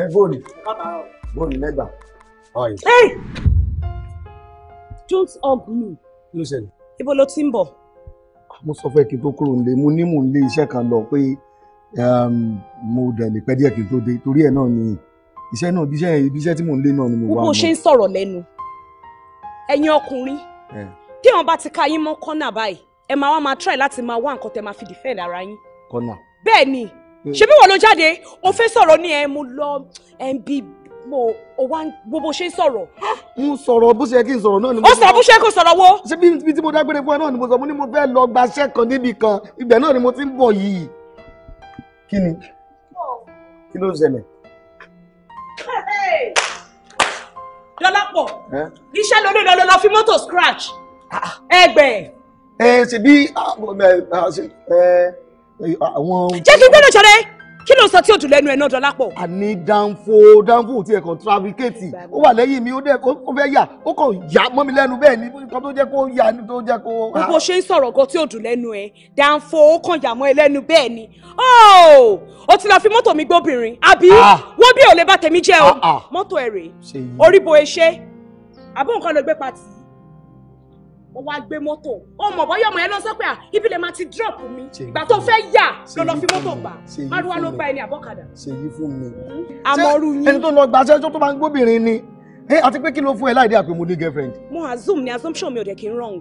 ẹ fóònù fóònù mẹ́gbà ọyìn. don't hug me. kí ló ṣẹlẹ̀. ibo ló ti ń bọ̀. Ah, mo sọ fún ẹ kí n tó kúrò nílé mo ní mò ń lé iṣẹ́ kan lọ pé um, mo dẹ̀ lè pẹ́ díẹ̀ kí n tó dé torí ẹ̀ náà ni iṣẹ́ náà ibi iṣẹ́ ibi iṣẹ́ tí mò ń lé náà ni mo wá. bó ṣe ń sọ̀rọ̀ lẹ́nu ẹ̀yin ọkùnrin tí wọn bá ti ka yín mọ́ kọ́nà báyìí ẹ máa wá máa try láti máa wá nǹkan tẹ máa fi defend ara yín. kọ́nà. bẹ́ẹ̀ ni ṣebí wọn ló jáde o fẹ́ sọ̀rọ̀ ní ẹ mo lọ nb mo o wa gbogbo ṣe ń sọ̀rọ̀. n sọ̀rọ̀ bó ṣe yẹ kí n sọ̀rọ̀ náà ni mo sọ. ó sọ bó ṣe kò sọ̀rọ̀ wo. ṣé bí tí mo dágbére fún ẹ náà ni mo sọ mo ní mo fẹ́ lọ gbaṣẹ́ kan níbi kan ibẹ̀ náà ni mo ti ń bọ̀ yìí. kí ni kí ló ń ṣẹlẹ̀. dọ́lápọ̀ iṣẹ́ lórí lọ́lọ́ lọ fi mọ́tò scratch ah, ah. ẹgbẹ́. ẹ ṣe bí ah, ẹ àwọn. jẹ́ kí n gbẹ́nu ṣọ̀rẹ́ kí ló sọ tí o tún lẹ́nu ẹ̀ náà dọ́là pọ̀. àní danfo danfo ti ẹ̀kọ́ trafikẹ́tì ó wà lẹ́yìn mi ó dẹ̀ kó fẹ́ yà ó kàn yà mọ́ mi lẹ́nu bẹ́ẹ̀ ni nǹkan tó jẹ́ kó yà ni tó jẹ́ kó. gbogbo ṣe ń sọ̀rọ̀ gan tí ò dùn lẹ́nu ẹ̀ danfo ó kàn yà mọ́ ẹ lẹ́nu bẹ́ẹ̀ ni ó o ti lọ fi mọ́tò mi gbóbìnrin àbí wọ́n bí ò lè bá tèmi jẹ́ o mọ́tò ẹ̀ rèé orí bo eṣe àbó nǹkan ló gbé pati ó wá gbé mọ́tò ó mọ̀ bọ́yọ̀ ọmọ yẹn lọ sọ pé ibi lè máa ti drop mi ìgbà tó fẹ́ yà ló lọ fi mọ́tò gbà márùwá ló gba ẹni àbọ̀kadà. ṣèyí fún mi. àmọ́rú yín. ẹni tó lọ gbàṣẹ́ tó tó máa ń gbóbìnrin ni ẹ àti pé kí ló fún ẹ láì dé àpè mo ní girlfriend. mo assume ni assumption mi ò dẹ̀ kí n wrong.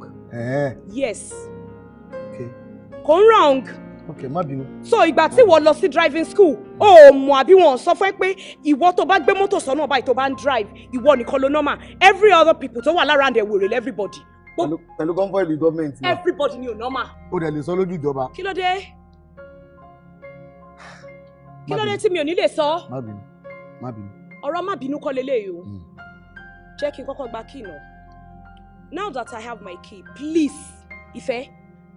yes. kò ń wrong. ok má bínú. so ìgbà tí wọ́n lọ sí driving school ó mọ̀ àbí wọn sọ fún ẹ pé ìwọ tó bá gbé mọ́tò sọ́nà ọba ìtò bá ń drive ìwọ nìkan ló normal every other people tó wà lára ẹ̀ wèrè everybody pẹ̀lú kọ́ńfọ́ìlì gọ́ọ̀mẹ̀ntì. everybody ni ò nọ́mà. o dẹ̀ lè sọ lójú ìjọba. kí ló dé kí ló dé tí mi ò ní lè sọ. má bínú má bínú. ọ̀rọ̀ má bínú kọ́ leléyìí o hmm. jẹ́ kí n kọ́kọ́ gba kí nà now that i have my key please ife,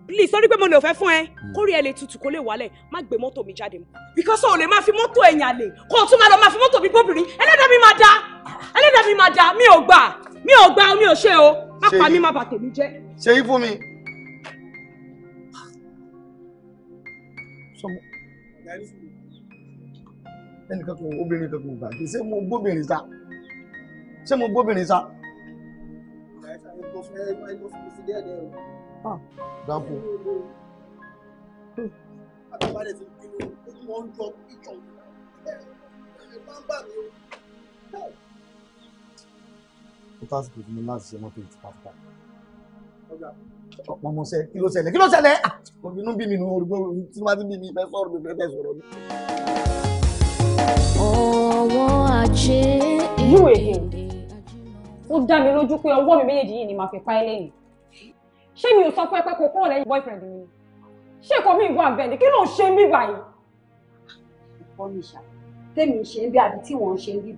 please sọ ní pé mo lè fẹ́ fún ẹ hmm. kórè ẹ lè tutù kó lè wálẹ̀ má gbé mọ́tò mi jáde because o lè máa fi mọ́tò ẹ̀yàn lè kó o tún máa lọ máa fi mọ́tò mi bóbìnrin ẹlẹ́dàá mi máa dá ẹlẹ́dàá mi máa dá mi ò gbà mi ò gbà mi ò ṣe o má pa mí má bà tèmi jẹ́. ṣe yí fún mi. ẹnì kankan obìnrin kankan gbà kí ṣé mo gbóbìnrin sa ṣé mo gbóbìnrin sa. dáàbò. àtàbàdẹ̀ total group ní láti ṣe mọ́tò ìtì pátápátá. ọ̀pọ̀ mo ṣe kí ló ṣẹlẹ̀ kí ló ṣẹlẹ̀ ah! inú bí mi nù orí gbọ́n tí wọ́n ti bí mi fẹ́ sọ̀rọ̀ mi fẹ́ sọ̀rọ̀ mi. ọwọ́ ajé ìwé ó dá mi lójú pé ọwọ́ mi méjèèjì yìí ni màá fi pa ẹ́ lẹ́yìn ṣé mi ò sọ pé pé kúrò lẹ́yìn boyfriend mi ṣé kò mí ìwọ àbẹ̀ ni kí ló ń ṣe ń bí báyìí. ìfọ́nìṣà tèmi ń ṣe ń bí àbí tí wọ́n ń ṣe ń bí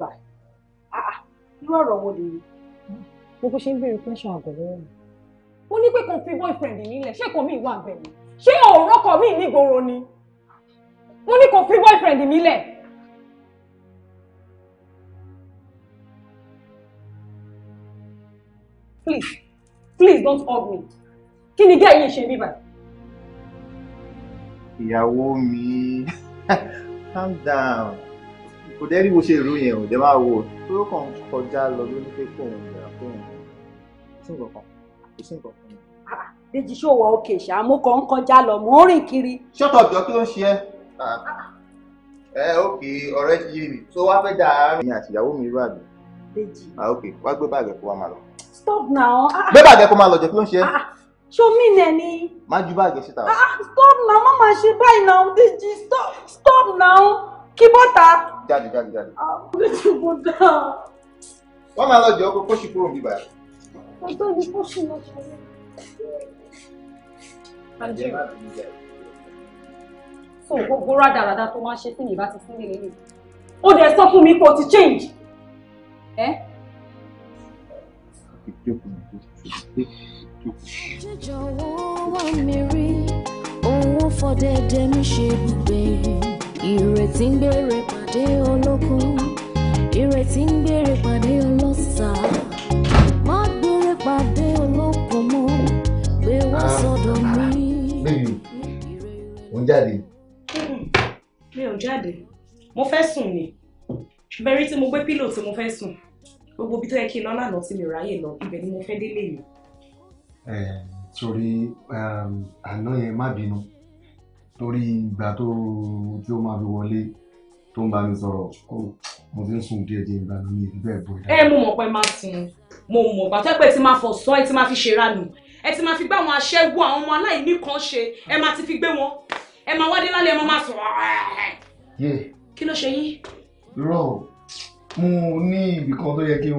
mo kò ṣe ń béèrè pẹ́ṣọ̀ àgọ̀ lọ́wọ́ ó ní pé kò fi boyfriend mi lẹ̀ ṣé kò mí ìwà àbẹ̀ mi ṣé òórọ́ kọ̀ mí nígboro ni. ó ní kò fi boyfriend mi please please don't hug me kí ni gẹ́ẹ̀ yìí ṣe bíbà. ìyàwó mi calm down kò dẹ́rì bó ṣe rú yẹn ò dẹ́ máa wò ó tó kàn kọjá lọ lórí pé kò ń lọ. Déjì ṣó òkè ṣá, mo ń kọjá lọ, mò ń rìn kiri. Ṣọ́tọ̀ ọ̀dọ́ kí ń ṣe ẹ́? Ah. Ah. Ẹ òkè ọ̀rẹ́ ti yé mi, tó wá fẹ́ dà Mi àti ìyàwó mi rú àgbẹ̀. Déjì. Òkè ah, wá gbé báàgì kó wa máa lọ. Stop now. Gbé báàgì kó máa lọ jẹ kí ló ń ṣe ẹ́? Ṣomi nẹ ni. Má ju báàgì síta. Stop now, má máa ṣe báyìí now, Déjì, stop, now, kí bọ́ta. Jáde jáde jáde. Wọ́n máa lọ jẹ́ ọkọ̀ kó ṣì Então ele continua So gbogbo rádaràda tó máa ń ṣe sí mi bá ti fún mi lẹ́yìn. Ó dẹ̀ sọ fún mi pé o change. Ẹ. Jíjọ ń gbére pàdé olókun, ìrètí ń gbére pàdé olókun. ń jáde. mi ò jáde mo fẹ́ sùn ni bẹ́rí tí mo gbé pílò tí mo fẹ́ sùn gbogbo ibi tó yẹ kí n lọ lánàá tí mi ráyè lọ ibẹ̀ ni mo fẹ́ délé yìí. torí ehm, àná yẹn má bínú torí ìgbà tó tí ó máa fi wọlé tó ń bá mi sọ̀rọ̀ mo fi ń sùn díẹ̀ díẹ̀ ìgbà mi ìbí bẹ́ẹ̀ bọ́. ẹ mo mọ̀ pé máa sùn mo mọ̀ pàtó pé ti máa fọ̀ sọ́ ẹ ti máa fi ṣèrànù ẹ ti máa fi gbá àwọn aṣẹ́wó àwọn ọmọ aláìní kan ṣe ẹ máa ti fi gbé wọn ẹ máa wádìí lálẹ́ ẹ máa máa sọ̀rọ̀ kí ló ṣe yín. irọ́ o mo ní ibì kan tó yẹ kí n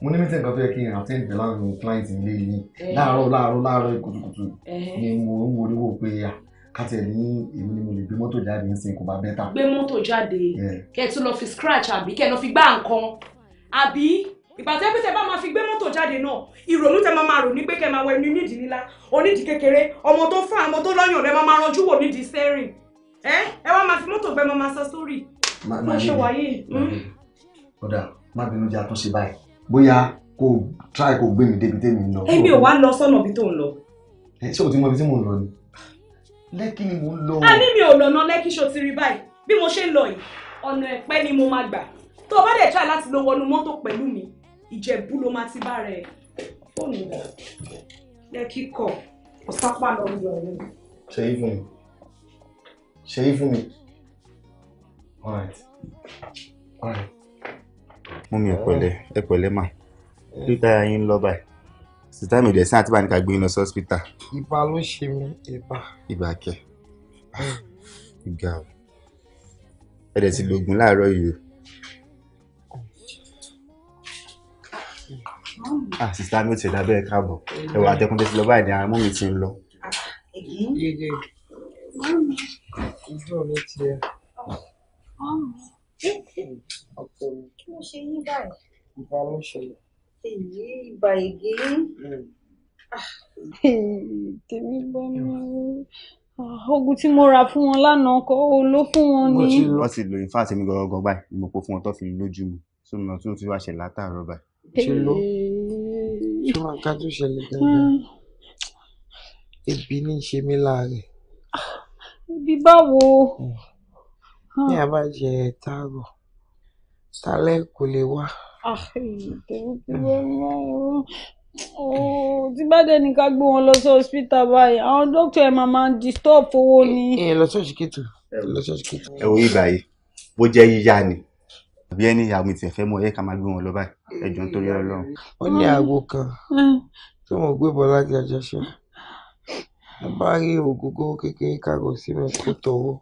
mo ní mítìn tó yẹ kí n attend pẹ̀lú àwọn client ilé yìí eh. láàárọ̀ láàárọ̀ láàárọ̀ kùtùkùtù eh. ni mo ń wọléwò pé à ah, kátẹ ní èmi ni mo lè gbé mọ́tò jáde ń sin kò bá bẹ́tà. gbé mọ́tò jáde eh. kẹ́ tún lọ fi scratch àbí kẹ́ lọ fi gbá nǹkan àbí ìgbà tó pèsè bá máa fi gbé mọ́tò jáde náà ìrònú tẹ máa máa rò ní pé kẹ máa wọ ẹni nídìí nílá onídìí kékeré ọmọ tó fà ọmọ tó lọ́yàn rẹ máa máa ranjú wò nídìí sẹ́rìn ẹ ẹ wá máa fi mọ́tò gbẹ máa máa sọ sórí bó ṣe wà yìí. Hmm? ọ̀dà má bínú jẹ́ àtúnṣe báyìí bóyá kò try kò gbé mi débi tèmi lọ. èmi ò wá lọ sọ́nà bí tó ń lọ. ẹ ṣé o ti mọ ibi tí mò ń lọ ni lẹ́kì ni mò ń lọ. a ní mi ò lọ́nà lẹ́kì ṣo ti rí báyìí bí mo ṣe ń lọ yìí ọ̀nà ẹ̀pẹ́ ni mo máa gbà tó o bá dẹ̀ try láti lọ wọnú mọ́tò pẹ̀lú mi ìjẹ̀bú ló máa ti bá rẹ̀ fóònù rẹ̀ lẹ́kì kọ̀ ọ̀sápá lọ rí ọ̀rẹ́. ṣe é fún mi ṣe é fún mi alright alright. mú mi ẹ pẹ̀lẹ́ ẹ pẹ̀lẹ́ mà peter yín lọ báyìí sítá mi ò dẹ̀ sí àtìbá ní ká gbé yín lọ hospital. ibà ló ṣe mí ibà. ibà kẹ ah, ìgbà ẹ dẹ̀ ti lo oògùn láàárọ̀ yìí o. ah sista mi ò tiẹ̀ dábẹ́ káàbọ̀ ẹ wà àtẹkùn tẹ́sí lọ báyìí ni àwọn mi ti ń lọ. yege ìjọ mi ti ẹ. ọkọ mi kí ló ṣe yín báyìí. ìbá ló ṣẹlẹ̀. èyí ìbà ègé. Hmm. Ah. tèmi gbọ́ mi ah, oògùn tí mo rà fún wọn lánàá kọ́ o ló fún wọn ní. wọ́n ti lo ìfáàsì mi gọ́gọ́ báyìí ni mo kó fún wọn tó fi lójú mi sómi náà tó ti wá ṣe látàárọ̀ báyìí. ṣe ló ṣùgbọ́n nǹkan tó ṣẹlẹ̀ gangan hmm. ebi ní í ṣe mí láàárẹ̀. ibi báwo. ní àbájẹ táàrọ̀ tálẹ̀ kò lè wá. Ah, oh, tí bá dé ní ká gbé wọn lọ sí hospital báyìí àwọn dókítà ẹ̀ máa máa disturb owó ni. ẹ lọ ṣọ́ọ̀ṣì kìtù. ẹ wo ibà yìí bó jẹ́ yíyá ni àbí ẹni àwọn ìtì ẹ̀fẹ́ mọ̀ ẹ̀ ká máa gbé wọn lọ báyìí ẹjọ́ nítorí ọlọ́run. wọ́n ní aago kan tí wọ́n gbé bọ́lá di àjọṣe a bá rí ògógó kékeré kágò síbẹ̀ kó tọ̀wọ́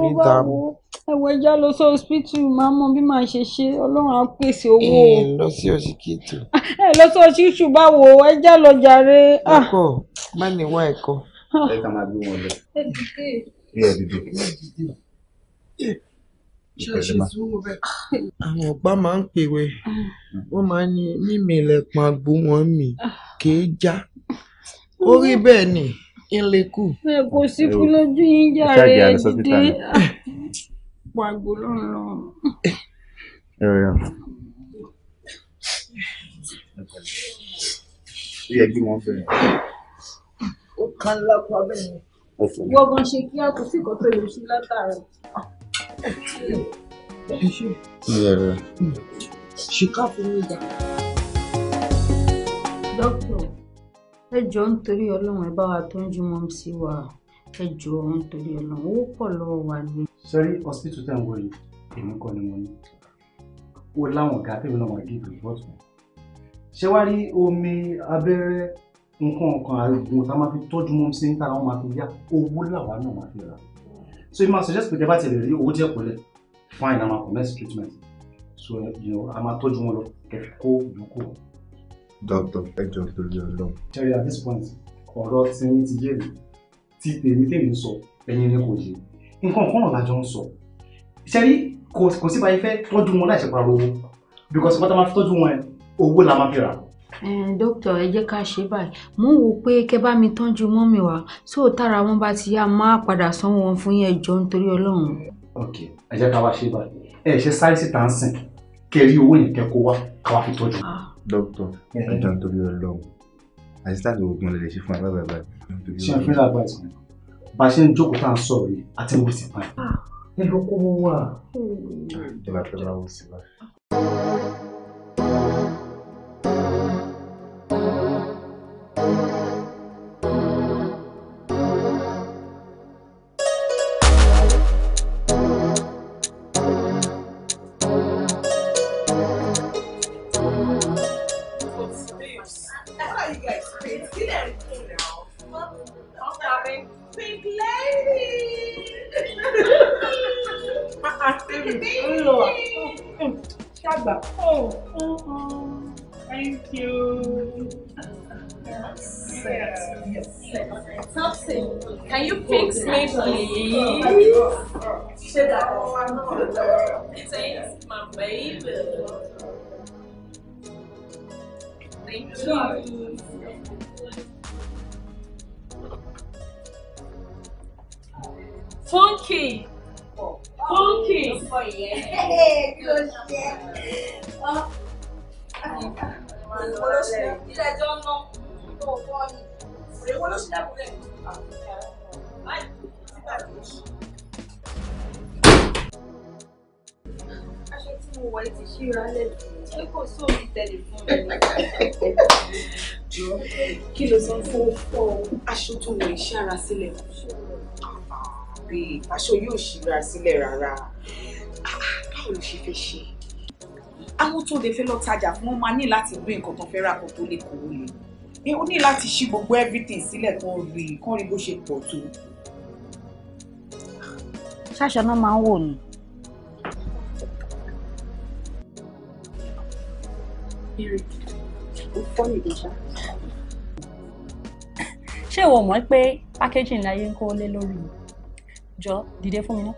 ní ìdààmú. ẹ̀wọ̀ ẹja lọ sí ọsibítù máa mọ bí màá ṣe ṣe ọlọ́run á pèsè owó. ẹ lọ sí ọsibítù. ẹ lọ sí ọsibítù báwo ẹja lọ jàre. ẹkọ ah. má ní wá ẹkọ. ẹ ká máa gbé wọn lọ. ẹ dìde. ẹ dìde àwọn ọ̀pá máa ń pèwẹ́ wọ́n máa ń ní mímì ilẹ̀kùn àgbò wọn mì kéé já ó rí bẹ́ẹ̀ ni ńlẹ́kù. ẹ kò sí kú lójú yín jàre ẹ dìde pàgbó lọ́nà. Iye gbé wọn fẹ́. Ó kan lápá bẹ́ẹ̀ ni. Wọ́n gan ṣe kí á kò sí ìkọ́tọ̀ yòóṣù látàrí. Yeah. She can't for me that. Doctor, ẹ jọ̀ọ́ nítorí Ọlọ́run ẹ bá wa tọ́jú mọ́ sí wa. Ẹ jọ̀ọ́ nítorí Ọlọ́run owó pọ̀ lọ́wọ́ wa ni. Sẹ́rí hospital tẹ̀ ń wọ yìí, èmi kọ́ ni mo ní. O láwọn ọ̀gá tẹ̀mí náà máa gígùn ìbọ̀tù. Ṣé wá rí omi abẹ́rẹ́ nǹkan kan àgùn tá a máa fi tọ́jú mọ́ sí níta àwọn máa fi yá owó làwa náà máa fi rà so you must suggest pé the ti lè rí owó díẹ̀ pẹ̀lẹ́ fine na ma commence treatment so you know, I'm a máa tọ́jú wọn lọ kẹfì you cool. doctor ẹ jọ torí Ọlọ́run. jerry at this point ọ̀rọ̀ tí ń ti yé mi tí tèmi tèmi ń sọ ẹ̀yin ni kò yé nǹkan kan náà lájọ ń sọ ṣẹ́rí kò sí báyìí fẹ́ tọ́jú wọn láì ṣe pariwo because wọ́n ti máa fi tọ́jú wọn owó la máa fi rà dókítà ẹ jẹ́ ká ṣe báyìí mò ń wò ó pé kẹ́ bá mi tọ́jú mọ́mì wa tó tára wọn bá ti yá máa padà sanwó wọn fún yẹn jọ nítorí ọlọ́run. ok ẹ jẹ́ ká wá ṣe báyìí ẹ ṣe sáyẹ́sì tá à ń sìn kẹ́ rí owó yẹn kẹ́ kó wá ká wá fi tọ́jú. Ah. dókítà ẹ jọ nítorí ọlọ́run àìsítáàtì oògùn lè lè ṣe fún ẹ báyìí báyìí. ṣé ẹ fẹ́ lágbá ìsìn bá a ṣe ń jókòó tá à ń sọ̀rọ̀ yìí àti mo ti pa ah. ẹ lọ kó wá. Thompson, can you fix me, please? Thanks, my baby. Thank you. Funky. Funky. Hey, good shit. Oh. Ilé ẹjọ́ ń èwo ló ṣe lábúlé mi láì nígbà tó ṣe. aṣọ tí mo wọ̀ ẹ́ ti ṣíra lẹ́nu pé kò sóòrì tẹ̀lé fún mi. kí ló sọ fún fọ aṣọ tó wọ̀ iṣẹ́ ara sílẹ̀ aṣọ yóò ṣíra sílẹ̀ rárá báwo ló ṣe fẹ́ ṣe àwọn tó lè fẹ́ lọ tajà fún wọn máa ní láti gbé nǹkan tó fẹ́ rà kó tó lè kówó lè o ní láti ṣí gbogbo everything sílẹ̀ tó rí kán rí bó ṣe pọ̀ tó. ṣáṣọ náà máa ń wò ni. ṣé ìwọ mọ̀ pé packaging láyé ń kó lé lórí mi jọ dìde fún mi náà.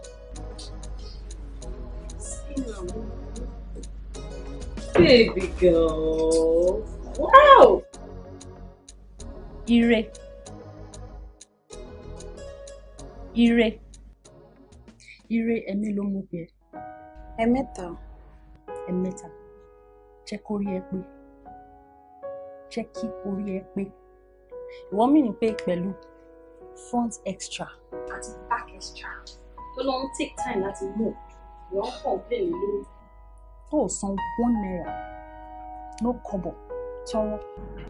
Baby girl, wow! ire ire ire ẹ̀mí ló mú pé. ẹ̀mẹ́ta. ẹ̀mẹ́ta jẹ́ kó rí ẹ pé jẹ́ kí orí ẹ pé ìwọ mí ni pé pẹ̀lú front extra àti back extra tó lọ ń take time láti mú ìwọ ń pọ̀ bẹ́ẹ̀ lórí. tó o san one naira no kọ́bọ̀. Toro,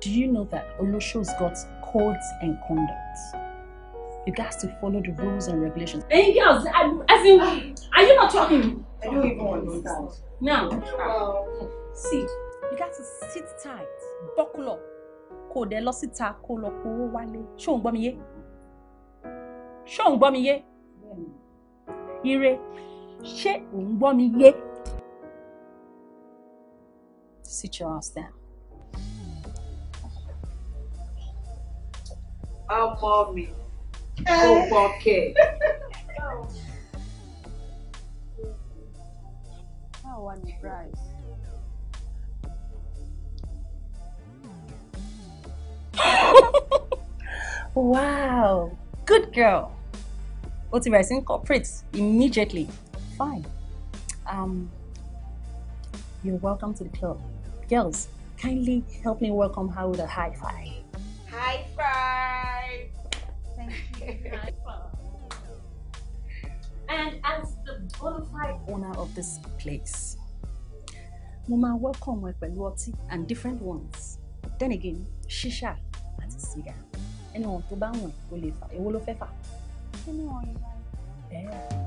do you know that Olosho's got codes and conduct? You guys to follow the rules and regulations. Hey girls, I, as in, are you not talking? I don't even understand. Now, well, oh. see, you got to sit tight, buckle up. Kò dé lọ síta wale. lọ kówó miye. Ṣé òun miye. Ire, ṣé òun gbọ́ Sit your ass down. ọmọ mi kò Okay. báwo wá ní wow good girl What if I incorporate immediately fine um, you're welcome to the club girls kindly help me welcome her with a high five. high five. Bye. Thank you. and as the bona fide owner of this place, Mama welcome with Beluoti and different ones. Then again, Shisha and Siga. Anyone to ban one, Olifa, Ewolofefa. Anyone you like. Yeah.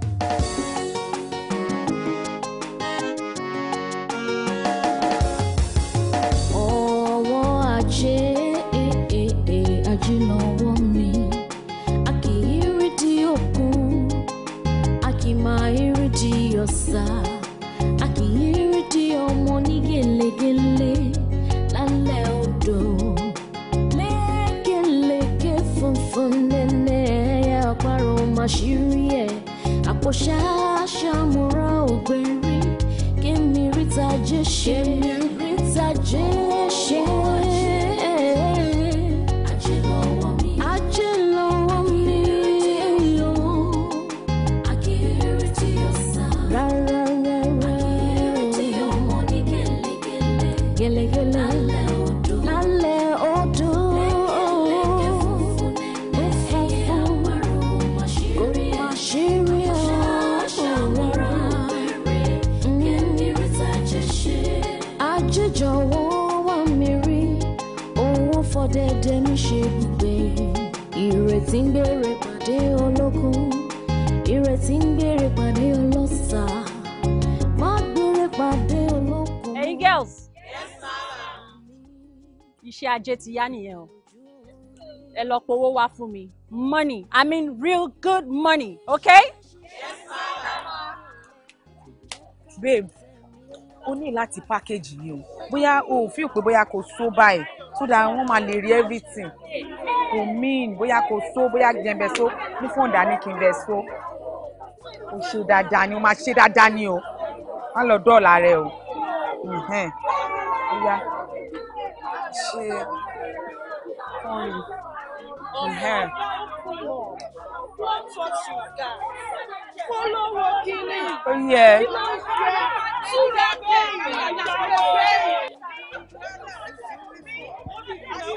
cheio. jìnnà wọ́ mi a kì í rí di òkun a kì máa rí di ọ̀sà a kì í rí di ọmọ ní gèlègèlè lálẹ́ odò lékeleke funfun nẹ́nẹ́ ẹ̀yà àparò máa ṣì rí ẹ̀ àpò ṣáṣàmúra ògbẹ́rí kémi rí tajé ṣe kémi rí tajé ṣe. ìrètí ń gbére pàdé olókun ìrètí ń gbére pàdé ọlọ́sà má gbére pàdé olókun. ẹ̀yin girls. yes ma. iṣẹ́ ajé ti yá nìyẹn o ẹ lọ powó wá fún mi money i mean real good money okay. yes ma. babe o ní láti package yìí o bóyá o ò fi pé bóyá kò so báyìí so that wọ́n máa lè rí everything kò mean bóyá kò so bóyá jẹ̀ǹbẹ̀ so ní fóònù dání kì í bẹ̀ so o ṣe dáadáa ni o máa ṣe dáadáa ni o má lọ dọ́ọ̀là rẹ o bóyá ṣe kọrin polówó aṣẹ́wó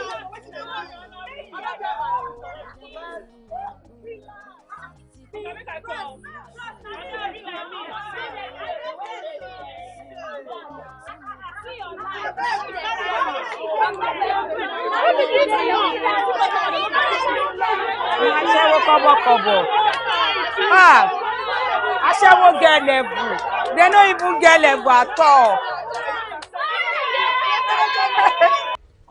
kọ́bọ̀kọ́bọ̀ ah! aṣẹ́wó gẹlẹ̀bù they no even gẹlẹ̀bù at all.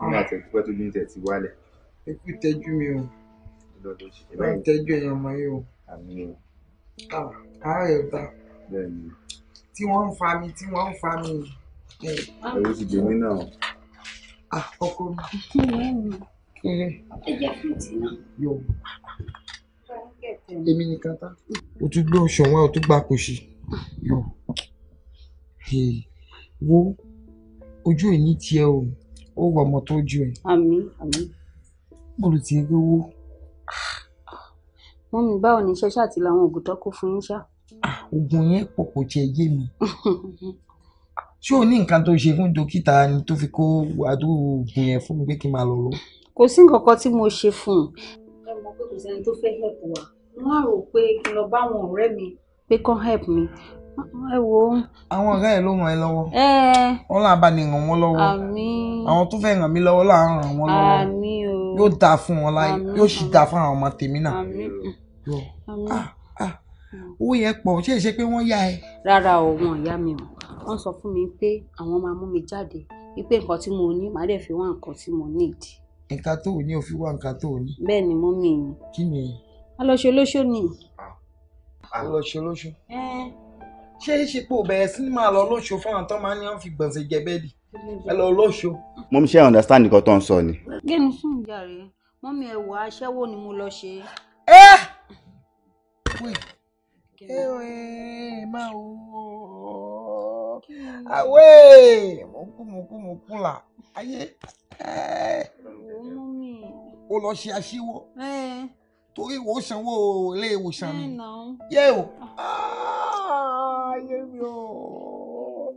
nígbà tí ẹtí pẹ́ tó lóyún tẹ̀ ti wálẹ̀. ẹ kú ìtẹ́jú mi o ẹ ìtẹ́jú ẹ̀yàn ọmọ yìí o ààrẹ ah, ọ̀tá tí wọ́n ń fa mi tí wọ́n ń fa mi. ẹ̀rù ti dèmí náà. Ah, ọkọ mi kí ni ẹ ní. kéré yóò èmi nìkan tán. o tún gbé òṣùwọ̀n o tún gba kòṣì yóò wo ojú ẹ̀ ní tiẹ̀ o ó wọ ọmọ tó ju ẹ. àmín àmín. bọ́ọ̀lù ti rí owó. mọ́mí báwo ni iṣẹ́ ṣáà ti làwọn oògùn tó kó fún yín ṣá. oògùn ah, yẹn pọ̀ kò tiẹ̀ yé mi. ṣé o ní nǹkan tó ṣe fún dókítà ni tó fi kó àdúrà oògùn yẹn fún mi pé kí n máa lọ lọ. kò sí nǹkan kan tí mo ṣe fún un. ẹ pé kò sẹ́ni tó fẹ́ help wa wọ́n á rò pé kí n lọ bá àwọn ọ̀rẹ́ mi pé kán help mi ẹ àwọn ọ̀gá ẹ̀ ló ràn ẹ́ lọ́wọ́. wọ́n là bá ní ràn wọ́n lọ́wọ́. àmín. àwọn tó fẹ́ ràn mí lọ́wọ́ là ń ràn wọ́n lọ́wọ́. àmín o. yóò dáa fún wọn láyé yóò sì dáa fún àwọn ọmọ tèmi náà. àmín. Ah, ah. owó yẹn pọ̀ ṣé ìṣe pé wọ́n yá ẹ. rárá o wọn ìyá mi o wọ́n sọ fún mi pé àwọn máa mú mi jáde wípé nǹkan tí mo ní màá dẹ̀ fi wá nǹkan tí mo ní ìdí. nǹkan tó o ní o fi wá nǹkan tó o ní. bẹ́ẹ̀ ni mọ́mì. kí ni. a lọ ṣe olóṣó ni. Ah. a lọ ṣe olóṣó. ẹ ṣé ṣe pé o bẹ̀rẹ̀ sí ni máa lọ lóṣù fún àwọn tó máa ní wọn fi gbọ̀nsẹ̀ jẹ bẹ́ẹ̀dì ẹ lọ lóṣù. mo ṣe understand nǹkan tó ń sọ ni. gẹ́ni sùn jàre mọ́mí ẹ wà aṣẹ́wó ni mo lọ ṣe. ẹ ẹ máa wò ó àwẹ̀ ah, mọ̀kúmọ̀kúmọ̀kú là ayé ó lọ ṣe aṣẹ́wó torí wo sanwó ilé ìwòsàn mi yẹ o ah. Ah, ayé mi o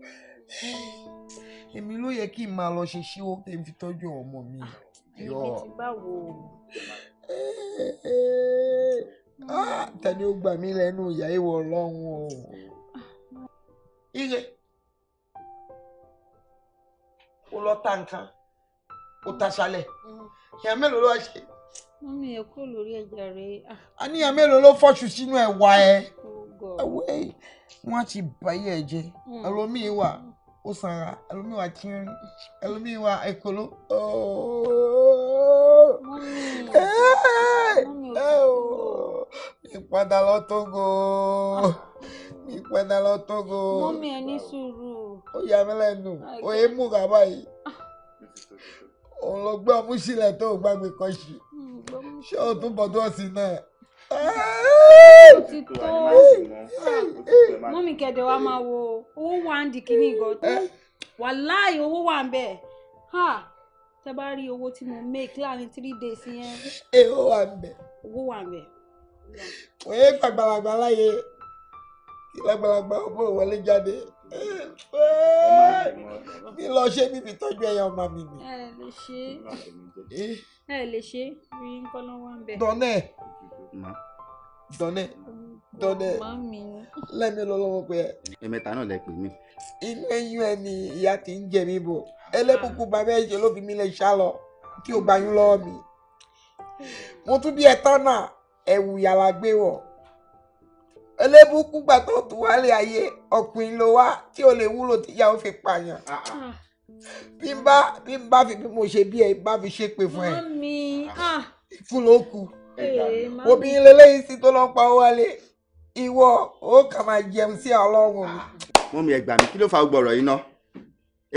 èmi ló yẹ kí n máa lọ ṣe ṣíwó kí n fi tọ́jú ọmọ mi ah, yọ eh, eh, tani ó gbà mí lẹ́nu ìyá ìwọ ọlọ́run o ire ó lọ ta nǹkan ó ta ṣálẹ̀ mm. ìyá mélòó ló wá ṣe wọ́n mi ẹ̀ kúrò lórí ẹja ah. rẹ̀. àníyàn mélòó ló fọ́ṣù sínú ẹ̀wà ẹ̀ oh ẹ̀wẹ́ wọ́n á ti báyé ẹ̀ jẹ́ hmm. ẹlòmíì wà ó sanra ẹlòmíì wà kínrín ẹlòmíì wà ẹ̀kọ́ló. ìpadà lọ Tógò ìpadà ah. lọ Tógò. mọ́mí ẹ ní sùúrù. ó yà mí lẹ́nu òye mú kàbáyé òun ló gbé ọmú sílẹ̀ tó gbàgbé kọ́ṣù ṣé o tún bọ̀ dúró sí náà. mọ́mí kẹ̀dẹ̀ wa máa wo owó wà ń di kíní gan tó wàláì owó wà ń bẹ̀ tẹ bá rí owó tí mo make láàrin three days yẹn. owó wà ń bẹ̀. owó wà ń bẹ̀. òye fàgbàlagbà láyé kí lágbàlagbà ọmọ ìwọlé jáde mi lọ ṣe bíbi tọ́jú ẹyà ọmọ mi ni. ẹ lè ṣe eh? ẹ lè ṣe rí nǹkan náà wà ń bẹ. dọ́nẹ̀ dọ́nẹ̀ dọ́nẹ̀ lẹ́mi lọ́lọ́wọ́ pé. ẹ̀mẹ́ta náà lẹ pè mí. inú ẹyún ẹ ni ìyá ti ń jẹ mí bò ẹlẹ́kùnkùn bàbá ẹ̀ ṣe ló fi mí lẹ ṣá lọ kí o bá yín lọ́wọ́ mi. mo tún bí ẹ tán náà ẹ̀wù yàrá gbé wọ̀ elébùkún gbà tó tù wálé ayé ọkùnrin ló wá tí o lè wúlò tí ìyàwó fi pààyàn ah, ah. Ah. bí n bá bí n bá fi bí mo ṣe bí ẹ bá fi ṣépè fún ẹ ikú ló kù obìnrin lélẹ́yìn sí tó lọ́ọ́ pa ó wálé ìwọ ó kà máa jẹun sí ọlọ́run mi. mọ́mí ẹ gbà mí kí ló fa gbọ̀rọ̀ yìí ná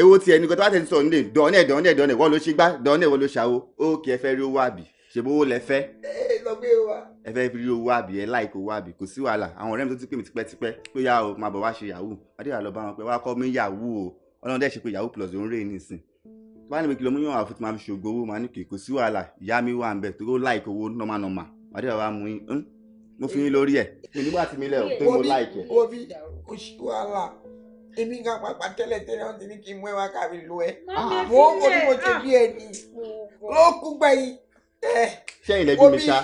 ewo ti ẹni kó tó bá tẹ̀ sí sọ̀rọ̀ nílé dán ní ẹ̀dán ní ẹ̀dán ní ìwọ ló ṣe gbá dán ní ìwọ ló ṣàwo ó kì í fẹ́ rí owó àbí ṣe bó lẹ fẹ́. ẹ lọ gbé wa. ẹ fẹ́ rí owó àbí ẹ láìkó owó àbí kò sí wàhálà àwọn ọ̀rẹ́ mi tó ti pè mí tipẹ́tipẹ́ pé yà ó máa bọ̀ wá ṣe yahoo adéwà lọ bá wọn pé wá kọ́ mi yahoo o ọlọ́run dẹ́ ṣe pé yahoo plus òun rè nísìn. bá ní mi kìlọ̀ mú yàn àfúntì máa fi ṣògo owó máa ní kì kò sí wàhálà ìyá mi wà ń bẹ̀ tó láìkó owó normal normal adéwà wá mú yín hm? mo fi yín lórí ẹ̀. nígbà tí mi lẹ̀ o pé mo láìkẹ́. obi kò sí wàhálà èmi gan pàpà tẹ́lẹ̀ tẹ́lẹ̀ wọ́n ti ní kí n mú ẹ wá káàbí lo ẹ. mo ń wo bí mo ṣe bí ẹni ló ah, kú gbẹ̀yìn sẹ́yìn eh, lẹ́bí mi sá.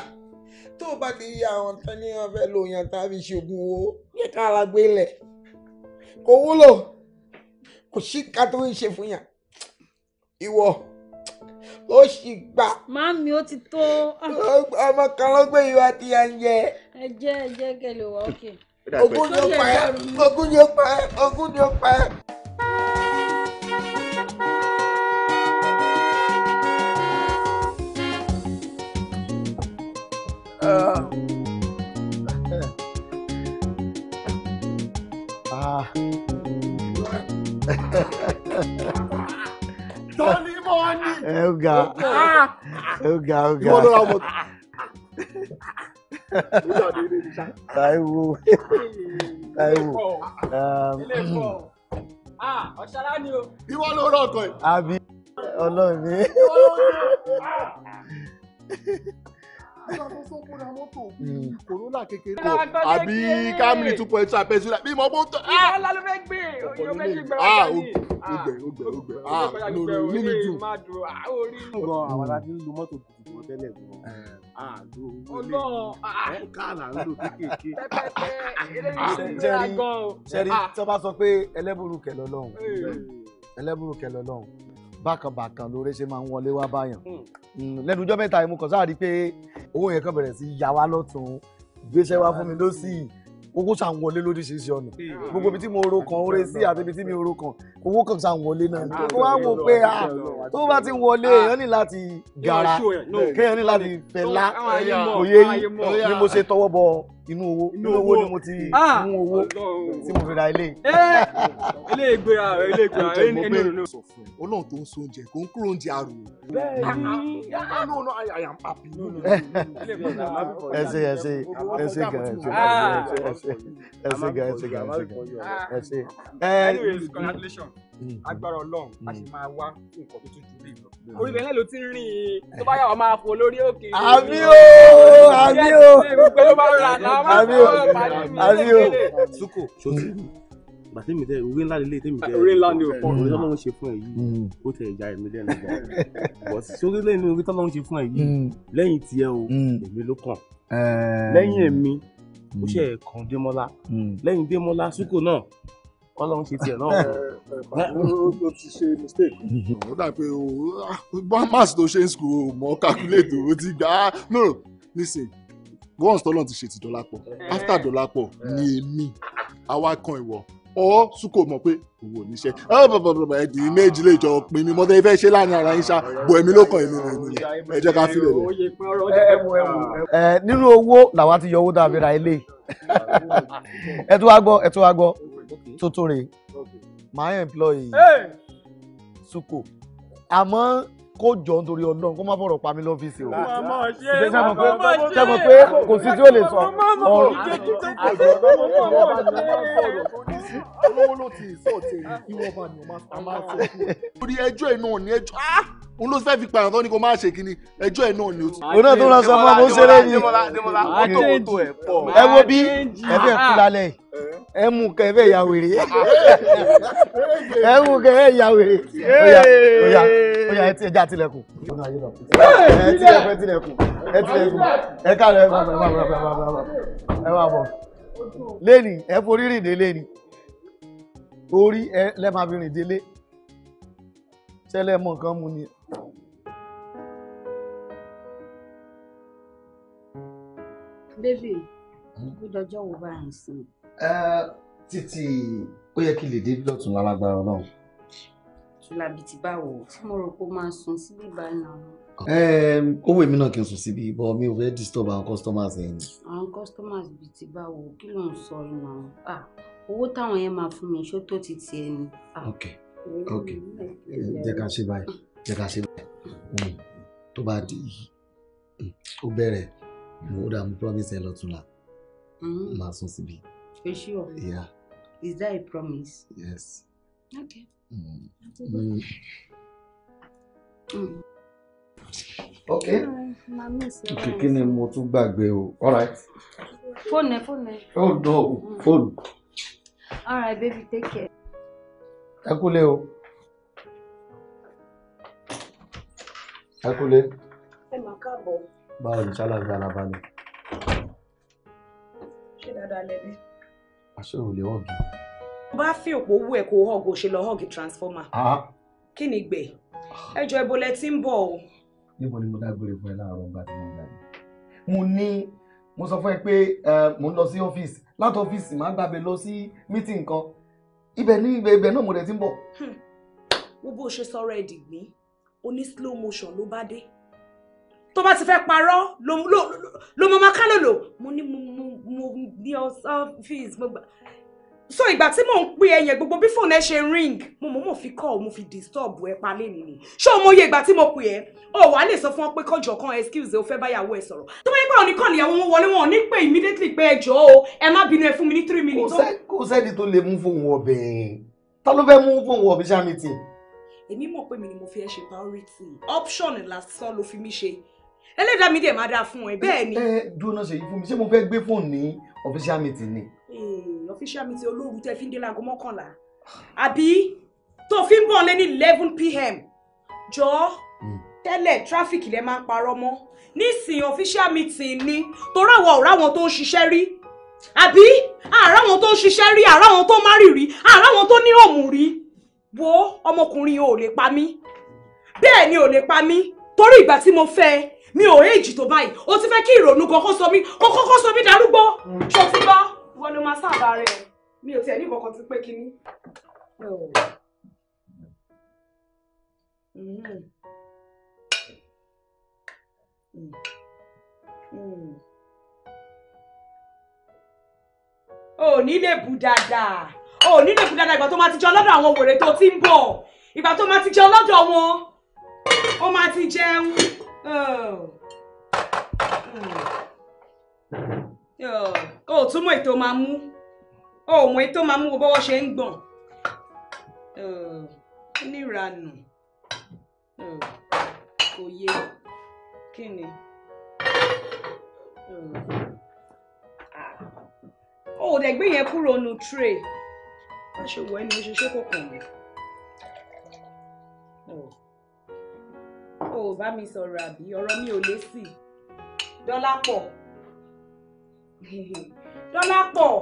tó o bá ti yí àwọn tán tá a fi ṣoògùn owó yẹ ká ara gbé lẹ̀ kò wúlò kò sí ká tó ń ṣe fún yàn ìwọ ó sì gbà. ó ti ah. ọmọ kan ló gbé ìwà tí a ń jẹ. ẹ pa ogún ni pa ga ó ga ó ga. ìwọ ló ra ọmọ Táíwò Táíwò. Um, ah, ọ̀ṣàlá ni o. ìwọ ló rọ ọkọ yìí. àbí ọlọ́run mi nígbà tó sọ kó ra two point two àpẹ̀sílẹ̀ bí mo bó ìgbà ah! ńlá ló fẹ́ gbé yóò fẹ́ gbé gbẹ̀rẹ̀ yẹn. Ah, ó gbẹ ó gbẹ ó gbẹ ah no no inú mi dùn. ọ̀rọ̀ àwọn aláàbí ń lo mọ́tò tuntun tẹ́lẹ̀ gan-an. àlọ́ olóòlù kààlà ń lò kékèké. sẹ́rí ah. tí wọ́n bá sọ pé ẹlẹ́bùrú kẹlọ́ lọ́hùn eh. ẹlẹ́bùrú kẹlọ́ lọ́hùn bákanbàkan lóore ṣe máa ń wọlé wá báyàn hmm. Hmm, lẹ́nu ọjọ́ mẹ́ta yìí mo kàn sáà rí i pé owó yẹn kan bẹ̀rẹ̀ sí yà wá lọ́tún gbéṣẹ́ wá fún mi lọ́sì owó sàn wọlé lóríṣiríṣi ọ̀nà gbogbo ibi tí mo ro kan oore sí àti ibi tí mi ro kan owó kan sàn wọlé náà ni ah, kó wá wò pé a ah, tó bá ti wọlé ah, èèyàn ní láti gara kéèyàn ní láti fẹlá òye ni mo ṣe tọwọ́ bọ inú owó inú owó ni mo ti mú owó tí mo fi ra ilé. Eh! ilé ìgbéra rẹ ilé ìgbéra rẹ ẹni ẹni ọ̀nà. olóhùn tó ń so oúnjẹ kò ń kúrò oúnjẹ àrò. bẹ́ẹ̀ni no no I am happy. ẹ ṣe ẹ ṣe ẹ ṣe kẹrẹ ẹ ṣe a ṣe gan ẹ ṣe gan ẹ ṣe. anyways congratulations mm. agbára Ọlọ́run a ṣe mm. máa wá nǹkan tó tún jù lè lọ mm. orí bẹ́ẹ̀ ló ti ń rìn in tó bá yà wọ́n máa fò lórí òkè. àmì o àmì o àmì o àmì o suko sotu gbàtí mi tẹ orí ńlá lélẹ tẹmí tẹ orí ńlá ni o orí tọ́lọ́run ṣe fún ẹ yìí ó tẹ ìjà ẹ̀mí lẹ́nu gan but sórí lẹ́nu orí tọ́lọ́run ṣe fún ẹ yìí lẹ́yìn tiẹ̀ o èmi ló kàn eh. lẹ́yìn èmi ó mm. ṣe kan Démọ́lá mm. lẹ́yìn Démọ́lá Súkò náà Ọlọ́run ṣe tiẹ̀ náà. Eh, eh, o ti ṣe mistake mm-hmm. ó dà pé o ah, mass tó ṣe ń school o mọ calculate o ti gbà á no listen once tọ́lọ́n ti ṣe ti Dọ́lápọ̀ eh. after Dọ́lápọ̀ ni èmi àwa kan ìwọ ọ sùkò mọ̀ pé òun ò ní ṣe ẹ bàbàbàbà ẹ̀dì méjì lè jọ pin ni mọ́tò ìfẹ́ ṣe láàrin ara yín ṣá bọ̀ ẹ̀mí ló kàn èmi rẹ̀ nìyẹn ẹ jẹ́ ká fílẹ̀ rẹ̀. nínú owó làwa ti yọ owó dàbí ra ilé ẹ tún wá gbọ́ ẹ tún tuntun rèé my employee sùkò àmọ́ kó jọ nítorí Ọlọ́run kó má fọ̀rọ̀ pa mí lọ́fíìsì o. sẹ́mọ̀ pé kò sí tí ó lè sọ ọ̀rọ̀. lórí ẹjọ́ inú ò ní ẹjọ́ òun ló fẹ́ fi pààyàn tó ní kó má ṣe kíni ẹjọ́ ẹ̀ náà ni ó ti. òun náà tó lọ sọ fún ọmọ òṣèré ni ẹ wo bí ẹ fẹ́ kú lálẹ́ ẹ mú kẹ ẹ fẹ́ ya wèrè ẹ mú kẹ ẹ ya wèrè oya oya oya ẹ ti ẹja tilẹ̀kùn. ẹ tilẹ̀kùn ẹ tilẹ̀kùn ẹ tilẹ̀kùn ẹ káàlọ ẹ máa bọ̀ ẹ máa bọ̀ lẹ́ni ẹ forí rìn dé lẹ́ni orí ẹ lẹ́ẹ̀ máa fi rìn délé ṣẹlẹ̀ mọ̀ nǹkan mu ni. bébì hmm? ó dọjọ́ wo bá ń sìn. títí ó yẹ kí lè dé dọ̀tún lálágbára ọlọ́run. tùlàbí ti bá wò tí mo rò pé ó máa sùn síbí báyìí náà. owó èmi náà kì í sùn síbi bọ́ mi ò fẹ́ disturb àwọn customers ẹ̀yìn. àwọn customers bíi ti bá wò kí ló ń sọ ìnáwó owó táwọn yẹn máa fún mi ṣó tó ti tiẹ̀ ni. ok ok jẹ́ ká ṣe báyìí jẹ́ ká ṣe báyìí hmm, tó bá di hmm, ó bẹ̀rẹ̀. I'm promise a lot to her. ẹ lọ́túnla mm. máa sùn síbi. for sure. yeah. is that a promise. yes. okay. Mm. Mm. Mm. okay. Mm. okay kí ni mo tún gbàgbé o alright. fóònù ẹ fóònù ẹ. oh no mm. Phone. All right, baby take care. ẹ kúlẹ̀ o. ẹ kúlẹ̀. ẹ mà báwo ni ṣáláṣí ara balẹ̀. ṣé dáadáa lẹ́bí. aṣọ ò lè họ́ọ̀gì. mo bá fi òpó owó ẹ̀ kó họ́ọ̀gì ò ṣe lọ họ́ọ̀gì transformer. Ah. kí ni gbè ẹjọ́ ibo lẹ ti ń bọ̀ o. níbo ni mo dágbére fún ẹ láàárọ̀ ọgbà tí mo ń gbàgbé. mo ní mo sọ fún ẹ pé mo ń lọ sí ọ́fíìsì láti ọ́fíìsì máa ń gbàgbé lọ sí mítìn kan ibẹ̀ ní ibẹ̀ náà mo rẹ̀ ti ń bọ̀. Hm. wo bó ṣe sọ̀rọ̀ ẹ̀dìgbín oní slow motion ló bá dé tó bá ti fẹ́ parọ́ ló mọ máa kálòlò mo ní mo ní ọ́fíìsì mo gbà so ìgbà tí mò ń pè ẹ yẹn gbogbo bí fóònù ẹ ṣe ring mo mọ̀ mo fi call mo fi disturb ẹ palẹ̀ mi ni ṣé o mọ iye ìgbà tí mo pè ẹ o wà á lè sọ fún ọ pé kọjọ kan excuse o fẹ́ báyàwó ẹ sọ̀rọ̀ tó bá yẹ pé òní kàn níyàwó wọn wọlé wọn ò ní pè immediately pé ẹ jọ̀ọ́ o ẹ má bínú ẹ fún mi ní three minutes. kò sẹ́ni tó lè mú fóònù ọbẹ̀ ta ló fẹ́ mú fóònù ọbẹ̀ ṣáà mi èmi mọ̀ pé mi ni mo fi ẹ ṣe priority option lásán ló fi mí ṣe ẹlẹ́dàá mi dẹ̀ máa dáa fún ẹ bẹ́ẹ̀ ni. ẹ dúró náà ṣe yí fún mi ṣé mo fẹ́ gbé fóònù ní official meeting ni. Eh, official meeting olóògùn tẹ fi ń dé láago mọ́kànlá àbí tó fi ń bọ̀ lé ní eleven pm jọ hmm. tẹ́lẹ̀ traffic lẹ máa ń parọ́ mọ́ nísìnyí official meeting ni torí àwọn ọ̀rá wọn tó ń ṣiṣẹ́ rí àbí àárá wọn tó ń ṣiṣẹ́ rí àárá wọn tó má rì rí àárá wọn tó ní òmù rí wo ọmọkùnrin ò lè pa mí bẹ́ẹ̀ ni ò lè pa mí torí ìgbà tí mo fẹ́ mi ò éèjì tó báyìí o ti fẹ́ kí ìrònú kan kó sọ mí kó kókó sọ mí darúgbó. ṣé o ti gbọ́ ìwọ ló máa sábà rẹ̀ mi ò tiẹ̀ ní ìkọ̀kan ti pé kínní. o ní lè bù dáadáa o ní lè bù dáadáa ìgbà tó máa ti jẹ ọlọ́dọ̀ àwọn wèrè tó ti ń bọ̀ ìgbà tó máa ti jẹ ọlọ́dọ̀ wọn ó máa ti jẹun o oh. ò mm. oh. oh, túmọ̀ ètò máa mú o ò mọ ètò máa mú bọ́wọ́ ṣe ń gbọ̀n níranù kò yé kí ni o ò ah. dẹ̀ gbé yẹn kúrò nu tray wọ́n ṣe wọ ẹni oṣooṣe kò kàn mí o ò bá mi sọ̀rọ̀ àbí ọ̀rọ̀ mi ò lé sí i Dọ́lápọ̀ Dọ́lápọ̀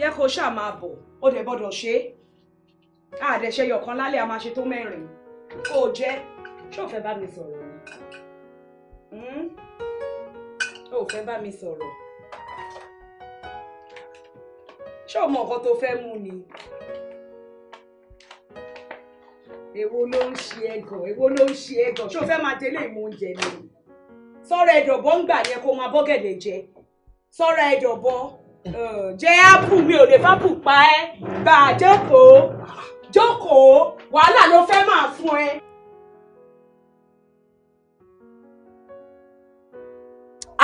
yẹ kó ṣáà máa bọ̀ ó dẹ̀ gbọ́dọ̀ ṣe é àdẹ̀ṣe yọ̀kan lálẹ́ a máa ṣe tó mẹ́rin kó jẹ́ ṣé fẹ́ bá mi sọ̀rọ̀ ni hmm? o ò fẹ́ bá mi sọ̀rọ̀ ṣé o mọ nǹkan tó fẹ́ mú ni èwo ló ń ṣe ẹgàn èwo ló ń ṣe ẹgàn ṣé o fẹ́ máa délé ìmọ̀ oúnjẹ ni sọ́ra ẹ̀dọ̀bọ̀ ń gbà yẹn kó máa bọ́gẹ̀dẹ̀ jẹ sọ́ra ẹ̀dọ̀bọ̀ jẹ́ ápù mi ò lè fápù pa ẹ́ gbà jókòó jókòó wàhálà ló fẹ́ máa fún ẹ.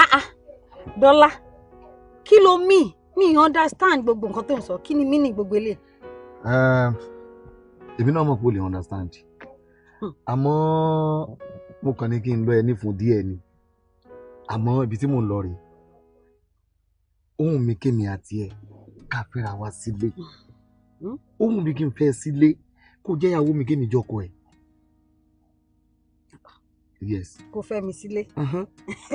ah ah dọ́là kí ló mí mi understand gbogbo nǹkan tó ń sọ kí ni mí ní gbogbo eléyìí. Um, èmi náà mọ̀ pé o lè understand hmm. àmọ́ mo kàn ní kí n lọ ẹ nífun díẹ̀ ni àmọ́ ibi tí mò ń lọ rèé ohun mi kémi àti ẹ ká fẹ́ra wa sílé hmm. ohun mi kí n fẹ́ sílé kó jẹ́ ìyàwó mi kémi jọkọ ẹ̀. Yes. kò fẹ́ mi sílé uh-huh.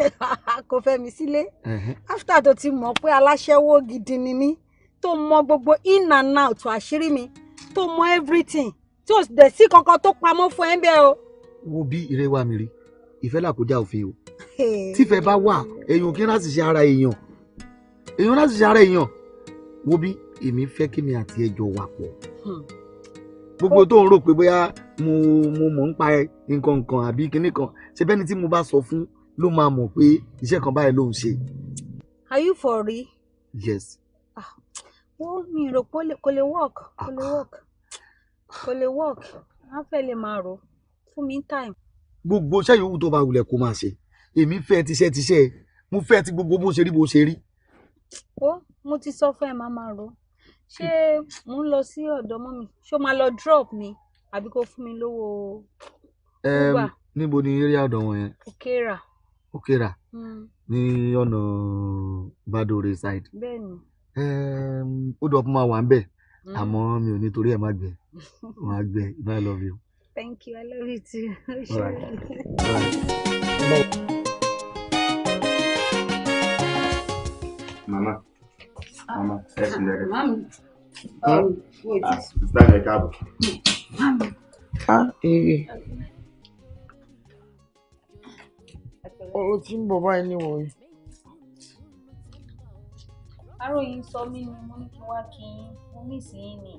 kò fẹ́ mi sílé uh-huh. after tó ti mọ̀ pé aláṣẹ́wó gidi ni mí tó mọ gbogbo in and out àṣírí mi tó mọ everything tí ò dẹ̀ sí kankan tó pamọ́ fún ẹ o. wo bí ire wa mi rí ìfẹ́ là òfin o tífẹ́ bá wà èèyàn kí n láti ṣe ara èèyàn èèyàn láti ṣe ara èèyàn wo bí èmi fẹ́ kí mi àti ẹjọ́ wà pọ̀ hmm. gbogbo tó ń rò pé bóyá mo mo mọ̀ ń pa nǹkan kan àbí kinní kan ṣe bẹ́ni tí mo bá sọ fún ló máa mọ̀ pé iṣẹ́ kan báyìí ló ń ṣe. are you for real? yes ó mi rò pé kò lè work kò lè work kò lè work á fẹ́ lè máa rò fún mi time. gbogbo iṣẹ́ yòówù tó bá wulẹ̀ kó máa ṣe èmi fẹ́ tiṣẹ́ tiṣẹ́ mo fẹ́ ti gbogbo bó ṣe rí bó ṣe rí. ó mo ti sọ fún ẹ máa máa rò ṣé mò ń lọ sí ọ̀dọ̀ mọ́ mi ṣé o máa lọ drop ni àbí kó fún mi lówó uber. níbo ni eré àdán wọn yẹn. òkèèrà. òkèèrà hmm. ní ọ̀nà badore side. bẹ́ẹ̀ni ó dọ̀ fún ma wà ń bẹ̀ mm. àmọ́ mi ò nítorí ẹ̀ má gbẹ má gbẹ I love you. Thank you I love you too. All right. All right. Mama mama ẹ sì lẹ́rẹ̀. sísá rẹ̀ káàbọ̀. a ah, èrè ọ̀rọ̀ tí ń bọ̀ báyìí ni wọ̀nyí aróyìn sọ mí ni mo ní kí n wá kí n mo mí sí í ni.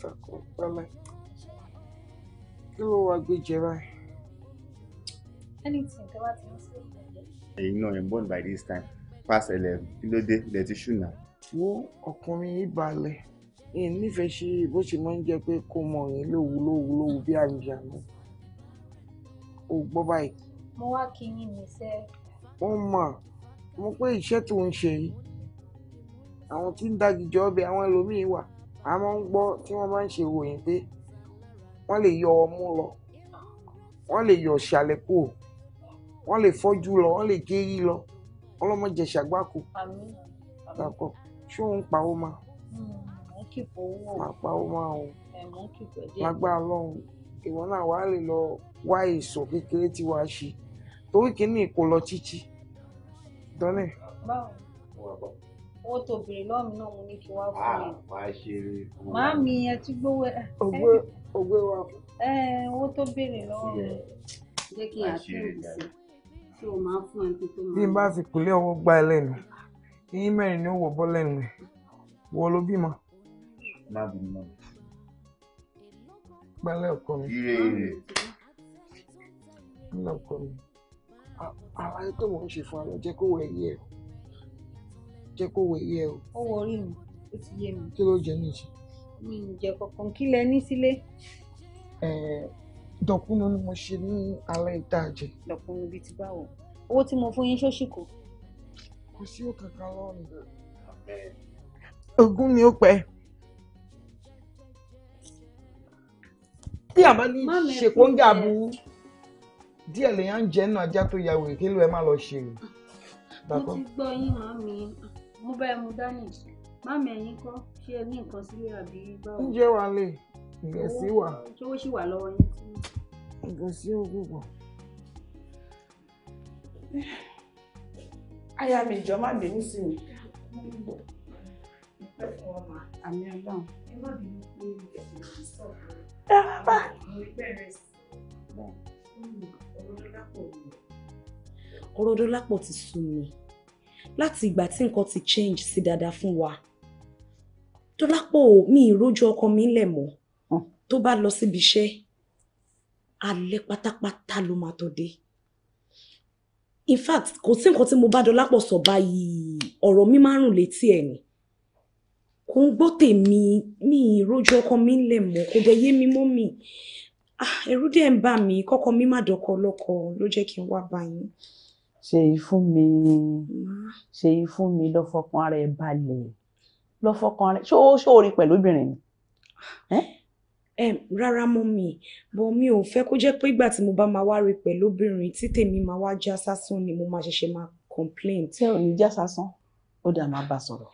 tako pẹ́lẹ́ kí ló wàá gbé jẹ báyìí. anything tó bá ti ń ṣe. ẹ̀yin náà i'm born by this time past eleven kí ló dé lè ti ṣùnà. wo ọkùnrin yìí balẹ̀ ìyẹn nífẹ̀ẹ́ ṣe bó ṣe máa ń jẹ́ pé kó mọ òyìn lówu lówu lówu bí àrùjàmú o gbọ́ báyìí. mo wá kí yín mi sẹ́. ó mo pé iṣẹ́ tó ń ṣe yìí àwọn tí ń dagijọ́ ọbẹ̀ àwọn ẹlòmíín wà a máa ń gbọ́ tí wọ́n máa ń ṣe ìròyìn pé wọ́n lè yọ ọmú lọ wọ́n lè yọ ṣàlẹ̀ kù wọ́n lè fọ́jú lọ wọ́n lè gérí lọ wọ́n lọ́mọ jẹ ṣàgbákò dàpọ̀ ṣé òun pa ó ma hmm, máa pa ó ma o lágbára lọ́hùn ìwọ náà wàá lè lọ wá èso kékeré tí wàá ṣe torí kìíní kò lọ títí dọ́nẹ̀. báwo owó tó béèrè lọ́wọ́ mi náà mo ní kí wá fún yẹn. máa ṣe eré fún wa. màá mi ẹ ti gbówó ẹ. ògbé ògbé wa fún. ẹ owó tó béèrè lọ́wọ́ mi jẹ́ kí n àti ìrìnsì tí o máa fún ẹ tó tó máa. bí n bá ti kúnlẹ̀ ọwọ́ gbá ẹ lẹ́nu eyín mẹ́rin ni ó wọ̀ bọ́ lẹ́nu ẹ̀ wọ ló bímọ. má ọkọ mi. ire ire. gbálẹ̀ ọkọ mi. àlàyé tó mò ń ṣe fún ọ jẹ́ kó wọ ẹ̀yẹ o jẹ́ kó wọ eré ẹ o. ó wọ orí mi ó ti yé mi. kí ló jẹ ní ìṣe. mi ò jẹ kankan kí lẹ ní sílé. dọ̀kúnnù ni mo ṣe ní alẹ́ ìta jẹ. dọ̀kúnnù bíi ti báwo owó tí mo fún yín ṣóṣìkò. kò sí òkàkà lọ́rùn. ogún mi ó pẹ́. bí a máa ní ṣèpọ́ngà bu díẹ̀ lèèyàn ń jẹ́ nù ajá tó ya wèrè kí ló ẹ má lọ ṣe mo ti gbọ́ yín màmí mo bẹ́ẹ̀ mu dání máàmì ẹ̀yin kọ́ ṣé ẹ ní nǹkan sílé àbí báwo. ń jẹ́ wa lè ìrẹsì wà. ṣówó ṣì wà lọ́wọ́ yín. ìrẹsì ògùn pọ̀. aya mi ìjọ má bínú sí mi. àmì ọlọ́run. ẹ má bínú pé ẹ̀sìn ti sọ̀rọ̀. ẹ má bá. mo rí bẹ́ẹ̀ rẹ̀ ti sú mi láti ìgbà tí nǹkan ti change sí dáadáa fún wa dọ́lápọ̀ mi ìrójú ọkọ mi lẹ̀ mọ́ tó bá lọ síbi iṣẹ́ alẹ́ pátápátá ló máa tó dé in fact kò sí nǹkan tí mo bá dọ́lápọ̀ sọ báyìí ọ̀rọ̀ mi máa ń rùn létí ẹ̀ ni kò ń gbọ́ tèmi mi ìrójú ọkọ mi lẹ̀ mọ́ kò dẹ̀ yé mi mọ́ mi ah, ẹ̀rù dẹ̀ ń bà mí kọ́kọ́ mi má dọ́kọ lọ́kọ ló jẹ́ kí n wá bá ṣèyí fún mi ṣèyí fún mi lọ fọkàn ara ẹ balẹ̀ lọ fọkàn ara ẹ ṣó ṣó orí pẹ̀lú obìnrin ni. rárá mú mi bọ mi ò fẹ́ kó jẹ́ pé ìgbà tí mo bá máa wá rí pẹ̀lú obìnrin tí tèmi máa wá já sásán ni mo máa ṣẹ̀ṣẹ̀ máa complain. tẹ ò ní já sásán ó dà máa bá sọ̀rọ̀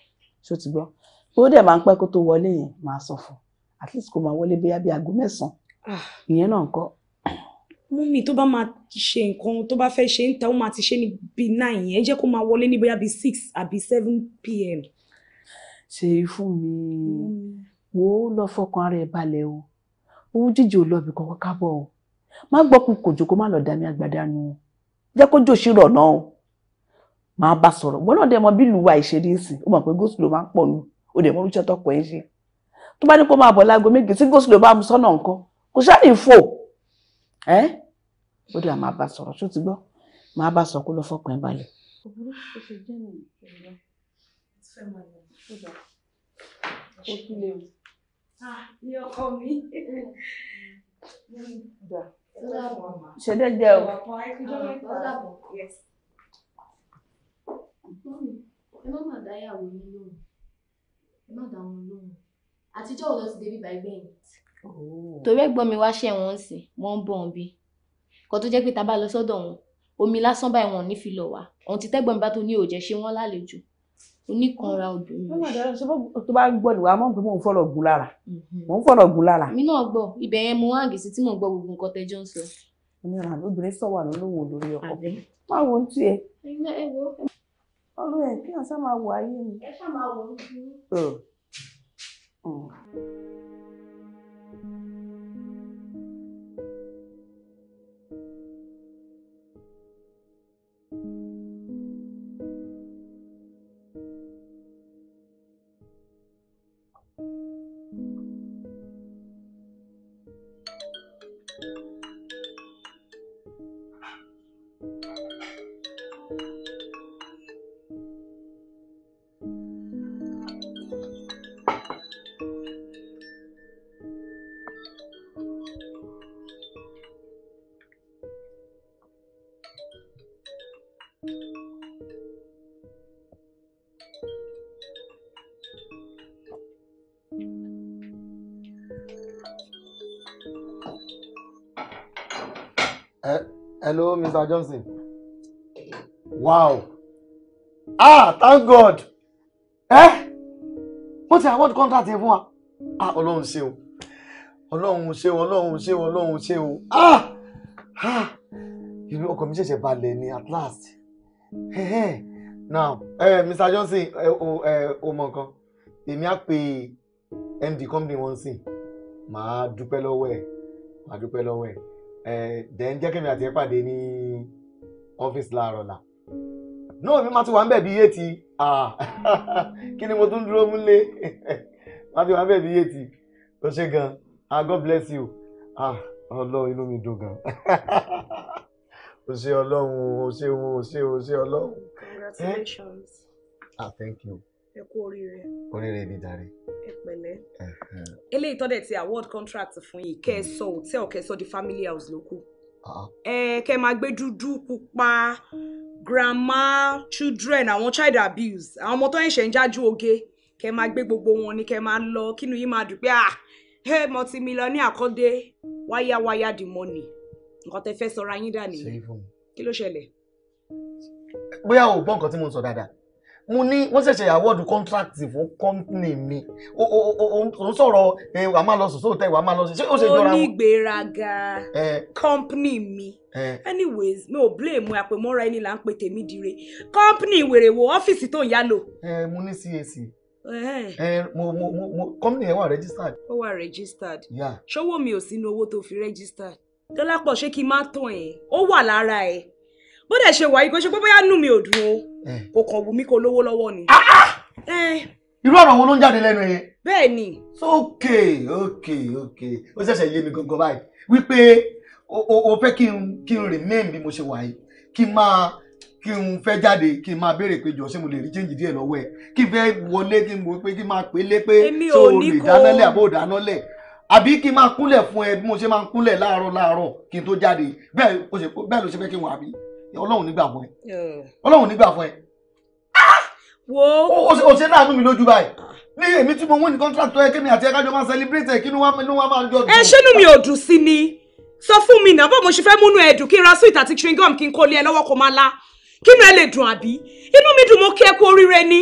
ṣó ti gbọ́ pé ó dẹ̀ máa ń pẹ́ kó tó wọlé yẹn máa sọ fún at least kó máa wọlé bí mọ́mì tó bá máa ṣe nǹkan tó bá fẹ́ ṣe ń ta ó máa ti ṣe ní bíi nine yẹn jẹ́ kó máa wọlé ní bóyá bíi six àbí seven pm. ṣe fún mi wo lọ fọkàn ara ẹ balẹ̀ o owó jíjì ò lọ́ọ̀bì kankan kábọ̀ o má gbọ́kùn kòjò kó má lọ dá mi àgbàdá nu o jẹ́ kó jòṣì rọ̀ náà o máa bá sọ̀rọ̀ wọn náà dẹ̀ mọ bí ìlúwa ìṣeré ìsìn ó mọ̀ pé gòsù ló máa ń pọ̀ nù ó dẹ̀ mọ oríṣẹ́ tọkọ̀ ẹ̀ ṣe tó bá ní kó máa bọ̀ láago méje tí gòsù ló bá mu sọ́nà nǹkan kò ṣáà ní fò ẹ ó dà máa bá sọ̀rọ̀ tó ti gbọ́ máa bá sọ kó lọ fọkàn ẹ o. ẹ má má dáyàwó yín lóhùn ẹ àtijọ́ ò lọ sí débi bàgbẹ́yìn. Oh. torí ẹ̀gbọ́n mi wá ṣẹ̀wọ̀n sí wọ́n ń bọ̀ ọ́n bí kó tó jẹ́ pé ta bá lọ sọ́dọ̀ wọn omi lásán báyìí wọn ò ní fi lọ wá ohun tí tẹ́gbọ́n mi bá tó ní òòjẹ́ ṣe wọ́n lálejò oníkanra obìnrin. tó bá ń gbọ́ ni wàá mọ̀ pé mò ń fọ̀rọ̀ gùn lára mhm. mò ń fọ̀rọ̀ gùn lára. mi náà gbọ́ ibẹ̀ yẹn mo wá gèsè tí mò ń gbọ́ gbogbo nǹkan tẹjọ́ ń sọ. onírànà obìnrin sọ wà lólówó lórí ọkọ má wo ń tiẹ̀. ọlọ́run ẹ̀ kí wọ́n sá máa wọ ayé mi. ẹ ṣáà máa wọ ojú. thank god eh? wọ́n ti award contract yẹn fún wa ah ọlọ́run ṣe o ọlọ́run ṣe o ọlọ́run ṣe o ọlọ́run ṣe o ah ah inú ọkọ mi ṣẹ̀ṣẹ̀ balẹ̀ ni at last eh, eh. now eh, mr johnson eh, o oh, nǹkan èmi á pè md company wọn sìn màá dúpẹ́ lọ́wọ́ ẹ̀ màá dúpẹ́ lọ́wọ́ ẹ̀ ẹ̀ dẹ̀ ń jẹ́ kẹ́mi àti ẹ̀ pàdé ní ọ́fíìsì láàárọ̀ náà náà mi máa ti wà ń bẹ̀ bí eighty ah, kí ni mo tún dúró mú lé máa ti wà ń bẹ̀ bí eighty ó ṣe gan ah God bless you ah ọlọ́run inú mi dùn gan ó ṣe ọlọ́run ó ṣe òun ó ṣe ó ṣe ọlọ́run. congratulations. ah thank you. ẹ kú oríire. oríire ni jàre. ẹ pẹ̀lẹ́. eléyìí tọ́dẹ̀ ti award contract fún yìí kẹ́ ẹ sọ hòtẹ́ẹ̀lì kẹ́ ẹ sọ di family house ló kù. Ah. ẹ kẹ́ ẹ máa gbé dúdú pupa grandma children àwọn child abuse àwọn ọmọ tó ń ṣe ń jájú oge kẹ máa gbé gbogbo wọn ni kẹ máa lọ kínú yín máa dùn pé ah hey multimillionaire àkọ́dé wáyáwáyá the money nǹkan tẹ fẹ́ sọ́ra yín dà nìyí kí ló ṣẹlẹ̀. bóyá o gbọ́ nǹkan tí mo ń sọ dáadáa mo ní wọ́n ṣẹ̀ṣẹ̀ àwọ́dù kọ́ńtrákìtì fún kọ́ńtìnì mi ò ń sọ̀rọ̀ wà á máa lọ sòsò tẹ wà á máa lọ sí. onígbèraga kọ́ńpìnì mi anyways mi ò blame mu àpèmọ́ra ẹni là ń pe tèmi dire kọ́ńpìnì wèrè wo ọ́fíìsì tó ń yá lò. mo ní CAC mo mo company yẹn wà registered. ó wà registered. ṣọwọ́ mi ò sínú owó tó fi registered. dọ́là pọ̀ ṣé kí n má tàn ẹ́ ó wà lára ẹ̀ bó dẹ̀ ṣe wà yìí kò ṣe pé bóyá nù mí ò dùn o eh. kò kàn wù mí kó lówó lọ́wọ́ ni. Ah, ah! Eh. irú ọ̀rọ̀ wo ló ń jáde lẹ́nu ẹ yẹn. bẹ́ẹ̀ ni. ok ok ok ó ṣẹ̀ṣẹ̀ yé mi gangan báyìí wípé o fẹ́ kí n kí n remain bí mo ṣe wà yìí kí n máa kí n fẹ́ jáde kí n máa béèrè pé jọ ṣé mo lè rí change díẹ̀ lọ́wọ́ ẹ̀ kí n fẹ́ wọlé kí n mọ̀ pé kí n máa pélé pé ṣé o lè dánálẹ̀ àbó dánálẹ̀ àbí kí n máa kúnlẹ̀ fún ẹ bí mo ṣe máa ń kúnlẹ̀ láàárọ̀ láàárọ̀ kí n tó jáde bẹ́ẹ̀ ló ṣe fẹ́ kí n wà bí ọlọ́run nígbà fún ẹ ọlọ́run nígbà fún ẹ. wo ah! o ṣe láàánú mi lójú báyìí ní èmi tí mo win contract ẹ kémi àti ẹkájọ máa celebrate ẹ kí inú wa máa jọ dùn. ẹ ṣẹ́nu mi ò dùn sí ni sọ fún mi náà bó mo ṣe fẹ́ múnú ẹ dùn kí n ra sweet àti chewing gum kí n kó lé ẹ lọ́wọ́ kó máa la kí inú ẹ lè dùn àbí inú mi dùn mo kí ẹ kú oríire ni.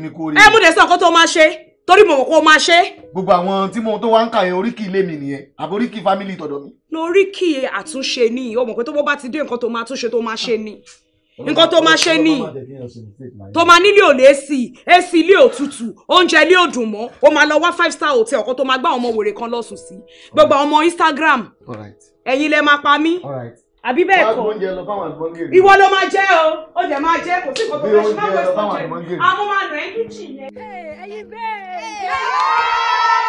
mi kú oríire. ẹ mú dẹ̀ sọ nǹkan tó máa ṣe torí mo mọ̀ kó o máa ṣe. gbogbo àwọn tí mo tó wá ń kà yẹn oríkì ilé mi nìyẹn àbí oríkì fámìlì tọ̀dọ̀ mi. lóríkì àtúnṣe ni o mọ̀ pé tó bá ti dé nǹkan tó máa túnṣe tó máa ṣe ni nǹkan tó máa ṣe ni tó máa nílé ò lẹ́sì èsì ilé òtútù oúnjẹ ilé òdùn mọ́ o máa lọ wá five star hotel ọ̀kan tó máa gbá ọmọ wèrè kan lọ sí gbogbo àwọn ọmọ Instagram ẹ̀yin lẹ máa pa mí. All right àbí bẹ́ẹ̀ kọ́ ìwọ ló máa jẹ́ o ó dẹ̀ máa jẹ́ kò sí kò tó fẹ́ ṣe máa wẹ̀ sọ́jẹ́ àwọn máa nà ẹ́ kíchìn yẹn. ẹyin bẹ́ẹ̀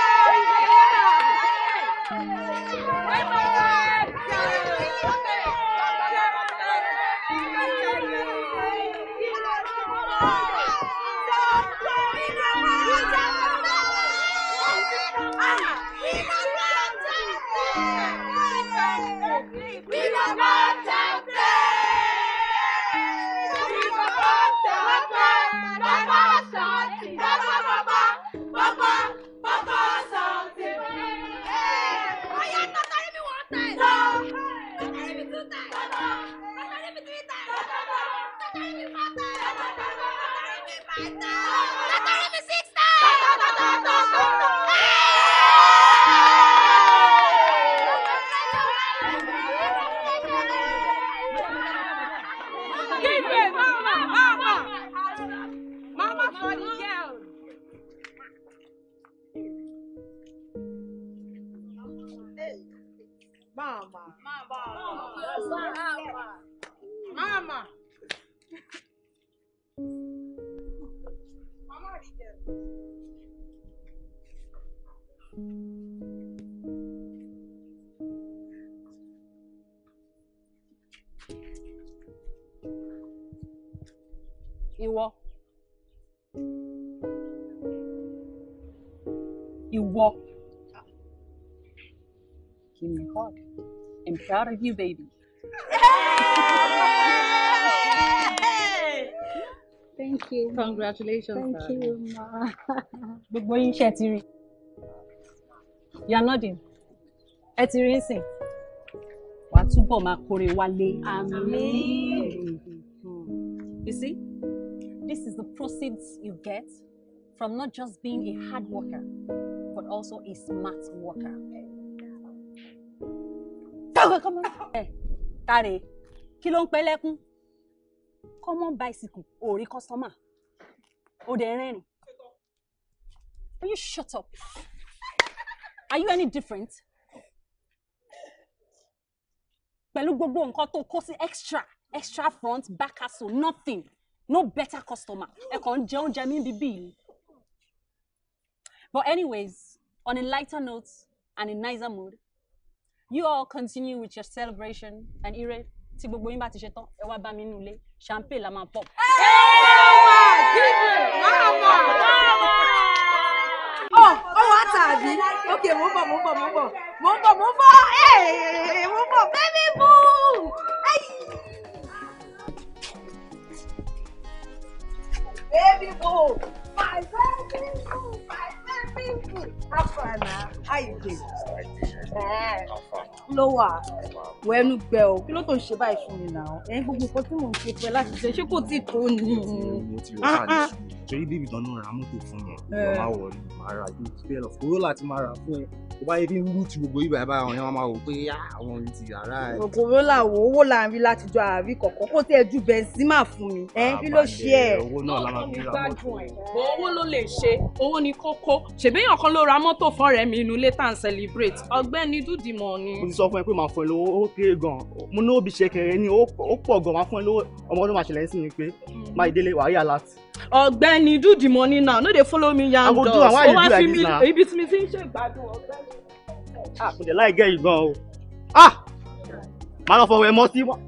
Ìwọ. Give me a hug. I'm proud of you, baby. Thank you. Congratulations. Thank darling. you, ma. Gbogbo boy, ṣe ti You're nodding. Ẹ ti rí sìn. Wàá túbọ̀ máa kórè wálé. Àmín. You see? This is the proceeds you get from not just being a hard worker, but also a smart worker. Tare, kí ló ń pẹ́ lẹ́kún? Common bicycle, ò rí customer. Ó dẹ̀ rẹ́rìn. Will you shut up? Are you any different? Pẹ̀lú gbogbo nǹkan tó extra, extra front, back hustle, nothing. no better customer ẹ kàn ń jẹ oúnjẹ but anyways on a lighter note and in nicer mood you all continue with your celebration and ire tí gbogbo yín bá ti ṣe tán ẹ wá bá mi nílé champagne la máa pop. ọ ọwọ àtàbí ok mo ń bọ̀ mo ń bọ̀ mo ń bọ̀ mo ń bọ̀ mo ń bọ̀ mo ń bọ̀ baby boo. baby boo, my baby boo, my baby boo. How far now? How you doing? Lower, wẹ́n nu gbẹ o, kí ló tó ń ṣe báyìí fún mi náà? Ẹ̀yin gbogbo nǹkan tí mò ń ṣe pẹ́ láti ṣe, ṣé kò torí bíbí ìdáná ra mọ́tò fún yẹn eh. ìwọ wọ̀ ni máa ra ju spare of owó máa ra fún ẹ tó bá yẹ kí n rúùtù gbogbo ibà bá àwọn yẹn máa wò pé ah, àwọn ohun ti yàrá ẹ. òkòrò làwọn owó là ń rí láti jọ àárí kọ̀ọ̀kan kó tẹ́ ju bẹ́ńsímà fún mi ẹ ah, kí ló ṣe ẹ. owó náà la máa fi ra mọ́tò ẹ. owó ló lè ṣe owó ni kókó ṣèbéyàn kan ló ra mọ́tò fún rẹ̀ mi inú létà ń celebrate ọgbẹ́ni dúdìmọ̀ ni. mo ti sọ fún ẹ pé màá fún ẹ lówó ó kéré gan mo ní òbí ṣe kẹrẹ ni ó pọ̀ gan màá fún ẹ lówó ọmọ ọdún máa ṣẹlẹ̀ sí mi pé hmm. máa ọ̀gbẹ́ni do the money now no dey follow me yan dogs ó wá oh, fi mi ibi tí mi ti ń ṣe ìgbádùn ọ̀gbẹ́ni. ah kò dé láì gẹ́ yìí gan o ah màá lọ fọwọ́ ẹ mọ́ sí wọn.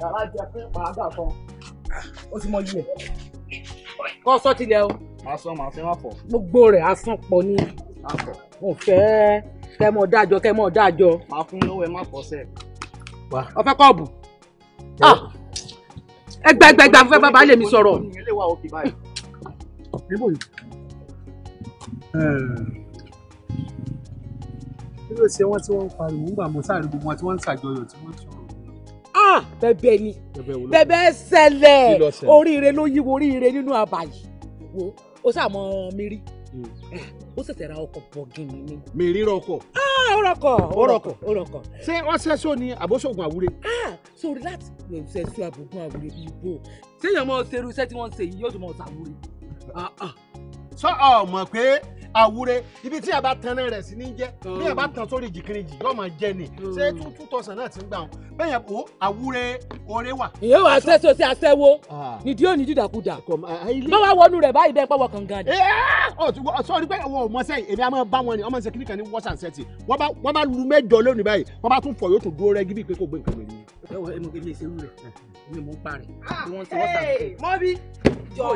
yàrá jẹ fún màágà kan ó ti mọ yìí ẹ. kọ́ sọ́tìlẹ̀ o. màá sọ màá fẹ́ máa fọ. gbogbo rẹ̀ asán pọ̀ ni. mo fẹ́ kẹ́ mọ̀ dájọ́ kẹ́ mọ̀ dájọ́. màá fún lówó ẹ má pọ̀ sẹ́ẹ̀. wá ọfẹ kọọbù ah! ẹgbẹ ẹgbẹ ẹgbẹ afẹ bàbá lèmi sọ̀rọ̀. kí ló ṣe wọ́n tí wọ́n ń pariwo ńgbà mọ́ sáré gbogbo wọn tí wọ́n ń ṣàjọyọ̀ tí wọ́n ń sọ̀rọ̀ ah bẹ̀bẹ̀ ni bẹ̀bẹ̀ ṣẹlẹ̀ oríire ló yíwo oríire nínú àbàyè wo o ṣàmọ mi rí hmm. eh ó ṣẹ̀ṣẹ̀ ra ọkọ̀ bọ̀gìnì ni. mi ríra ọkọ̀. Ah, ó rọkọ̀ ó rọkọ̀ ó rọkọ̀. ṣé wọ́n ṣẹ́ṣọ́ ni àbóṣogun àwúre. Ah, sórí láti ṣẹ̀ṣọ́ àbògùn àwúre ibo ṣéyàn mọ́ ṣerú iṣẹ́ tí wọ́n ń ṣe yìí yóò tún mọ́ ṣàwúre. sọ ah, ọ mọ̀ pé àwúre ibi tí yàrá tan rẹ̀ sí ní jẹ́ mm. bí yàrá tan sórí jìkìrìjì yóò máa jẹ ni mm. ṣé two two thousand náà ti ń gbà wọn bẹ́ẹ̀ yẹn o àwúre oore wà. ìyẹn wàá sẹ́sọ sí aṣẹ́wó ah. nídìí òní dídàkudà ah, báwa wọnú rẹ̀ báyìí bẹ́ẹ̀ pọ̀wọ́ kankan ni. sọ́ọ́ni eh, ah, oh, pé wọn ò mọṣẹ́ èmi àmọ́ bá wọn ni ọmọ ṣe kíníkan ní wọ́sàn sẹ́tì wọ́n bá lu mẹ́jọ lónìí báyìí wọ́n bá tún fọ̀ yóò tún dúró rẹ́ gíbí pé kò gbé nǹkan mi ni. ẹ wọ ẹnu kejì ìṣerú rẹ ni mo ń parí. mọ́bí jọ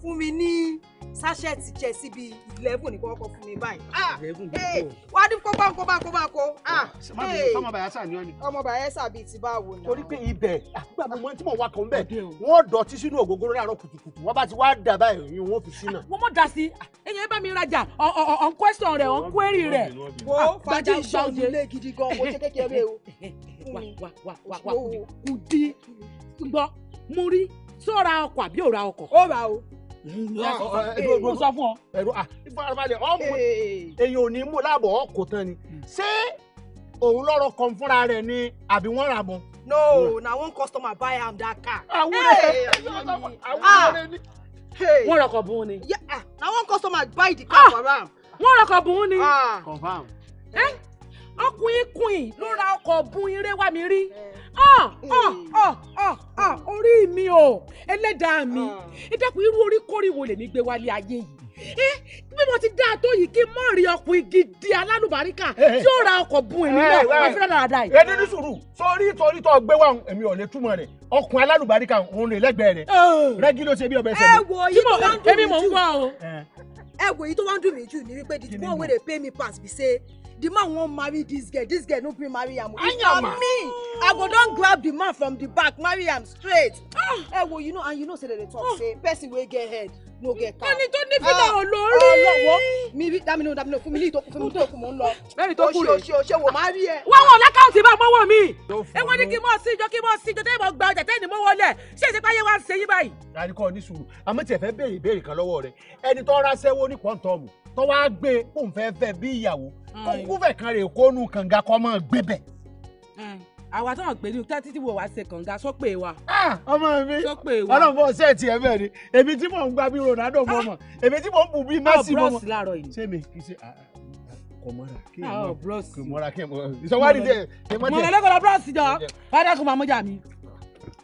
fún mi ní sáṣẹ́ẹ̀tì jẹ síbi eleven ní kọ́kọ́ fún mi báyìí. Ah, eleven bí kò. wá dín kópa kópa kópa kó. Ah, ọmọ bayelsa ni ọ ni. ọmọ bayelsa bíi ti báwo náà. torí pé ibẹ̀ àgbà mi mọ tí mo wá kàn bẹ́ẹ̀ wọ́n dọ̀tí sínú ògógóró láàárọ̀ kùtùkùtù wọ́n bá ti wá dà báyìí yìí wọ́n fi sínú. wọ́n mọ̀ dá sí ah, ẹ̀yìn ẹ bá mi rajà ọ̀n question rẹ̀ ọ̀n query rẹ̀. wo fàájà ìṣọ́ ilé gidi gan kò ṣe kékeré o. wà wà wà wà kùdí gbọ́ mo rí sóra ọkọ̀ àbí òra ọkọ̀. ó ra o ẹ̀rọ ah, ah, eh, sọ fún ọ. ẹ̀rọ ah ìfarabalẹ̀ ọ̀mù èyàn ò ní mú láàbọ̀ ọkọ̀ tán ni hmm. ṣé òun lọ́rọ̀ kan fúnra rẹ̀ ni àbí wọ́n rà mọ́. no hmm. na one customer buy am that car. àwòrán àwòrán ni. Ah. wọ́n rọ̀ kọ̀ bùn ni. na one customer buy the car for am. wọ́n rọ̀ kọ̀ bùn ni. confam. Eh? ọkùnrin kùnrin ló ra ọkọ̀ bun iré wá mi rí ah, hmm. ah, ah, orí mi o ẹlẹ́dàá mi ẹ dákun irú orí kórìwò lèmi gbé wálé ayé yìí ẹ bí mo ti dá a tó yìí kí n mọ̀ rí ọkùnrin gidi alálùbáríkà eh, eh. tí ó ra ọkọ̀ bun ìrìn náà wọ́n fi rárá dáì. ẹ ní sùúrù sórí torí tó gbé wa èmi ò lè túmọ̀ rẹ̀ ọkùnrin alálùbáríkà òun lè lẹ́gbẹ̀ẹ́ rẹ̀ oh. rẹ́gí ló ṣe bí ọbẹ̀ eh, sẹ́mi. ẹ wo yìí tó wá ń dùn mí jù ẹ wo yìí tó wá ń dùn mí jù ní wípé the one pay me pass be say the man wan marry dis girl dis girl no fit marry am if na me i go don grab the man from the back marry am straight ẹ ah. eh, wo you know and you know say dem dey talk ah. say person wey get head no get car ẹni tó ní fílà ah. olórí ọlọwọ mi rí dáminú dáminú fún mi ní ìtòkùn fún mi ìtòkùn mò ń lọ mẹ́rin tó kù rè ṣe ṣe wò má rí ẹ. wọ́n wọ̀ lákàntì bá mọ́wọ́ mi ewé ní kí mọ́ sí ijó kí mọ́ sí ijó tẹ́lẹ̀ mọ́ gba ọjà tẹ́lẹ̀ mọ́ wọlé ṣé ìṣẹ́pá yẹn wá ń ṣe yín báyìí. àdìkọ́ ní sùúrù àmọ́ tí ẹ fẹ́ béèrè ìbéèrè kan lọ́wọ́ rẹ ẹni tó rásẹ́wó ní pọ́ńtọ́ọ̀mù tó wá gbé kóun fẹ́ fẹ́ bí ìyàwó kó mm. kú fẹ̀ kan rè kó nu kànga kọ́ mọ́ gbébẹ̀. Mm. àwa táwọn gbé ní tẹ́tí tí wò wá ṣe kànga sọ pé wa. Ah, ọmọ mi ọlọ́run fọ ṣe tiẹ̀ bẹ́ẹ̀ ni èmi tí mò ń gba bí Ronaldo mọ́ ah. mọ́ èmi tí mò ń bù bí ah, Messi mọ́ mọ́ ṣé mi kì í ṣe kọmọra kí ẹ mọ kọmọra kí ẹ mọ ìṣọwádìí tẹ. mọ̀lẹ́dẹ́gbọ̀lá bros jọ ọ̀dẹ́kùn mamọ́jà mi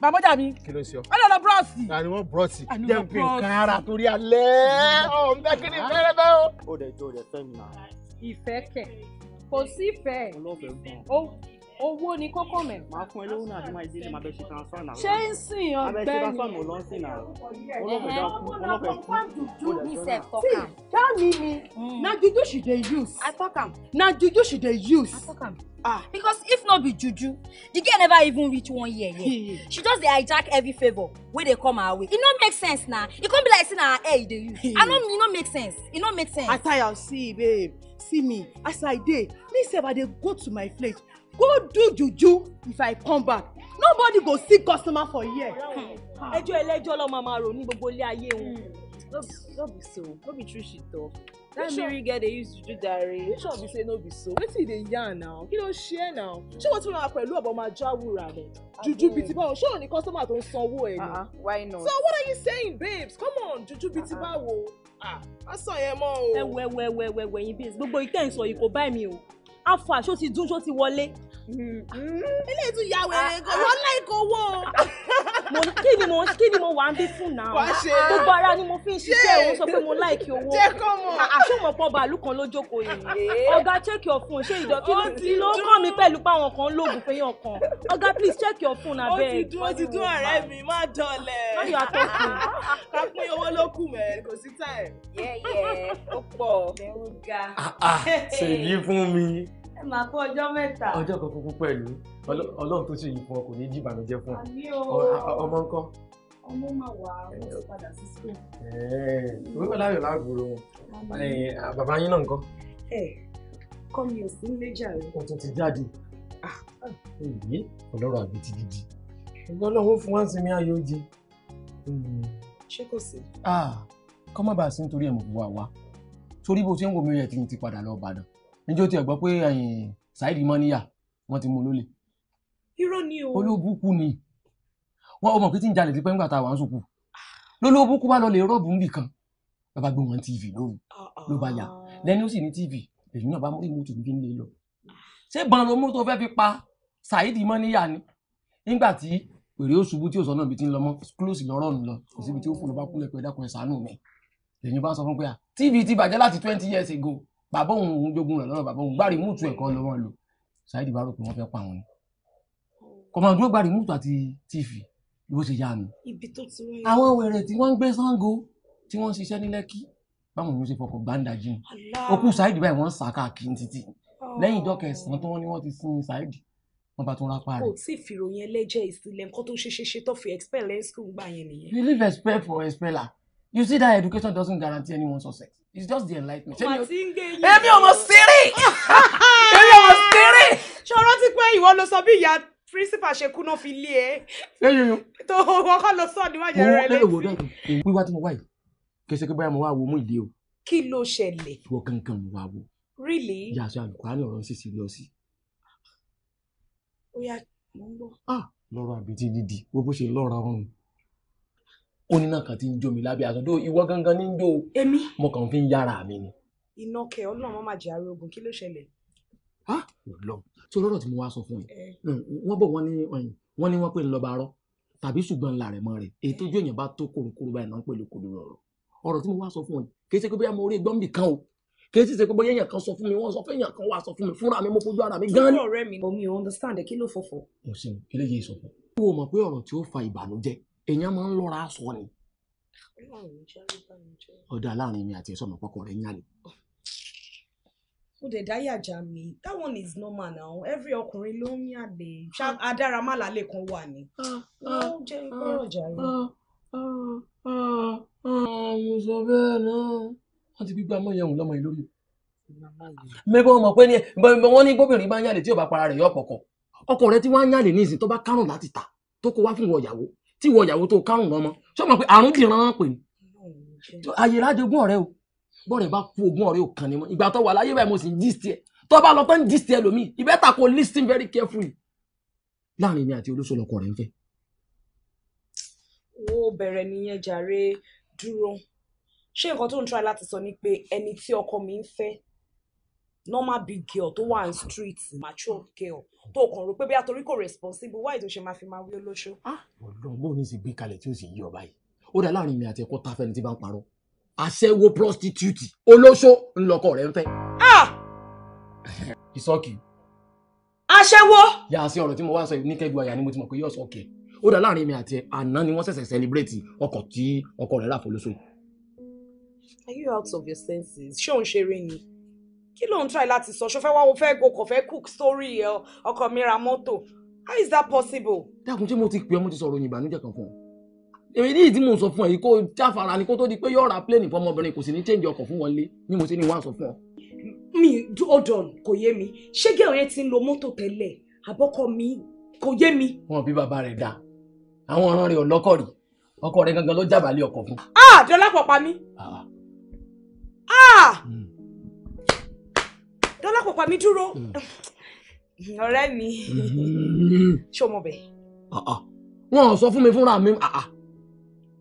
bàmọ́jà mi. kí ló ń sọ. wọ́n lọ lọ búrọ́ọ̀sì. àní wọ́n búrọ́ọ̀sì. jẹ́ pé nǹkan ara torí alẹ́ ọ̀ ń bẹ́ kí ni fẹ́rẹ́ bẹ́ o. ó dẹ̀ jọ dẹ̀ fẹ́ mi. ìfẹ́ kẹ̀ kò sí ìfẹ́. ọlọ́fẹ́ gan owó ni kókó mẹ́. màá fún ẹ lówó náà àti máa ìdí ni màá transfer náà. ṣé ń sìn ọgbẹ́ni. abẹ́ ṣe transfer mo lọ ń sìn náà. olóògbé kú kú olóògbé kú. see tell me me mm. na juju she dey use. i talk am. na juju she dey use. i talk am. ah because if no be juju the girl never even reach one year yet she just dey hijack every favour wey dey come her way e no make sense na e come be like say na her hair e dey use i no e no make sense e no make sense. i tire see babe see me as i dey me sef i dey go to my place go do juju if i come back nobody go see customer for here. Hmm. ẹjọ́ ẹlẹ́jọ́ ló máa máa rò ní gbogbo ilé ayé wọn. no hmm. be so no be true she talk that mary girl dey use juju dare You sure be say no be so wetin you dey yarn now kí ló ṣe é now ṣé wọ́n tún ra pẹ̀lú ọ̀bọ̀ máa já wúrà rẹ̀ juju bíi ti báwo ṣé òun customer tó ń sanwó ẹ̀ ni ah, ah, so what are you saying babes come on juju bíi ti ah, báwo a sọ yẹn mọ́ o. ẹwẹ ẹwẹ ẹwẹ ẹwẹ ẹyin bíi gbogbo ìtẹ́ ìsọ̀yìn kò bá mi o afa ṣó ti dún ṣó ti wọlé. ilé ètò ìyàwó èrè kò wọ́n láì kó kí ni mo kí ni mo wà ń bí fún náà. wá ṣe é gbogbo ara ni mo fi ń ṣiṣẹ́ òun sọ pé mo láìkí owó. jẹ́ kọ́ mọ̀. pọ̀ ah, ah. bàálù kan ló jókòó yìí. ọ̀gá check your phone ṣé ìdọ̀ kí ló kàn mí pẹ̀lú páwọn kan lóògùn pé yàn ọ̀gá please check your phone abẹ́. ó ti dún ó ti dún ọ̀rẹ́ mi má dọ̀lẹ̀. má ah, yọ àtọ́kùn. kápín owó ló mẹ́ kò sí time. yẹ́yẹ́ ó pọ̀ bẹ́ẹ̀ ga. ṣèyí fún mi ẹ máa kó ọjọ́ mẹ́ta. ọjọ́ kan kúkú pẹ̀lú ọlọ́run tó ṣe yìí fún ọ kò ní í jìbànújẹ́ fún ọ ọmọ ńkọ́. ọmọ máa wà ó ti padà sí school. wíwọ láyọ̀ láàgbòrò wọn bàbá yín náà ńkọ́. kọ́ mi ò sí nílé jàre. o tún ti jáde. Ah. èyí ọlọ́run àbí ti gidi. ìgbọ́n lọ́wọ́ fún wá sinmi ayé ó di. ṣé kò sí. Ah, kọ́ má bàa sí nítorí ẹ̀ mọ̀ wá wá torí bó ṣe ń wo mi rẹ̀ tí mo ti padà lọ Ìbàdàn níjó tiẹ̀ gbọ́ pé Saheed Mọ́níyà wọ́n ti mú un lólè. irọ́ ni o. olóbùkún ni wọn ò mọ̀ pé tí ń jalè ti pẹ́ ńgbà tá a wà ń sùkú lólóbùkún wà lọ lè rọ́ọ̀bù nbìkan bàbá gbé wọn tv lóru ló bá yà lẹ́ni ó sì ní tv èyí náà bá mú ìmútu bí ń lè lọ. ṣé ban ló mú tó fẹ́ fi pa Saheed Mọ́níyà ni nígbà tí èrè ó ṣubú tí ó sọ náà bí ti ń lọ mọ́ close lọ́rọ̀ nù lọ kò síbi tí ó fò ló bá kúlẹ̀ pé ẹ̀dá kan ẹ̀ sànú mi èyí bá sọ fún pé à ah, tv ti bàjẹ́ láti twenty years ago bàbá òun òun jogun rẹ̀ lọ́rọ̀ bàbá òun gbárí múùtù ẹ̀kọ́ lọ́wọ́ lò ṣáìdì bá rò pé wọ́n fẹ́ pa àwọn ni kọmọdún ó gbárí múùtù àti tíìfì bí ó ṣe yá mi. ibi tó ti wáyé. àwọn wèrè tí wọ́n ń gbé Ṣàngó tí wọ́n ń ṣiṣẹ́ ní Lẹ́kì báwọn yóò ṣe fọkàn gbáǹda jù òkú ṣáìdì báyìí wọ́n ń sàkà kiri títì oh. lẹ́yìn ìjọ kẹsàn-án tí wọ́n ní wọ́n ti sin ṣáìdì wọ́n bá tún rápá rẹ̀. kò tí ì fìròyìn expel ẹ̀ yẹn nìyẹn. expel for you see that education doesn't guarantee anyone success it's just the enlightenment. èmi ò mọ̀ sírì èmi ò mọ̀ sírì. ṣọ̀rọ̀ ti pẹ́ ìwọ ló sọ bí ìyá principal ṣe kùnà fi lé ẹ. ṣé yíyún. tó wọ́n kọ́ lọ sọ níwájú rẹ létí. mo lérò wọ́n wíwá tí mo wá yìí kì í báyà mo wá wo mú ìdí o. kí ló ṣẹlẹ̀. wọ́n kankan mo wá wo. really. ìyá aṣọ àlùkò àná ọ̀rọ̀ ṣìṣì lọ sí. ó yà mọ́ ń gbọ́. Ah! lọ́rọ̀ àbètí dídì gbogbo oníná kan ti ń jó mi lábẹ́ àtúndó ìwọ gangan ní jó èmi. mo kàn fi ń yára mi ni. iná kẹ ọlọ́run má má jẹ àárẹ̀ ogun kí ló ṣẹlẹ̀. a lọ tí olóró tí mo wá sọ fún yìí eh. hmm, wọn bọ wọn ní hmm, wọn ní wọn pè ń lọ bá rọ tàbí ṣùgbọ́n ńlá rẹ̀ mọ́ rẹ̀ èyí tó jó èèyàn bá tó kòròkòrò báyìí náà pẹ̀lú kòrò rọ̀rọ̀ ọ̀rọ̀ tí mo wá sọ fún yìí kì ṣe pé bóyá mo rí ẹgbọ́n mi kan o kì ṣe pé bóyá èèyàn kan sọ fún mi wọ́n sọ fún èèyàn kan wá sọ fún mi fúnra mi mo fojú ara mi gan. ọ̀rẹ́ mi mo mi understand kí ló fọ̀fọ̀. kò sí mi kí ló yẹ ìsọ̀fọ̀. wo mọ̀ pé ọ̀rọ̀ tí ó fa ìbànújẹ́ èèyàn máa ń lọ́ra aṣọ ni. ọ̀dà láàrin mi àti ẹ̀sọ́ mi pọ́kọ rẹ̀ ń yàlè. ó dẹ̀ dáyà já mi that one is normal now every ọkùnrin ló ń yàlè ah. adára má lálẹ́ kan wà ní. Ah, ah, ó jẹ́ ìgbọ́rọ̀ jàre. mo sọ bẹ́ẹ̀ náà wọ́n ti gbígbá mọ́ ìyẹ̀wò lọ́mọ ìlú rí. mẹ́gbọ́n ọmọ pé ní wọ́n ní gbóbìnrin bá ń yàlè tí ò bá para rẹ̀ yọ ọ̀pọ̀kọ̀ ọkọ rẹ̀ tí wọ́n ń yàlè ní ìsìn tó bá kárùn láti ta tó kó wá fún ìwọ ìyàwó tí wọ ìyàwó tó kárùn ọmọ ṣé mo pe àrùn ti ràn án pè ní ayé ládégún ọ̀rẹ́ o bọ́ọ̀rẹ́ bá kú ogún ọ̀rẹ́ ò kàn ní mọ́ ìgbà tó wà láyé báyìí mo sì ń dí tiẹ̀ tó bá lọ tán dí tiẹ̀ lómi ìbẹ́ta kò listen very carefully láàrin mi àti olóṣèlú ọkọ rẹ̀ ń fẹ́. wo bẹ̀rẹ̀ nìyẹn jàre dúró ṣé nǹkan tó ń try láti sọ ni pé ẹni tí ọkọ mi ń fẹ́ normal big girl tó wà ní street mature girl tó kàn rò pé bí atorí kò responsible why ìdòṣe máa fi máa wí olóṣó. Ah. ọlọ́run bóun ní sì gbé kalẹ̀ tí ó sì yí ọba yìí ó dá láàrin mi àti ẹ̀kọ́ tá a fẹ́ ni tí bá ń parọ́ aṣẹ́wó prostitute olóṣó ńlọkọ rẹ̀ ń fẹ́. Ah! ìsọkì. aṣẹ́wó. yà á sí ọ̀rọ̀ tí mo wá sọ ní kẹ́gbẹ́ ọ̀yà ni mo ti mọ̀ pé yóò sọ ọ̀kẹ́ ó dá láàrin mi àti àná ni wọ́n ṣẹ̀ṣẹ̀ celebrate ọkọ̀ tí ọkọ rẹ̀ rà fọlọ́sọ. are you out of your senses ṣé òun ṣeré ni kí ló ń try láti sọ ṣó fẹ́ wá o fẹ́ o kò cook story ẹ ọkọ mi ra mọ́tò how is that possible. dákun ṣé mo ti pè ọ́ mo ti sọ̀rọ̀ òyìnbá níjẹ̀ kan fún ọ èmi ní ìdí mò ń sọ fún ẹ yìí kó jáfara ni kó tó di pé yóò ra pléènì fún ọmọbìnrin kò sì ní change ọkọ̀ fún wọlé ni mo ṣe ní wàá sọ fún ọ. mi hold on kò yé mi ṣé gẹ́gẹ́ òye ti ń lo mọ́tò tẹ́lẹ̀ àbọ́kọ mi kò yé mi. wọn bí bàbá rẹ dá àwọn ọ̀ràn rẹ ò lọ́kọ̀ rí ọkọ rẹ gangan ló jábàálẹ̀ ọkọ̀ fún. ah dọlápọ̀ pa mí. ah. ah. Mm lọ́lá kò pa mí dúró hmm. Hmm, ọ̀rẹ́ mi hmm. ṣé o mọ̀ bẹ́ẹ̀. Ah, ah. wọn ò sọ fún mi fúnra mi ah,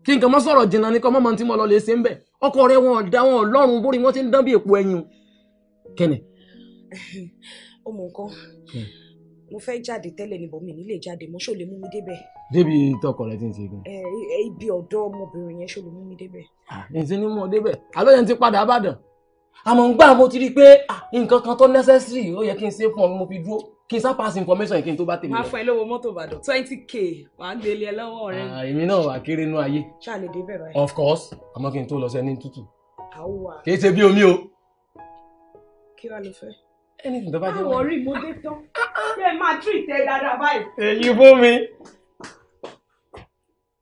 kí nǹkan mọ́ sọ̀rọ̀ jìnnà ni kọ́ mọ́ mọ́ tí mo lọ lè ṣe ń bẹ̀ ọkọ rẹ wọn ọ̀dà wọn ọlọ́run bórí wọn ti ń dán bí èpo ẹyin kẹ́nì. ọmọ nǹkan mo fẹ́ jáde tẹ́lẹ̀ níbọ̀ mi nílé jáde mọ́ ṣó lè mú mi débẹ̀. débi tọkọ rẹ ti ń ṣe gan. Eh, ibi ọ̀dọ́ ọmọbìnrin yẹn ṣó lè mú mi débẹ̀. ǹsẹ́ ni mo débẹ̀ àlọ́ ti padà Ìbàdàn àmọ́ ń gbà mo ti rí i pé nǹkan kan tó necessary ó yẹ kí n ṣe fún ọ mo fi dúró kí n sá pass information kí n tó bá tèmi lọ. máa fọ ẹ lówó mọ́tò ìbàdàn twenty k wàá gbélé ẹ lọ́wọ́ rẹ. èmi náà wà kéré nú ayé. ṣáà lè dé bẹ́ẹ̀ báyìí. of course àmọ́ kí n tó lọ sí ẹni tútù. àwa. kì í ṣe bí omi o. kí wàá lè fẹ́. anything tó bá jẹ́ wọ́n. àwọn orí mo dé tán. ṣé ẹ máa tú ìtẹ́ dáadáa báyìí. èyí fún mi.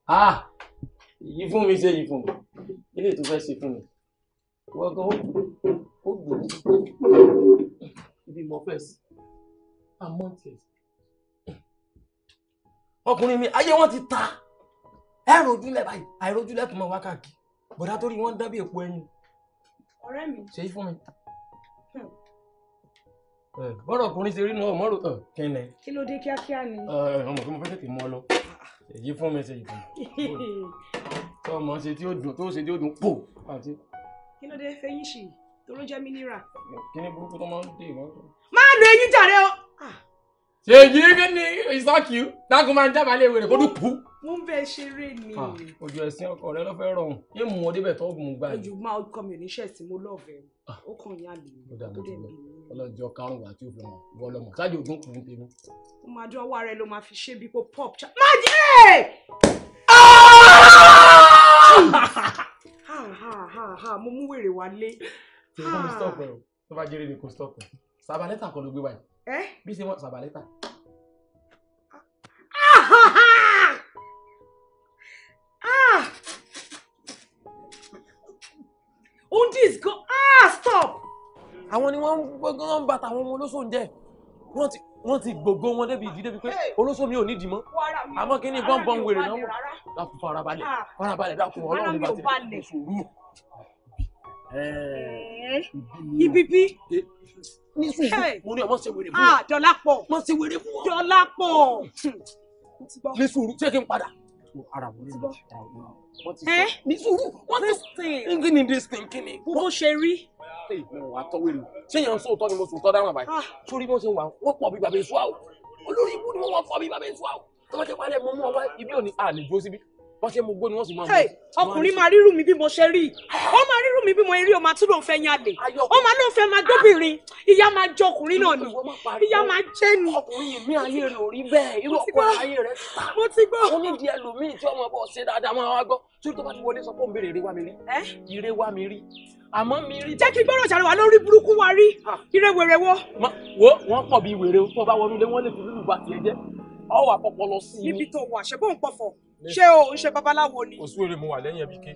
ah èyí fún mi ṣe èyí fún mi ilé ìtúfẹ́ ṣe fún mi wọ́gán ó gbòmí ibi mo fẹ́ sí àmọ́ tiẹ̀. ọkùnrin mi ayé wọn ti ta ẹ rojúlẹ̀ báyìí àìrojúlẹ̀ tó máa wá káàkiri bọ̀dá tó rí wọn dábìí èpo ẹyin. ọ̀rẹ́ mi. ṣèyí fún mi. Hmm. bọ́dọ̀ ọkùnrin ṣe rí nu ọmọ rò kẹ́nẹ̀. kí ló dé kíákíá ni. ọmọ kí mo fẹ́ tètè mú ọ lọ èyí fún mi ṣèyí fún mi. tọ́ ọmọ ṣe tí ó dùn tó ṣe tí ó dùn pò àti kí ló dé fẹ́yìn ṣì toró jẹ́ mineral. kí ni burúkú tó máa ń dé ìwọ́n tó. máa lo eyín jàre o. Ah! ṣèjì kí ni ìsọ́kì dákun máa ń jábàá lé wèrè kó dùn pù. mo ń bẹ ṣeré ni. Ah, ojú ẹ̀sìn ọkọ rẹ ló fẹ́ rọrùn yé mu ọ débẹ̀ tó mú gbà yìí. ojú máa kọ mi ò ní ṣẹ̀sìn mo lọ́ọ̀fẹ́ ah. ó kàn yá mi kó dé mi. ọlọ́jọ́ karùn-ún àti òfin wọn lọ́mọ sáájú ògún kùn tèmi. ó máa dún ọwọ́ rẹ ló máa fi ṣe bí pop. má jẹ́ mo mú wèrè wálé. tí o bá mi stop ẹ o tó bá jẹ́rìí mi kò stop ẹ sàbàlẹ́tà kan ló gbé wáyé bí ṣe wọ́n sàbàlẹ́tà. undis ah! go ah stop. àwọn ni wọ́n ń gbọ́ngàn ń bàtà àwọn ọmọ olóṣò ń jẹ́ wọ́n ti wọ́n ti gbogbo wọn débi ìdí débi pé olóṣò mi ò ní ìdí mọ́ àmọ́ kí ni bọ́ǹbọ̀n wèrè náà wọ́n farabalẹ̀ ah! farabalẹ̀ dákun ọlọ́run bá ti sùúrù ibibi mo ní ọmọ ṣe wèrè fún ah, ọ dọlà pọ mo ṣe wèrè fún ọ dọlà pọ ní sùúrù ṣé kí n padà ara ni dis thing kí ni. bó ṣe rí. ṣé ìwọ wàá tọ́ wẹ̀rẹ̀ ṣé yẹn ń sọ òótọ́ ni mo sùn tọ́ dáhùn àbáyé. Ah. sórí bó ṣe wà wọ́n pọ̀ bí bàbá èso àwọ̀ olórí ibú ni wọ́n wọ́n pọ̀ bí bàbá èso àwọ̀ tọ́wọ́ ṣe wálé mú mú ọwọ́ ibi òní àlè dúró síbi wọ́n ṣe mo gbó ni wọ́n sì máa mú. ọkùnrin máa rírù mi bí mo ṣe rí ó máa rírù mi bí mo rí o máa tún lòun fẹ́ yan àlè ó máa lòun fẹ́ máa gbóbìnrin ìyá máa jẹ ọkùnrin náà ni ìyá máa jẹ ni. ọkùnrin mi ayé rẹ ò rí bẹ́ẹ̀ irú ọkọ ayé rẹ ta mo ti gbọ́. ó ní di ẹlòmíì tí ọmọ bọ̀ ṣe dáadáa máa wá gbọ́ tí tó bá ti wọlé sọ pé òun béèrè mi rí ire àmọ́ mi rí. jẹ́ kí gbọ́dọ̀ ṣàrẹwà lórí burúkú wa rí ire wèrè wọ. wo wọn pọ̀ bí wèrè tó bá wọnú lé wọn lè fi lùlù bá tiẹ̀ jẹ́ ọwọ́ àpọ̀pọ̀ lọ sí i. níbi tó wà ṣe bóun ṣé o ṣe babaláwo ni. oṣù èrè mo wà lẹ́yìn ẹbí ké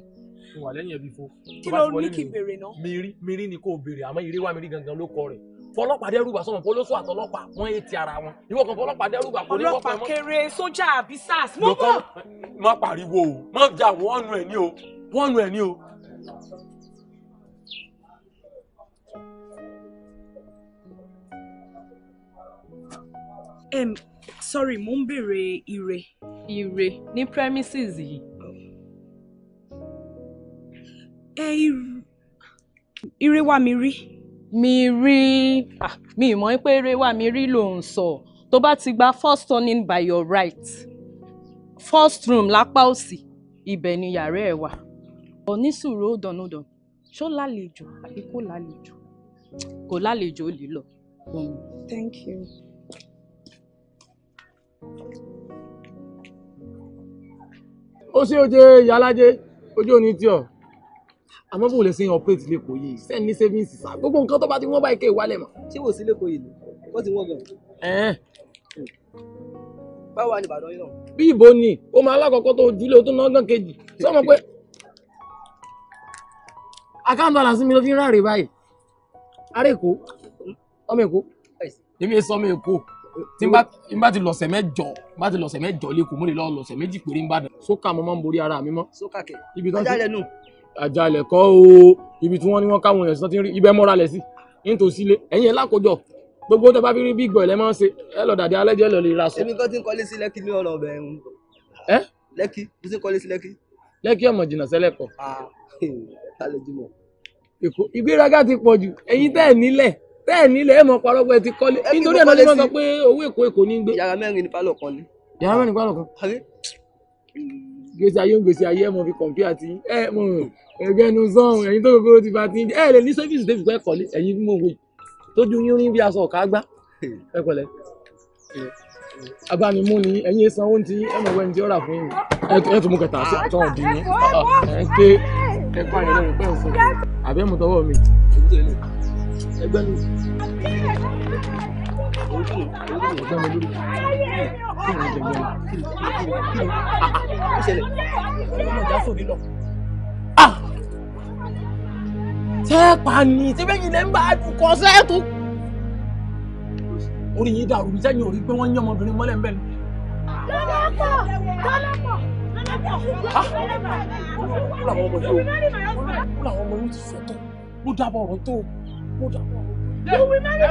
mo wà lẹ́yìn ẹbí fo. kí ló ní kí n béèrè náà. miri miri ni kò béèrè àmọ́ ìrè wa miri gangan ló kọ rẹ̀ fọlọ́pàá dẹ́rùbà sọ̀rọ̀ fọlọ́sọ àtọlọ́pàá wọ́n yé ti ara wọn ìwọ kan fọlọ́pàá dẹ́rùbà kò ní wọ́pẹ́ mọ́. ọlọ́pàá kéré sójà àbí sars mọ́ bọ̀. má pariwo o má jà wọ́n nu ẹ̀ ní o wọ́n nu ẹ̀ ní o sorry mo ń béèrè ire. ire ní premises yìí. ẹ ire wà mí rí. mi rí ah, mi mọ̀ pé ire wà mí rí ló ń sọ tó bá ti gba first turning by your right first room lápá òsì ibẹ̀ ni yàrá ẹ̀ wà onísùúrù ó dànùdàn ṣó lálejò àbí kò lálejò kò lálejò ó lè lọ. thank you ó ṣe oje ìyálájé ojú òní tí ọ àmọ́ bò lè ṣe ọ̀pẹ́tì lẹ́kọ̀ọ́ yìí send ní savings sa gbogbo nǹkan tó bá ti wọ́n bá ike ìwálẹ̀ mọ́. tí wò sí lẹ́kọ̀ọ́ yìí wọ́n ti wọ́n gan. báwo ni ìbàdàn yìí náà. bí ìbò ni ó máa lákọ̀ọ́kọ́ tó ojúlé o tó ná gàn kejì sọmọ pé àkáǹtì balance mi ló fi ń ráre báyìí ará èkó ọmọ èkó èmi sọmọ èkó tí n bá ti lọ̀sẹ̀ mẹ́jọ n bá ti lọ̀sẹ̀ mẹ́jọ lẹ́kọ̀ọ́ mo lè lọ lọ̀sẹ̀ méjì péré ń bá dàn. sókà mo máa ń borí ara mi mọ́. sókà kẹ ajálẹ̀ nù. àjálẹ̀ kọ́ o ibi tí wọ́n ní wọ́n káwọn èèyàn sí ti ń rí ibẹ̀ mọ́ra lẹ̀ sí nítòsí ilé ẹ̀yìn ẹ̀ lákòjọ gbogbo tó bá fi rí big boy lẹ́ máa ń ṣe ẹ lọ dàdí alẹ́ jẹ́ lọ lè ra sọ. èmi kan ti ń kọ́lé sí lẹ́kì ní ọ̀rọ̀ ọ̀bẹ̀ ẹ̀hún. ẹ lẹ́kì mo ti ń kọ́lé sí lẹ́kì. lẹ́kì ọmọ jìnnà sẹ́lẹ̀kọ̀. Ah, ìgbéraga ti pọ̀ jù ẹ̀yin tẹ́ ẹ̀ nílẹ̀ bẹ́ẹ̀ ni ilẹ̀ mọ̀ parọ́gbọ́ ẹ ti kọ́lé nítorí ẹ̀ náà ló máa sọ pé owó èkó èkó ní gbé. yàrá mẹ́rin ní pálọ̀ kan ni. yàrá mẹ́rin ní pálọ̀ kan. gbèsè ayé ń gbèsè ayé ẹ mọ̀ fi kọ̀m̀pí àti ẹ mọ̀ ẹgbẹ́ nu sọ́hún ẹ̀yin tó gbogbo ti fa ti ń jẹ́ ẹ lè ní sọ́fíìsì tó fi pẹ́ kọ́lé ẹ̀yin mọ̀ wò tójú yín rí bí aṣọ ọ̀ká gbá ẹ pẹ̀lẹ́ abami mú ni ẹ̀yin sanwó ti ẹ mọ̀ wẹ́ni tí ó rà fún yín ẹ tún mú kẹta sí àtọ́ ọ̀dín ní ẹ ké ẹ kọ́ ayẹyẹ rẹ pẹ́ òfin àbẹ́mú tọwọ́ mi ẹgbẹ́ mi. sẹ́ẹ̀pà ni síbẹ̀ lẹ́ ń bá àdùkọ sẹ́ẹ̀tù. orí yìí dàrú bí sẹ́yìn orí pé wọ́n ń yán ọmọbìnrin mọ́lẹ̀ ń bẹ̀ ni. lọ́lọ́pọ̀ lọ́lọ́pọ̀ ah! lọ́lọ́pọ̀. kúlọ̀ àwọn ọmọ yìí o kúlọ̀ àwọn ọmọ yìí ti sọ̀tọ̀ ló dábọ̀ ọ̀rọ̀ tó o kó dà. You will marry my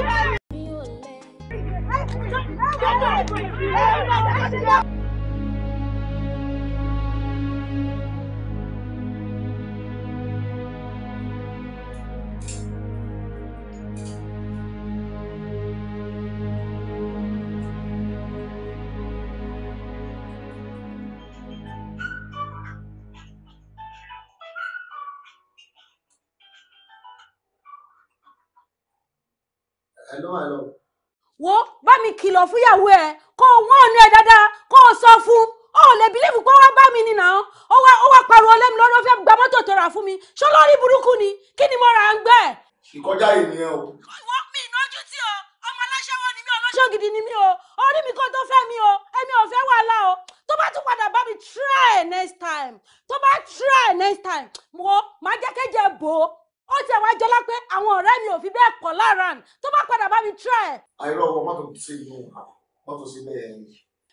wife. ló wà lọ. wo bá mi kìlọ̀ fúyàwó ẹ kó o wọ́n ọ̀nà ẹ dáadáa kó o sọ fún o ò lè bílíìfù pé ó wá bá mi nìyà ó wá ó wá pariwo lẹ́mi lọ́dún ó fẹ́ gba mọ́tò tó rà fún mi ṣó lórí burúkú ni kí ni mo rà ń gbẹ́. ìkọjá yìí nìyẹn o. wọ́n mi ìnájú tí o ọmọ aláṣẹ́wọ́ ni mí ọlọ́ṣọ́ gidi ni mí o orí mi kò tó fẹ́ mi o èmi ò fẹ́ wàhálà o tó bá tún padà bá mi try next time tó bá try next time mo máa jẹ́ kéjẹ bò ó ti àwọn àjọlá pé àwọn ọ̀rẹ́ mi ò fi bẹ́ẹ̀ pọ̀ lára tó bá padà bá mi tíra ẹ̀. àìrọ̀ ọwọ́ mọ́tò sí inú mọ́tò sí bẹ́ẹ̀ ni.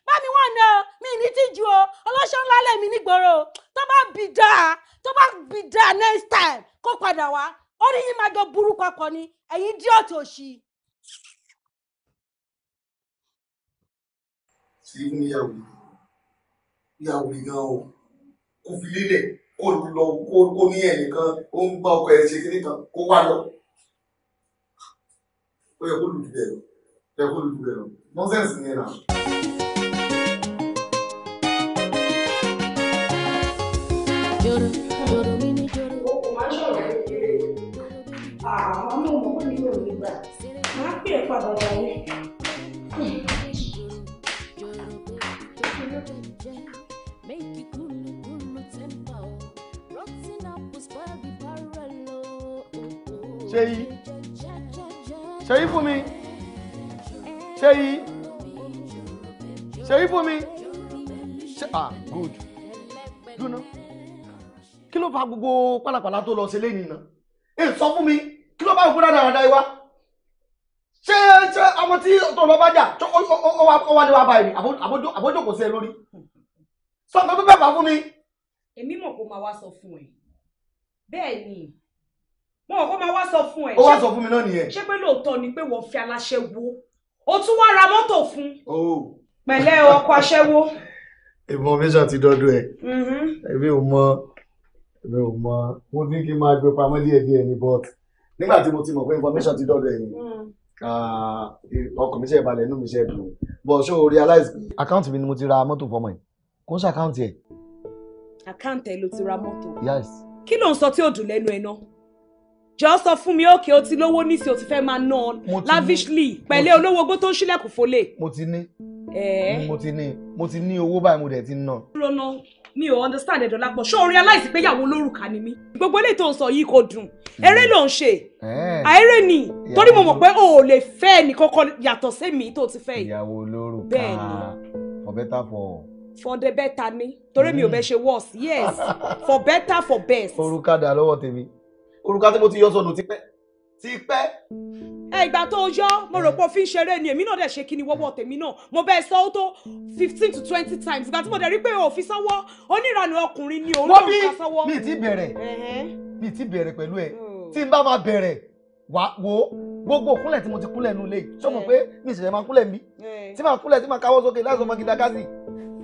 bá mi wọ́n ná mi ní tíjú o ọlọ́ṣọ́ ńlá lẹ́mi nígboro tó bá bì dáa tó bá bì dáa next time kó padà wá ó ní yín máa jọ burú papọ̀ ni ẹ̀yin dí ọ̀tọ̀ òṣì. sí fún ìyàwó ìyàwó ìyàwó kò fi lílẹ̀ kó lọ kó ní ẹnìkan ó ń bá ọkọ ẹ ṣe kíní kan kó wá lọ ó yẹ kó lùdú bẹ́ẹ̀ lọ ó yẹ kó lùdú bẹ́ẹ̀ lọ ni yẹn náà. ṣèyí ṣèyí fún mi ṣèyí ṣèyí fún mi ṣe ah good dúná kí ló fa gbogbo pálapàla tó lọ sí lẹ́yìn iná ẹ sọ fún mi kí ló bá òkú dáadáa dáa wá ṣé ṣé ọmọ tí tó lọ bá jà ó wà ní wàá báyìí àbójókò sí ẹ lórí sọ nǹkan tó bẹ́ẹ̀ fà fún mi. èmi mọ̀ kó máa wá sọ fún ẹ bẹ́ẹ̀ ni mo kò máa wá sọ fún ẹ. ó wá sọ fún mi náà nìyẹn. ṣé pé lóòótọ́ ni pé wọ́n fi aláṣẹ wo o tún wá ra mọ́tò fún. Oh. pẹ̀lẹ́ ọkọ̀ aṣẹ́wó. ìmọ̀ mi ṣáà ti dọ́dọ̀ ẹ̀ mm-hmm. èmi ò mọ èmi ò mọ mo ní kí n máa gbé pamọ́ díẹ̀ díẹ̀ ní bọ́ọ̀tù nígbà tí mo ti mọ̀ pé information ti dọ́dọ̀ ẹ̀ ni mm. ọkọ̀ mi ṣe balẹ̀ inú mi ṣe dùn bọ̀ ṣó o realize. àkáǹtì mi ni mo ti ra mọ́tò fọmọ ẹ̀ kó ń ṣe àkáǹtì ẹ̀. àkáǹtì ẹ̀ ti ra mọ́tò. yes. kí ló ń sọ tí ò dùn lẹ́nu ẹ̀ náà jọ sọ fún mi òkè o ti lówó nísì o ti fẹ́ máa ná lavishly pẹ̀lẹ́ olówó ogó tó ń ṣílẹ̀kùn fọlẹ̀. mo ti ní eh? mo ti ní mo ti ní owó báyìí mo dẹ̀ ti ná. rona mi ò understand ẹ̀dọ̀ lápọ̀ ṣó orin aláìsí pé ìyàwó olórùka ni mí. gbogbo ilé tó ń sọ yìí kò dùn hmm. eré ló ń ṣe eh. àìrè ni torí mo mọ̀ pé o ò lè fẹ́ ẹnì kankan yàtọ̀ sí mi tó ti fẹ́ yìí. ìyàwó olórùka for better for for the better ni torí mi ò bẹ hmm. ṣe worse yes for better for best. orúkà dà lọ́wọ́ tèmi òrùka tí mo ti yọ sọnù tipẹ́ tipẹ́. ẹ ìgbà tó o yọ mo rò pé o fi ń ṣeré ni èmi náà dẹ̀ ṣe kí ni wọ́wọ́ tèmi náà mo bẹ́ẹ̀ sọ ó tó fifteen to twenty times ìgbà tí mo dẹ̀ rí pé o fi sanwó oníranú ọkùnrin ni òun náà ń ká sanwó. mi ti bẹ̀rẹ̀ mi ti bẹ̀rẹ̀ pẹ̀lú ẹ oh. tí n bá máa bẹ̀rẹ̀ wá wo gbogbo kúnlẹ̀ tí mo ti kúnlẹ̀ nínú ilé yìí sọ́mọ pé mi ìṣẹ̀lẹ̀ máa kúnlẹ̀ mi eh. tí máa kúnlẹ̀ tí máa káwọ́ sókè láìsọ̀ mọ́ gidagasi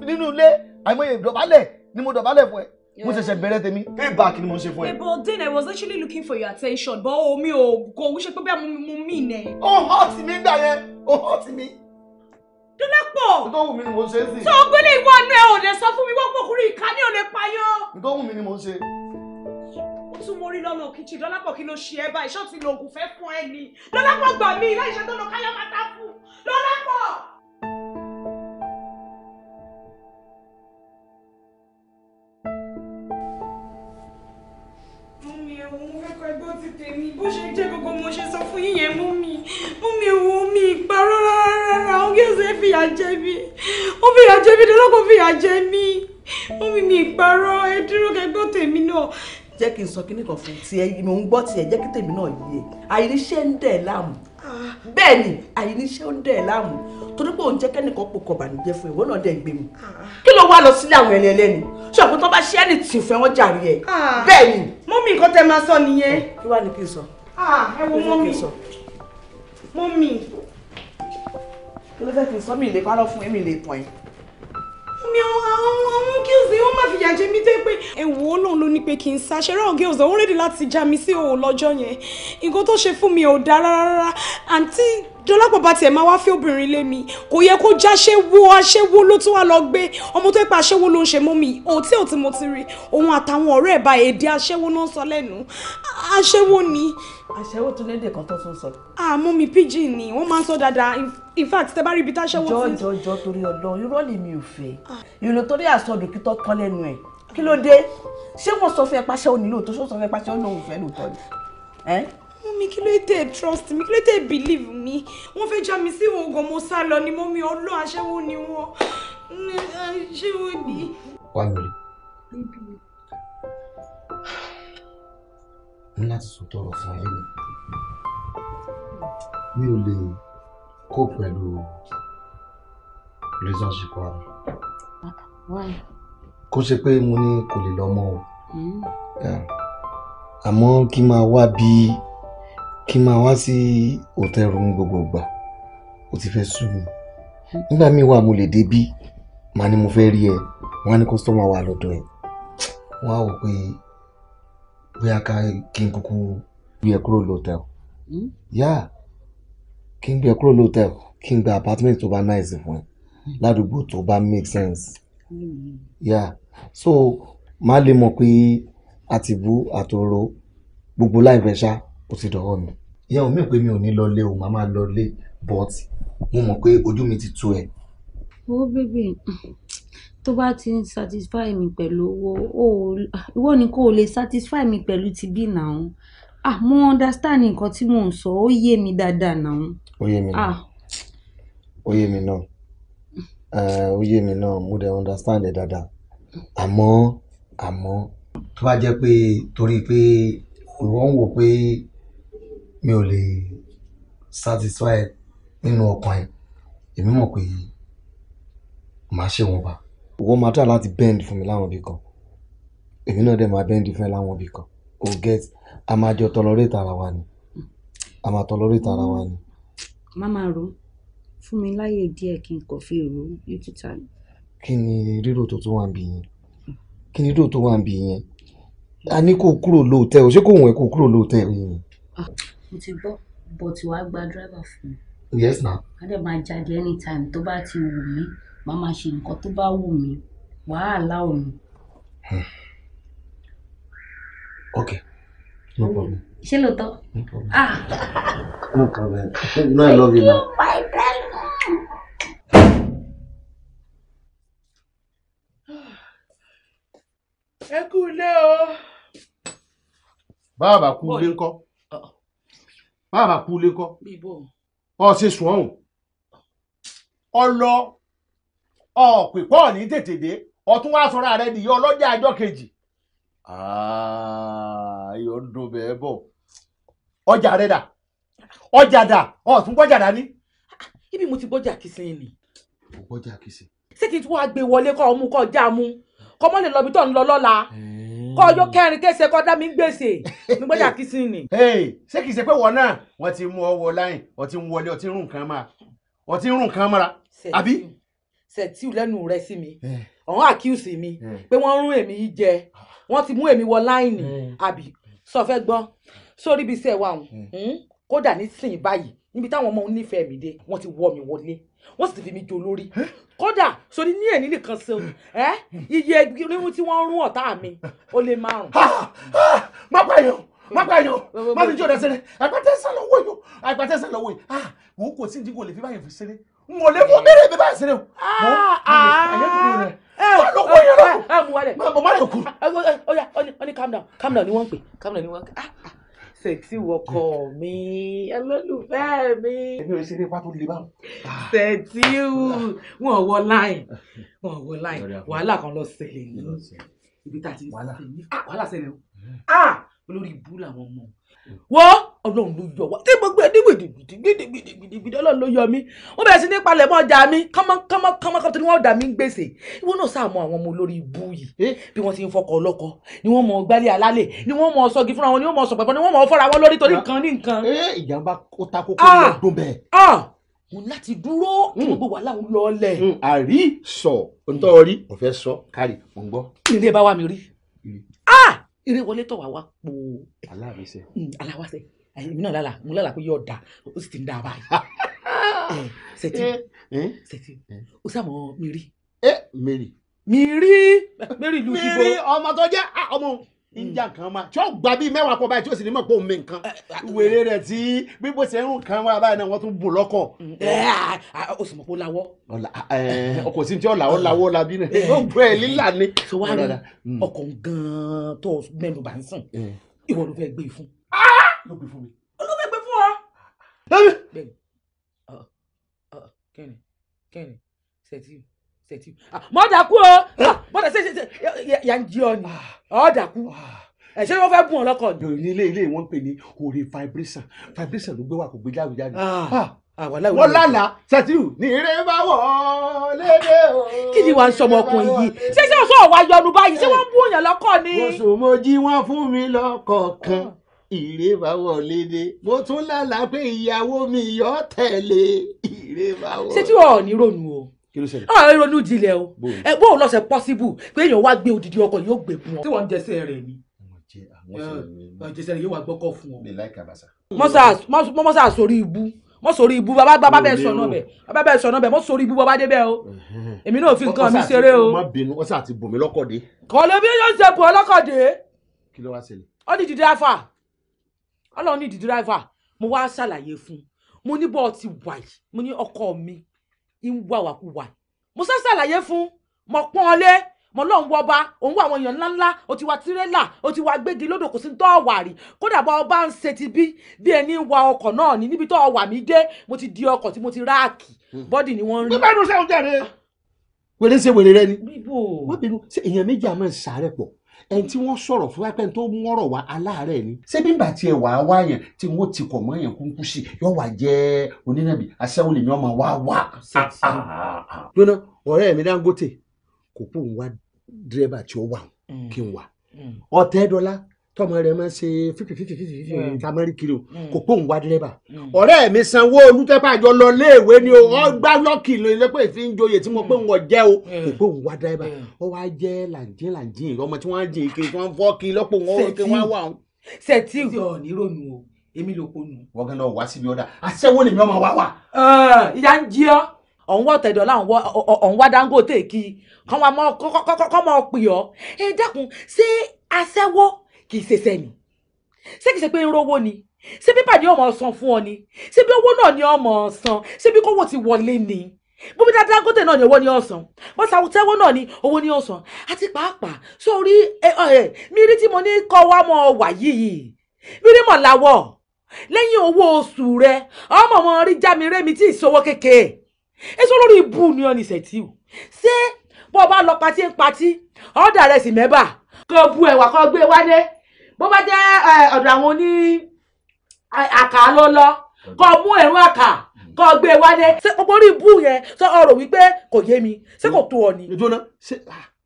nínú ilé àìmọye ìdọ̀bálẹ̀ ni mo dọ̀bálẹ̀ fún ẹ mo ṣẹ̀ṣẹ̀ bẹ̀rẹ̀ tèmi payback ni mo ṣe fún ẹ. ebo den i was actually looking for your attention but omi oh, ò kò ń ṣe pé bí mo mí nẹ. ó hàn mí gbà yẹn ó hàn mí. Dúlápọ̀. Nǹkan wù mí ni mo ṣe é sì. Tó o gbélé ìwọ ọ̀nà ẹ̀ ò lè sọ fún mi wọ́n pọ̀kúrú ìka ní ò lè payọ́. Nǹkan wù mí ni mo ṣe. Ó tún mo rí lọ́nà òkìtì Dọ́lápọ̀ kí ló ṣe ẹ báyìí ṣọ́ọ̀tì lòògùn fẹ́ fún ẹ ni. Dọ́lápọ̀ gbà mí láì ṣe tó lọ káyọ̀ máa tá fún. ti tèmi bó ṣe jẹ́ gbogbo mo ṣe sọ fún yíyẹn mú mi mú mi wo mi ìparọ́ rárá ó kí ẹsẹ̀ fìyà jẹ mí ó fìyà jẹ mí lọ́kọ̀ fìyà jẹ mí mú mi mi ìparọ́ ẹ dúró kẹgbọ́ tèmi náà. jẹ́ kí n sọ kíní fún tiẹ̀ mò ń gbọ́ tiẹ̀ jẹ́ kí tèmi náà yé àìríṣẹ́ ń dẹ̀ láàmú bẹ́ẹ̀ ni àìníṣẹ́ ó ń dẹ̀ láàmú torí pé òun jẹ́ kẹ́nìkan pò kọ̀ bànújẹ́ fún ìwọ náà dẹ̀ gbé mi ah. kí ló wá lọ sílé àwọn ẹni ẹlẹ́ni ṣé ọ̀pọ̀ tó bá ṣe ẹni tì fẹ́ wọ́n jàre ẹ̀ ah. bẹ́ẹ̀ ni. mọ́mì nǹkan tẹ máa sọ nìyẹn. kí wàá ní kí n sọ. Ah, ẹ wo mọ́mì mọ́mì. kí ló fẹ́ kí n sọ mi fún mi lè pọ̀ mi àwọn àwọn girls ni wọ́n máa fìyà jẹ mí tẹ́ pé ẹ̀wọ̀ ọlọ́run ló ní pé kí n sá ṣe ráwọn girls ọ̀hún rédí láti já mi sí òun lọ́jọ́ yẹn nǹkan tó ṣe fún mi ò dáa rárá àǹtí dọ́lápọ̀ bá tiẹ̀ máa wá fẹ́ obìnrin lé mi kò yẹ kó já ṣéwó aṣẹ́wó ló tún wá lọ gbé ọmọ tó ń pa aṣẹ́wó ló ń ṣe mọ́ mi òtí òtí mo ti rí òun àtàwọn ọ̀rẹ́ ẹ̀ bá èdè aṣẹ́wó náà sọ lẹ́nu aṣẹ́wó ni. aṣẹ́wó tún lédè kan tó tún sọ. àmọ́ mi pidgin ni wọ́n máa ń sọ dáadáa in fact tẹ bá rí ibi táṣẹ́wó ti. jọ jọ torí Ọlọ́run irọ́ lè mi ò fẹ́ ìrìn torí àsọdùkítọ́ kọ́ lẹ́nu ẹ̀ kí ló dé ṣé wọ́n sọ fún pàṣẹ mummy kí ló tẹ trust mi kí ló tẹ believe mi wọ́n fẹ́ já mi sí oògùn mo sá lọ ni mummy ọlọ́ aṣẹ́wó ni wọ́n aṣẹ́wó ni. wá mi rí n láti sọ tọrọ fún ẹ lẹ́yìn mi ò lè kó pẹ̀lú relationship wa. kó ṣe pé mo ní kò lè lọ mọ́ o hmm. àmọ́ kí n máa wá bíi kí n máa wá sí òtẹ́ ronú gbogbo ìgbà ó ti fẹ́ sú mi nígbà míì wà mo lè débí màá ní mo fẹ́ rí ẹ wọ́n á ní kọ́sítọ́mà wà lọ́dọ̀ ẹ̀ wọ́n á wò pé bóyá ká kí n kúkú gbé ẹ kúrò lóòtẹ́ẹ̀lì hmm? yá kí n gbé ẹ kúrò lóòtẹ́ẹ̀lì kí n gba apartment tó bá nice fún ẹ ládùúgbò tó bá make sense yá so màá lè mọ̀ pé àtìbú àtòrò gbogbo láì fẹ́ ṣá ó ti dọ̀wọ́ mi ìyẹn ò mí pé mi ò ní lọ o màá máa lọ but mo mọ̀ pé ojú mi ti tó ẹ̀. ó bèbè tó bá ti ń satisfy mi pẹ̀lú owó ìwọ ni kò lè satisfy mi pẹ̀lú ti bí nàá ah mo understand nǹkan tí mò ń sọ ó yé mi dáadáa nàá. ó yé mi náà ó yé mi náà ah. eh, ó yé mi náà mo dẹ̀ understand ẹ̀ dáadáa àmọ́ àmọ́ tó bá jẹ́ pé torí pé ìwọ ń wò pé mi ò lè satisfy nínú ọkàn ẹ̀ èmi mọ̀ pé màá ṣe wọn bá owó máa tà láti bend fún mi láwọn ibì kan èmi náà dẹ̀ máa bend fún ẹ láwọn ibì kan o get a máa jọ tolerate ara wa ni a máa tolerate ara wa ni. má máa ro fún mi láyè díẹ̀ kí n kò fi èrò yóò ta ni. kí ni rírò tó tún wà ń bì yẹn kí ni rírò tó wà ń bì yẹn a ní kó kúrò lóòótẹ́ o ṣé kò wọ̀n ẹ́ kó kúrò lóòótẹ́ yẹn mo ti gbọ́ but wàá gba driver fún mi. yes na. wàá dẹ̀ máa jáde anytime tó bá ti wù mí màá máa ṣe nǹkan tó bá wù mí wàhálà hmm. òun. ok no problem. ṣé lóòótọ́. no problem. ah. no problem. no i love you now. my darling. ẹ kú ilé o. bá a bá kú ilé ńkọ́ bàbá kú lé kọ́ ọ ṣe sùn ọ̀hún ọlọ ọ̀pẹ̀pọ̀ ní tètè dé ọtún wá sọ̀rọ̀ rẹ nìyí ọlọ́jà àjọ kejì ayọ̀ ń dùn bẹ́ẹ̀ bọ̀ ọjà rẹ dà ọjà dà ọ̀tún gbọ́jà dání. ibi mo ti gbọ́jà kìsìn ni. mo gbọ́jà kìsìn. ṣé kí n tún wá gbé wọlé kọ́ ọmú kọ́ já mu kọ́ mọ́ lè lọ ibi tó ń lọ Eh kọ́ ọjọ́ hmm. kẹrin kése kọ́ dá mi gbèsè nígbàdà kìsìn ni. ṣé kìí ṣe pé wọn náà wọn ti mú ọwọ́ láyìn wọn ti ń wọlé ọtí ń rún nǹkan máa ọtí ń rún nǹkan mára àbí. sẹ̀tíù lẹ́nu rẹ̀ sí mi ọ̀hún àkíyèsí mi pé wọ́n rún èmi yìí jẹ wọ́n ti mú èmi wọ láìní àbí sọ fẹ́ gbọ́ sórí ibi iṣẹ́ wa hmm? kódà nísìnyí báyìí níbi táwọn ọmọ onífẹ̀ẹ́ mi dé wọ́n ti wọ́ mi wọlé wọ́n sì ti fi mi jọ lórí kódà sori ní èní nìkan ṣeun ẹ iye irun tí wọ́n ń rún ọ̀tá mi ó lé márùn. má pààyàn má pààyàn má fi jí ọ̀dà sẹ́lẹ̀ àgbàtẹ́sẹ̀ lọ́wọ́ yìí àgbàtẹ́sẹ̀ lọ́wọ́ yìí ah, wò ó kò sí ìdíkò lè fi báyìí fi ṣeré mo lè mú mẹ́rẹ̀ ah, mi báyìí ṣeré o. ọlọ́kọ̀ ah, eh, yẹn lọ́kọ̀ mọ̀ mọ̀ má lè kú. ó ní calm down calm down ni wọ́n ń pè calm down ni wọ́n ń pè sẹ́ẹ̀tì wọkọ mi olólùfẹ́ mi. èmi ò ṣe ní ipa tó le báwọn. sẹ́ẹ̀tì wọn wọ láìn wọn wọ láìn wàhálà kan lọ ṣẹlẹ̀ ní ibi tá a ti ṣẹlẹ̀ ah, wàhálà ṣẹlẹ̀ o ah, olórí ibú làwọn mọ̀ wọ́n ọlọ́run ló yọ wá tí gbogbo ẹni gbèdégbèdé gbèdégbèdégbèdé ọlọ́run ló yọ mí wọ́n bẹ̀rẹ̀ sí ní palẹ̀ mọ́ ọjà mi kánmọ́kánmọ́kánmọ́ tó ní wọ́n dà mí gbèsè ìwọ náà sáà mọ àwọn ọmọ olórí ibú yìí eh? bí wọ́n ti ń fọkọ̀ ọlọ́kọ ni wọ́n mọ gbálẹ̀ alálẹ̀ ni wọ́n mọ sọ́gi fúnra wọn ni wọ́n mọ sọ̀pẹ̀fọ́ ni wọ́n mọ fọ́ra wọn lórí torí nǹkan ní nǹkan. Eh, ìjàmbá ó ta kókó ah! ló dún bẹ́ẹ̀. Ah! mo láti dúró kí hmm. gbogbo wàhálà ń lọ ọlẹ̀. Hmm, àrí sọ ntọ́ rí mo fẹ́ sọ kárì mo ń gbọ́. ìrìn bá wà mí rí. ìrìn ah! wọlé tọ̀ wá wá pò. aláwàṣẹ. aláwàṣẹ èmi náà lálà mo lálà pé yóò dà ó sì ti ń dà báyìí ṣètì ṣètì ó sàmọ mi rí. ẹ mary. Eh, mi rí mary lu ibo. mi rí ọmọ tó jẹ́ ah, ọmọ níjà hmm. kan ma tí ó gba bíi mẹ́wàá pọ̀ báyìí tí ó sì ní mọ̀ pé òun mi nǹkan eh, eh, wèrè rẹ̀ tí gbígbó ṣe ń kan wá báyìí náà wọ́n tún bù lọ́kọ̀. o hmm, ah, ah, sì mọ̀ pé ó lawọ́. ọkọ̀ sí ti ọ̀ làwọ́ lawọ́ labí ni ó gbọ́ ẹ̀ lílà ni. sọ wá rí hmm. ọkọ̀ gan-an tó mẹ́nu bá ń sàn ìwọ ló fẹ́ gbé e fún ló gbé fún mi. olóògbé gbé fún ọ. bẹ́ẹ̀ni kẹrin kẹrin sẹtíù sẹtíù mọ dàkú o mọ dà sẹ sẹ say, say, jí ọ ni Oh, dàkú ẹ̀ṣẹ́ ni wọ́n fẹ́ bùn ọ lọ́kọ̀ ni. ní ilé ilé wọ́n ń pè ní orí vibration vibration ló gbé wà kó gbé jáwéjáde wọ́n lálàá ṣàtìrù ní eré bá wọ̀ lédè o. kí ni wà ń sọmọ ọkùnrin yìí ṣé ṣé ọ̀ṣọ́ ọ̀wá yọnu báyìí ṣé wọ́n bú òyìn lọ́kọ̀ ni. oṣù mojí wọn fún mi lọ́kọ̀ ìrèbà wọlé dé mo tún lálàá pé ìyàwó mi yọ tẹ̀lé ìrèbà wọlé. ṣé tí wọn ò ní ronú o kí ló ṣẹlẹ̀. ọ̀rọ̀ ronú jinlẹ̀ o ẹ bó o lọ ṣe possible pé èèyàn wá gbé odidi ọkọ yóò gbé fún ọ. tí wọ́n ń jẹsẹ̀ rẹ̀ ni jẹsẹ̀ rẹ̀ yóò wá gbọ́kọ̀ fún ọ. mọ́ sá sórí ibú mọ́ sórí ibú bàbá bàbá bẹ́ẹ̀ sọ náà bẹ́ẹ̀ bàbá bẹ́ẹ̀ sọ náà bẹ́ẹ̀ mọ́ sórí ibú bàbá dé bẹ́ẹ̀ o èmi náà fi nǹkan mi ṣeré o. má bínú ọ̀sà àti bùnmi lọ́kọ̀dé. kọ̀ọ̀lẹ́bí yóò ṣe bùn ọlọ́kọ̀dé. kí ló wá ṣẹlẹ̀. ó di dìde afa ọlọ́run nídìí díráìvà mo wá ṣàlàyé fún mo ní bọ́ọ̀ ti wà yìí mo ní ọkọ mi ń wàwàkuwà mo sá ṣàlàyé fún mo pọ́n ọ lé mo lọ́n wọ ọba òun wà àwọn èèyàn ńláńlá o ti wa tirẹ́là o ti wa gbégi lódò kò sí tó ọ̀wà rí kódà bá ọba ń ṣe ti bí bí ẹni ń wa ọkọ̀ náà ní níbi tó ọ̀wà mi dé mo ti di ọkọ̀ tí mo ti ráàkì hmm. bọ́dì ni wọ́n rí. bíbélù sẹ́wọ̀n jẹ́ rẹ̀. wèrè ń ṣe wèrè rẹ ni. wọ́n ṣe èèyàn méjì àmọ́ ń sàárẹ̀ pọ̀ ẹni tí wọ́n sọ̀rọ̀ fún wápẹ́ tó mú ọ̀rọ̀ wá aláàárẹ̀ ni. ṣé bí bàtí ẹ wàá wá yẹn tí wọ́n ti kọ̀ mọ́ yẹn kúkú sí yóò wá jẹ́ onínàbì aṣẹ́wó lèmi ọmọ wá wá. dọ́nà ọ̀rẹ́ mi Dangote kò kú wa dírẹ́bà tí ó wà mm. kí n wà mm. ọ̀tẹ́dọ́lá tọmọ rẹ máa ń ṣe fífìfífìfì mm. tamari kiri o mm. kò pòun wá dírẹ́bà mm. ọ̀rẹ́ mi sanwó olùtẹ́pà jọ lọ léèwé ni o ọ gbá lọ́ọ̀kì lẹ́pẹ́ ìfi ń joyè tí mo pé wọ́n jẹ́ o kò pòun wá dírẹ́bà ó wá jẹ́ làǹjìn làǹjìn ọmọ tí wọ́n á jìn kiri tí wọ́n fọ́ kiri lọ́pọ̀ wọn ó kí wọ́n wà wọn. sẹ́tì ọ̀ nírònú o èmi ló kó nu. wọ́n gan náà wá síbi ọ̀dà aṣẹ́wó lèmi ọmọ wa wà. ìyá ń jí ọ ọ̀hún wá ọ̀tẹ̀dọ̀ láwọn ọ̀hún wá Dangote kí kọ́mọ pè ọ́ ẹ dákun ṣé aṣẹ́wó kì í ṣe sẹ́ni ṣé kìí ṣe pé ń ni ṣé bí pàdé ọmọ san fún ọ ni ṣé bí owó náà ni ọmọ san ṣé bí kówó ti wọlé ni bóbi dá Dangote náà ni owó ni ọ̀sán wọ́n sa tẹ́wọ́ náà ni owó ni ọ̀sán àti pàápàá sórí mi rí tí mo ní kọ́ wa mọ̀ wà yìí mi rí mọ̀ láwọ̀ lẹ́yìn owó oṣù rẹ ọmọ ọmọ rí jámi rémi tí ìṣòwò kékeré èso lórí ibú ni ọ ní ṣètìlù ṣé bó o bá lọ patí ń patí ọ̀dà rẹ̀ sì mẹ́bà kó bu ẹ̀wà kó o gbé wálé bó bá jẹ́ ọ̀dọ̀ àwọn oní àkà lọ́lọ́ kó mú ẹ̀rọ àkà kó gbé e wálé ṣé gbogbo orí ibú yẹn sọ ọ̀rọ̀ wípé kò yé mi ṣé kò tó ọ ni. ìjọba ṣe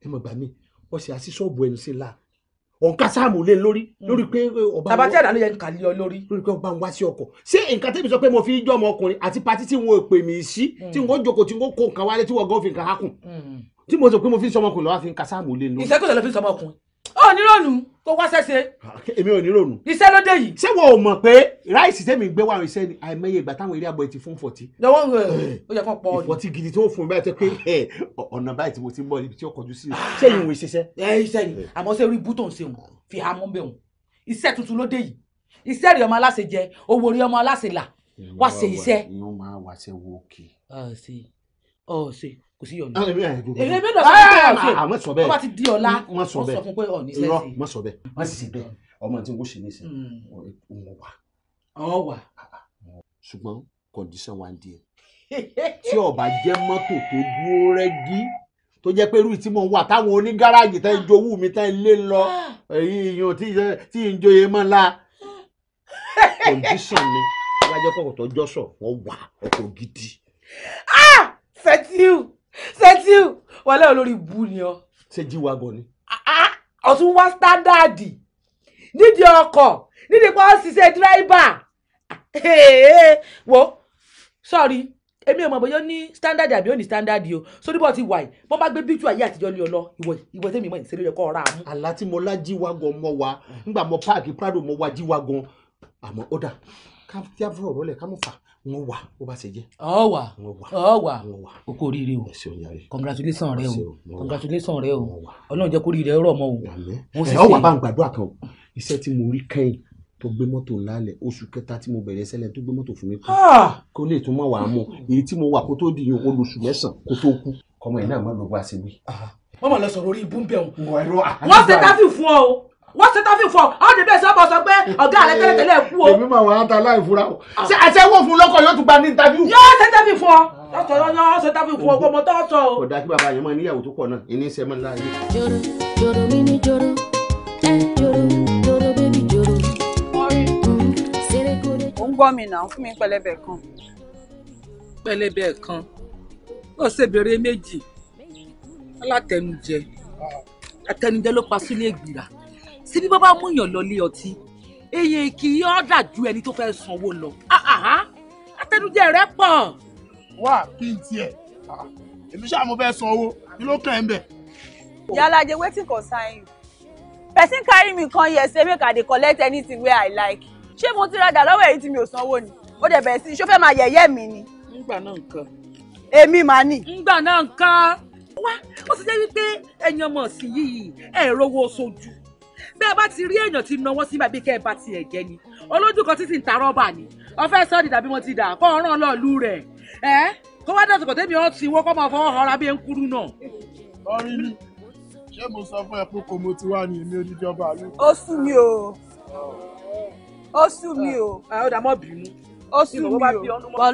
ẹ mọ̀ gbà mí wọ́n ṣe àṣìṣọ́ọ̀bù ẹnu sí la òǹkà sáàmù lé lórí lórí pé ọba wọn tabatí àdánù ń kàlí ọ lórí lórí pé ọba ń wá sí ọkọ ṣé nǹkan tẹ́mi sọ pé mo fi jọ́ ọmọ ọkùnrin àti patí tí wọn ò pè mí sí hmm. tí wọn ò tí wọn kó nǹkan wálé tí wọn gan fi nǹkan hákùn hmm. tí mo sọ pé mo fi ń sọmọkùnrin lọ́wọ́ fi ń ka sáàmù lé lórí. ìṣẹ́kùsọ̀ ló fi ń sọmọkùnrin ò ní rònú kó wá ṣẹṣe. Ah, èmi ò ní rònú. iṣẹ́ ló dé yìí. ṣé wo ò mọ̀ pé ráìsì tẹ́mi gbé wàrùn iṣẹ́ ni àìmọye ìgbà táwọn eré abọ́ ẹ ti fún fọ̀tí. lọ́wọ́ eh, eh, ó yẹ kó pọ̀ ọ́. ìfọ̀tí gidi tó fún mi báyìí tẹ́ pé eh, ọ̀nà báyìí tí mo ti ń bọ̀ níbi tí ó kọjú sí i. Ah. ṣé ìwé ìṣiṣẹ́. ẹ iṣẹ́ ni àmọ́ ṣé orí bútó ń fi àmọ́ bẹ̀ òun kò sí yọnu. èrè mi lọ sọ ah, pé ọmọ ah, ọba ti di ọlá wọn sọ fún pé ọ̀ní sẹ́sì. irọ́ wọn sọ bẹ́ẹ̀ wọn sì ṣe bẹ́ẹ̀ ọmọ tí wọ́n ṣe ní sẹ́ ọmọ wa. ọmọ wa. ṣùgbọ́n kọ̀ǹdíṣàn wa ń di ẹ̀ tí ọba jẹ́ mọ́tò tó dúró rẹ́gí tó jẹ́ pé irú tí mo wà táwọn onígáràjì tẹ́ ń jowú mi tẹ́ ń lé lọ ah. èyí ìyàn tí ń joyè mọ́ la kọ̀ǹdíṣàn ni wọ́n á jẹ́ kọ́kọ́ tó jọ́sọ̀ wọ́n wà ọkọ̀ gidi. ah Fẹ́tíù Ṣẹ́tíù wọlé olórí bu ni ọ. ṣé jíwa gan ni. Ah, ah, ọ̀tún wá sítádáàdì nídìí ọkọ̀ nídìí pé ó ṣiṣẹ́ dírẹ́bà wo sọ́ọ̀rì èmi ò mọ̀ bóyá ó ní standard àbí ó ní standard o sórí bọ́ọ̀ ti wà yìí bọ́ọ̀ bá gbé bíjú ayé àtijọ́ lé ọ lọ ìwọ ìwọ tẹ́mi mọ̀ ìṣeré yẹ kọ́ ọ̀rá mú. àlá tí mo lá jíwa gan mọ wa ngbà mọ páàkì prado mọ wa jíwa gan àmọ́ ó dà ká tí a fọ ọ̀rọ̀ lẹ̀ ká mọ̀ fà n wà ó bá ṣe jẹ. ọ wà ọ wà o kò ríire o congratulation rẹ o congratulation rẹ o Ọlọ́run jẹ́ kó rí rẹ rọ̀ mọ́ o. ẹ ọ wà bá ń gbàdúrà kan o iṣẹ́ tí mo rí kẹ́yìn tó gbé mọ́tò lálẹ́ oṣù kẹta tí mo bẹ̀rẹ̀ sẹ́lẹ̀ tó gbé mọ́tò fún mi kú kó lè tún mọ̀ wá mọ̀ èyí tí mo wà kó tó di olóṣù mẹ́sàn-án kó tó kú kọ́mọ ẹ̀ náà má lọ bá a ṣe wí. wọ́n mọ̀ lọ sọ̀rọ̀ orí ibú ń bẹ̀ wọ́n ṣe táfì fún ọ o wọ́n ṣe tán fi fọ ọ́n ti bẹ́ẹ̀ sọ bọ́ sọ pé ọ̀gá rẹ tẹ́lẹ̀tẹ́lẹ̀ kú o. èmi máa wà á ta láì fura o. Ah. ṣe àṣẹwò fún lọ́kọ̀ yóò tún gba ní interview. yóò ṣe tán fi fọ lọ́sọ̀ yóò ṣe tán fi fọ ọgbọ́n mọ́tò sọ o. kò dáa kí bàbá yẹn máa níyàwó tó pọ̀ náà ìní iṣẹ́ máa ń láàyè. joro joro mi ni joro ẹ joro joro bébí joro. Mm, ó ń gbọ́ mi náà fún mi pẹlẹbẹ kan. pẹlẹbẹ kan ó ṣèbèrè méjì alátẹnujẹ ah. atẹnujẹ ló pa sílé síbi bá bá mú yàn lọlé ọtí èyí kì í ọ̀dà ju ẹni tó fẹ́ sanwó lọ ah, ah, ah. àtẹnujẹ rẹ pọ̀. wá kí n tiẹ̀ èmi ṣáà mo fẹ́ san owó ni ló kàn ń bẹ̀. yalaje wetin concern you person carry me come here say make i dey collect anything wey i like ṣé mo ti rajà lọ́wọ́ èyí tí mi ò sanwó ni ó dẹ̀ bẹ̀rẹ̀ sí i ṣó fẹ́ máa yẹ̀yẹ́ mi ni. ngbà náà nǹkan. èmi màá nì. ngbà náà nǹkan. wá ó ti jẹ́ wípé ẹ̀yin ọmọ ọ̀sìn yìí ẹ̀ rówó sojú bẹ́ẹ̀ bá ti rí èèyàn ti náwó sí bàbí kẹ́ ẹ bá tiẹ̀ jẹ́ ni olójú kan títí ń ta rọ́bà ni ọfẹ́ sọ́ọ̀dì dàbí wọn ti dà kọ́ ọ̀ràn lọ́ọ̀lù rẹ̀ ẹ́ kó wá dọ̀sọ̀kọ̀ tẹ́mi ọ́ ti wọ́ kọ́ máa fọwọ́ ọ̀rá bí enkuru náà. ọrin ni ṣé mo sọ fún ẹ pé kò mo ti wá ní èmi odidi ọba àlú. ó sú mi o ó sú mi o. ó dà mọ́ bínú. ó sú mi o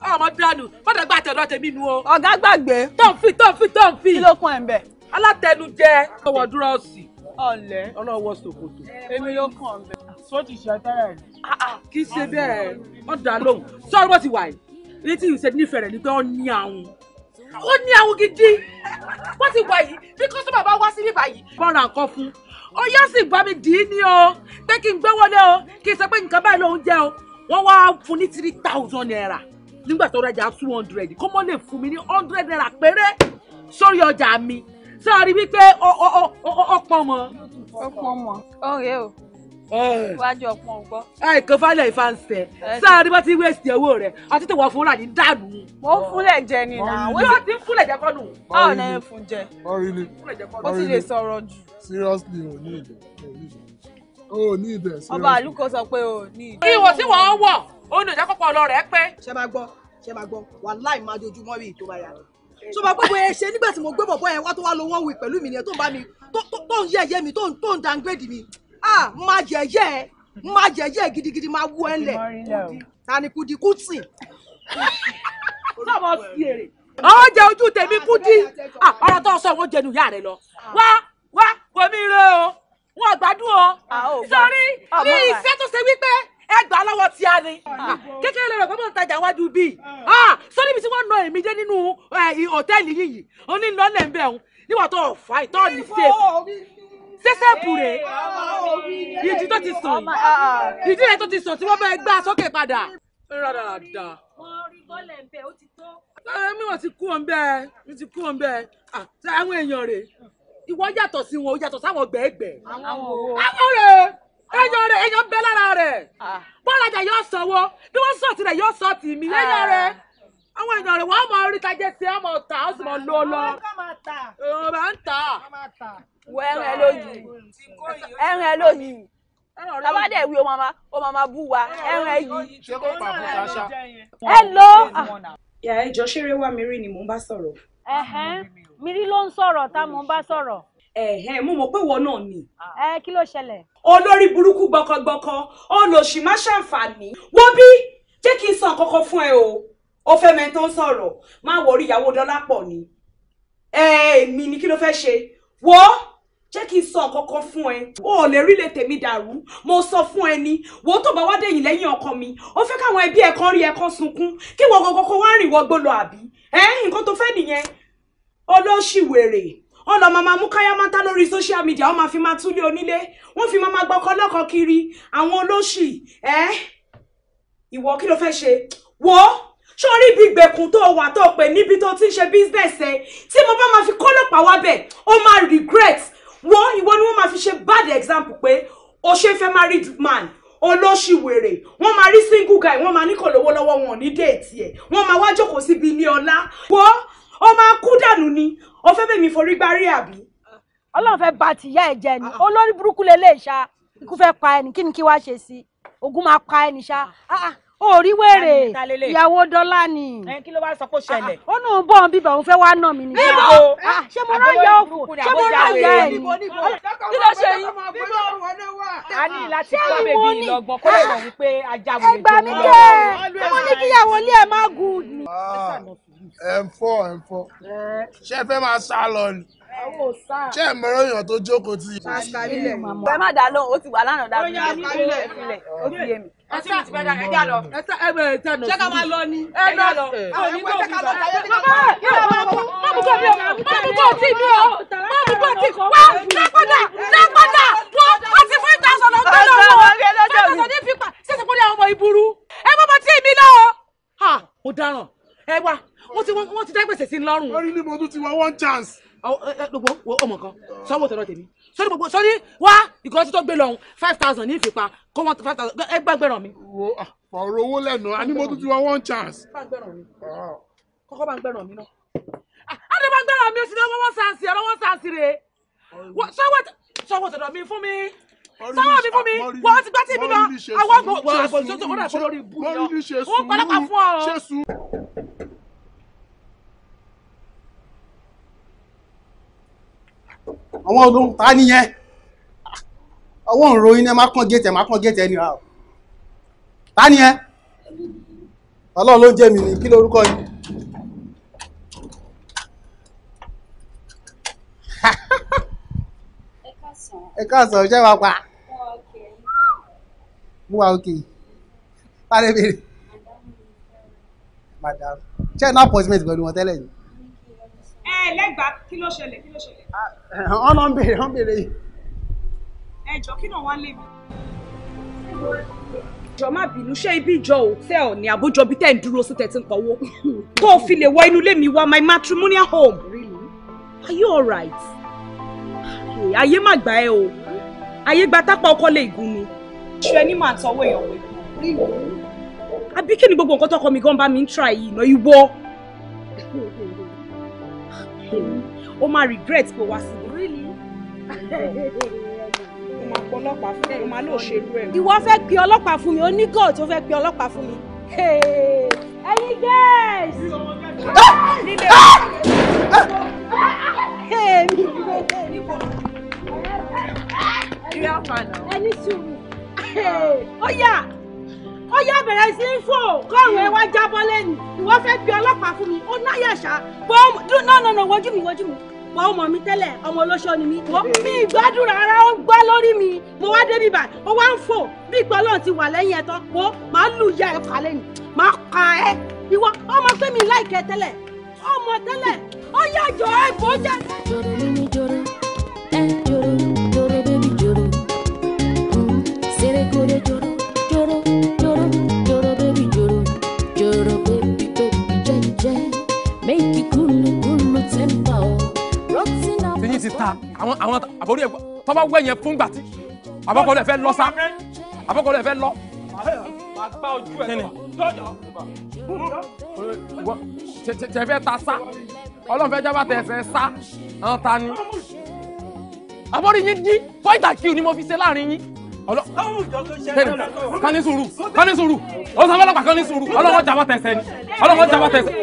ọmọ dánù bọ́dọ̀ gba àtẹ̀lọ́ tèmi nu o. ọ̀gá gbàgbé. tó ń fi tó ń fi tó ń fi. kí ló kún ẹ̀ ń bẹ̀. alátẹnujẹ. ọwọ́ dúró sí ọ̀lẹ́ ọlọ́wọ́ ṣòkòtò èmi ló kàn bẹ̀. sọ́ọ̀tì ṣe àtàrà ẹ̀. Ah, ah, kì í ṣe bẹ́ẹ̀ wọ́n dà lóhùn sọ́ọ̀rọ̀ bó ti wà yìí ilé tí ìṣe nífẹ̀ẹ́ rẹ̀ ni pé ó ní àwọn ó ní àwọn gidi wọ́n ti wà yìí bí kọ́sọ́mà bá wá sí bíbá yìí. bọ́ra nǹkan fún ó yá sì gbá mi dì í ní o pé kí n gbé wọlé o kí n sọ pé nǹkan báyìí lòún jẹ o wọ́n wá fún ní three thousand naira nígbà tó rajà two hundred kó mọ́ lè fún mi ní hundred naira péré sórí ọjà mi sáré wípé ọpọ ọmọ. ọpọ ọmọ ọ̀rẹ́ o eh. wájú ọpọ ọgbọ. ẹ kò falẹ̀ ìfànsẹ̀ sáré eh. bá ti wéèsì owó rẹ̀ àti tó wà fún ra ní dànù. mo fúnlẹ̀ jẹ ni na wọ́n ti fúnlẹ̀ jẹ kọ́nù. báwo ni ẹ fún jẹ. ọ̀rìnì ó ti lè sọ̀rọ̀ jù. seriously o ní ìdẹ o ní ìdẹ. ọba àlùkò sọ pé o ní ìdẹ. kí ìwọ tí wọ́n ń wọ̀ ó ní ìjákọ̀pọ̀ ọlọ́rẹ̀ pé. ṣe máa gbọ́ ṣe máa gbọ́ wàláì máa dojúmọ́ rí ìtò báyà rẹ̀ tó bá gbogbo ẹ ṣe nígbà tí mo gbé bọ̀bọ̀ yẹn wá tó wá lo wọ́n wí pẹ̀lú mi nìyẹn tó ń bá mi tó ń yẹ̀yẹ́ mi tó ń downgrade mi ah má yẹ̀yẹ́ ẹ má yẹ̀yẹ́ gidigidi má wú ẹ lẹ̀ tani kudi kùtì. sọ́mọ sí èrè. ó jẹ ojú tèmi kudi ọ̀rọ̀ tó sọ wọ́n jẹnu ìyá rẹ lọ wá wá kò mí rẹ o wọn gbádùn o sọrí ní ìfẹ́ tó ṣe wípé ẹ gbà á lọ́wọ́ tí a ni ah, kékeré lọ́rọ̀ pé mò ń tajà wájú bíi ah. ah, sórí ibi tí wọ́n na èmi dé nínú hòtẹ́ẹ̀lì yìí oní lọ́lẹ̀ ń bẹ̀ ọ̀hún níwọ̀n tó fà á ìtọ́ ní sèpù sẹ́sẹ̀pù rè ìdí tó ti sàn ìdí rẹ̀ tó ti sàn tí wọ́n bẹ́ẹ̀ gbá sókè padà. rádaràdà. wọ́n rí bọ́ọ̀lù ẹ̀ ń bẹ̀ ó ti tó. mi ò ti kú ọ̀n bẹ́ẹ̀ mi ti kú ọ̀n bẹ́ẹ̀ àwọn èèyàn rè ìwọ yàtọ̀ sí wọn ó yàtọ̀ sáwọn gbẹ̀ẹ́gbẹ̀ẹ́. àwọn rè ẹyọ rẹ bẹ lára rẹ ah. bọ́lájà yóò sanwó bí wọ́n sọ̀tì rẹ̀ yóò sọ̀tì mi ẹyọ ah. àwọn èèyàn rẹ wọ́n mọ orí tajẹ sí ẹ mọ ta sì lọ lọ ń ta wọ ẹran ẹ lóyún ẹran ẹ lóyún dẹ̀ wí o màmá o wa ẹran ẹ yìí ẹ lọ. ìyá ah. ẹ jọ ṣeré wá mi rí ni mò bá sọ̀rọ̀. mi rí ló ń sọ̀rọ̀ tá bá sọ̀rọ̀. mo mọ̀ pé ìwọ náà ni. kí ló olórí burúkú gbọkọgbọkọ olòṣì má ṣàǹfààní wo bí jẹ́ kí n sàn kankan fún ẹ o ó fẹ́ mẹ́ni tó ń sọ̀rọ̀ má wọrí ìyàwó Dọ́lápọ̀ ni èmi ni kí ló fẹ́ ṣe wo jẹ́ kí n sọ kankan fún ẹ o ò lè rí lè tèmi dàrú mo sọ fún ẹ ni wo tó bá wá dẹ̀yìn lẹ́yìn ọkọ mi ó fẹ́ káwọn ẹbí ẹ̀ kan rí ẹ̀ kan sunkún kí wọ́n kankan kó wá rìn wọ́gbó lọ àbí ẹ̀ nǹkan tó fẹ́ nìyẹn olóṣìwèrè ó lọ máa mú káyámátá lórí social media ó máa fi máa túlé onílé wọ́n fi máa máa gbọ́kọ́ lọ́kọ̀ kiri àwọn olóṣì ẹ́ ìwọ kí ló fẹ́ ṣe wò ó sórí ibi ìgbèkùn tó wà tó pè níbi tó ti ń ṣe business ẹ tí mo bá máa fi kọ́lọ́pàá wá bẹ̀ ó máa regret wò ìwọ ni wọ́n máa fi ṣe bad example pé o ṣe fẹ́ married man olóṣìwèrè wọ́n máa rí single guy wọ́n máa ní kò lówó lọ́wọ́ wọn ò ní déètì ẹ̀ wọ́n máa wá jókòó síbi ní ọlá wò ó ó máa kú dànù ni ó fẹ́ bèmí forí gbárí àbí. ọlọ́run fẹ́ ba tìyá ẹ̀ jẹ́ ni ah, ah. olórí burúkú lè lè ṣá ikú fẹ́ pa ẹni kí ni kí wàá ṣe sí ogun máa pa ẹni ṣá ah, orí wèrè ìyàwó dọ́là ni. kí ló wá sọ kó ṣẹlẹ̀. ó nù ń bọ̀ ń bíbọ̀ òun fẹ́ wá nà mí nìyẹn. níbo ṣé mo rán ìyá òkú ṣé mo rán ìyá ẹ̀ ni. kí ló ṣe yín. a ní láti kọ́ bèbí ìlọgbọ̀n kó lè mọ̀ wípé ajá wòlé tó ń lọ. ẹgbàá mi kẹ́ ẹ mo ní kíyàwó ilé ẹ̀ má gùn ẹ̀ ń fọ́ ẹ̀ ń fọ́ ṣé ẹ fẹ́ máa sá lọ ni ṣé ẹ mọ̀rọ̀ èèyàn tó jókòó tì í. ẹ má dá lóhùn ó ti wà lánàá dábìlì ó ti filẹ̀ ó ti yé mi. ẹ sá ti bẹ́ẹ̀ dá ẹ já lọ. ẹ sá ẹ bẹ̀rẹ̀ tẹ̀ nù. ṣé ká máa lọ ni. ẹ lọ àwọn onígbò mi bá. bàbá yóò máa mú má mú kó mi o má mú kó tì mí o má mú kó tì wá lápàdà lápàdà wọ́n a ti fún ìta sọ̀rọ̀ gbé lọ́wọ́ sọ̀rọ̀ ní pípa ṣé ṣe kó ní àwọn ọmọ ìburú ẹ má mọ ẹ wá wọ́n ti wọ́n ti dá gbèsè sí lọ́rùn. wọ́n rí ní mo tún ti wá one chance. gbogbo wo ọmọ kan sọ́wọ́ tẹ̀lé tèmi sọ́ni gbogbo sọ́ni wá ìkọ́ títọ́ gbé lọ́hùn five thousand ní ìfipá kó wọ́n five thousand ẹ gbàgbẹ́ràn mi. wo ah, ọ̀rọ̀ owó lẹ́nu a ní mo tún ti wá one chance. Ah. kọ́kọ́ bá ń gbẹ̀ràn mi náà. Ah, a ní bá ń gbẹ̀ràn mi o sì ní ọwọ́ wọn sàǹsì ọ̀rọ̀ wọn sàǹsì rè sọ́wọ́ tẹ̀lé mi fún mi sáwọn mi fún mi wọ́n ti gbá tí mi lọ àwọn ọgbọ̀n ọgbọ̀n tó tó kọ́ra ìfọlórí ibú yọ wọ́n padà pa fún ọ. àwọn olóhùn ta nìyẹn ọwọ́ ń ro iná má kàn géètì ẹ̀ má kàn géètì ẹ̀ nìyà o ta nìyẹn ọlọ́run ló ń jẹ́ mi ní kí lórúkọ yìí. ẹ káàsán ṣé wàá pa mú wa òkè parí bèrè madam ṣé ẹ ní appointment pẹ̀lú wọn tẹ́lẹ̀ yìí ẹlẹ́gbàá kí ló ṣẹlẹ̀ kí ló ṣẹlẹ̀. Ah, eh, wọ́n lọ ń béèrè wọ́n béèrè yìí. ẹ jọ kí náà wá lé mi. ìjọ má bínú ṣé ibi ìjọ hòtẹ́ẹ̀l ni àbújọ bí tẹ́ ń dúró sí tẹ̀tí ń pọ̀wọ́ tó o fi lè wọ inú ilé mi wá my matrimonial home. Really? are you alright? ayé má gbà ẹ o ayé gba tápá ọkọ lè gún ni. ṣé ẹni máa tọwọ́ èèyàn wẹ̀. àbí kí ni gbogbo nǹkan tọkọ mi gan bá mi ń tra yìí náà ìwọ. o máa regret pé o wá sí i. o máa pọ ọlọ́pàá fún mi o máa lóò ṣe irú ẹ̀. ìwọ fẹ́ pe ọlọ́pàá fún mi o ní god tó fẹ́ pe ọlọ́pàá fún mi. ẹ̀yin guys. nílé o. ẹni sùúrù. ó yá ó yá bẹ̀rẹ̀ sí í fò kọ́ọ̀rùn ẹ wá jábọ́ lẹ́nu ìwọ fẹ́ bí ọlọ́pàá fún mi ó náyà ṣá bọ́ náà náà wojú mi wojú mi bọ́ ọmọ mi tẹ́lẹ̀ ọmọ olóṣó ni mi mi ìgbádùn rárá ó gbá lórí mi mo wá débi bá ó wá ń fò bí ìpọ́nlọ́ ti wà lẹ́yìn ẹ̀tọ́ wo màá lù ya ẹ̀ pa lẹ́nu màá ka ẹ́ ìwọ ọmọ pé mi láìkẹ́ tẹ́lẹ̀ ọmọ tẹ́lẹ̀ ó yá jọ ẹ̀ bó jẹ́. jòrò mímí jòrò ẹ jòrò jòrò bébí jòrò ṣeré kórè jòrò. lẹ́yìn sista àwọn àwọn àbórí ẹ̀kọ́ tọ́ba wẹ̀ yẹn fún gbàtí àbọ̀kọ́ lẹ̀ fẹ́ lọ sá àbọ̀kọ́ lẹ̀ fẹ́ lọ. tẹ fẹ́ ta sá ọlọ́run fẹ́ jábà tẹ ẹsẹ̀ sá àwọn ni àbórí yín dín fọ́ ìtàkì ni mo fi ṣe láàrin yín ọlọ́wọ́ kání sùúrù kání sùúrù ó sọ fọlọ́pàá kání sùúrù ọlọ́wọ́ jábọ́ tẹsẹ̀ ni ọlọ́wọ́ jábọ́ tẹsẹ̀.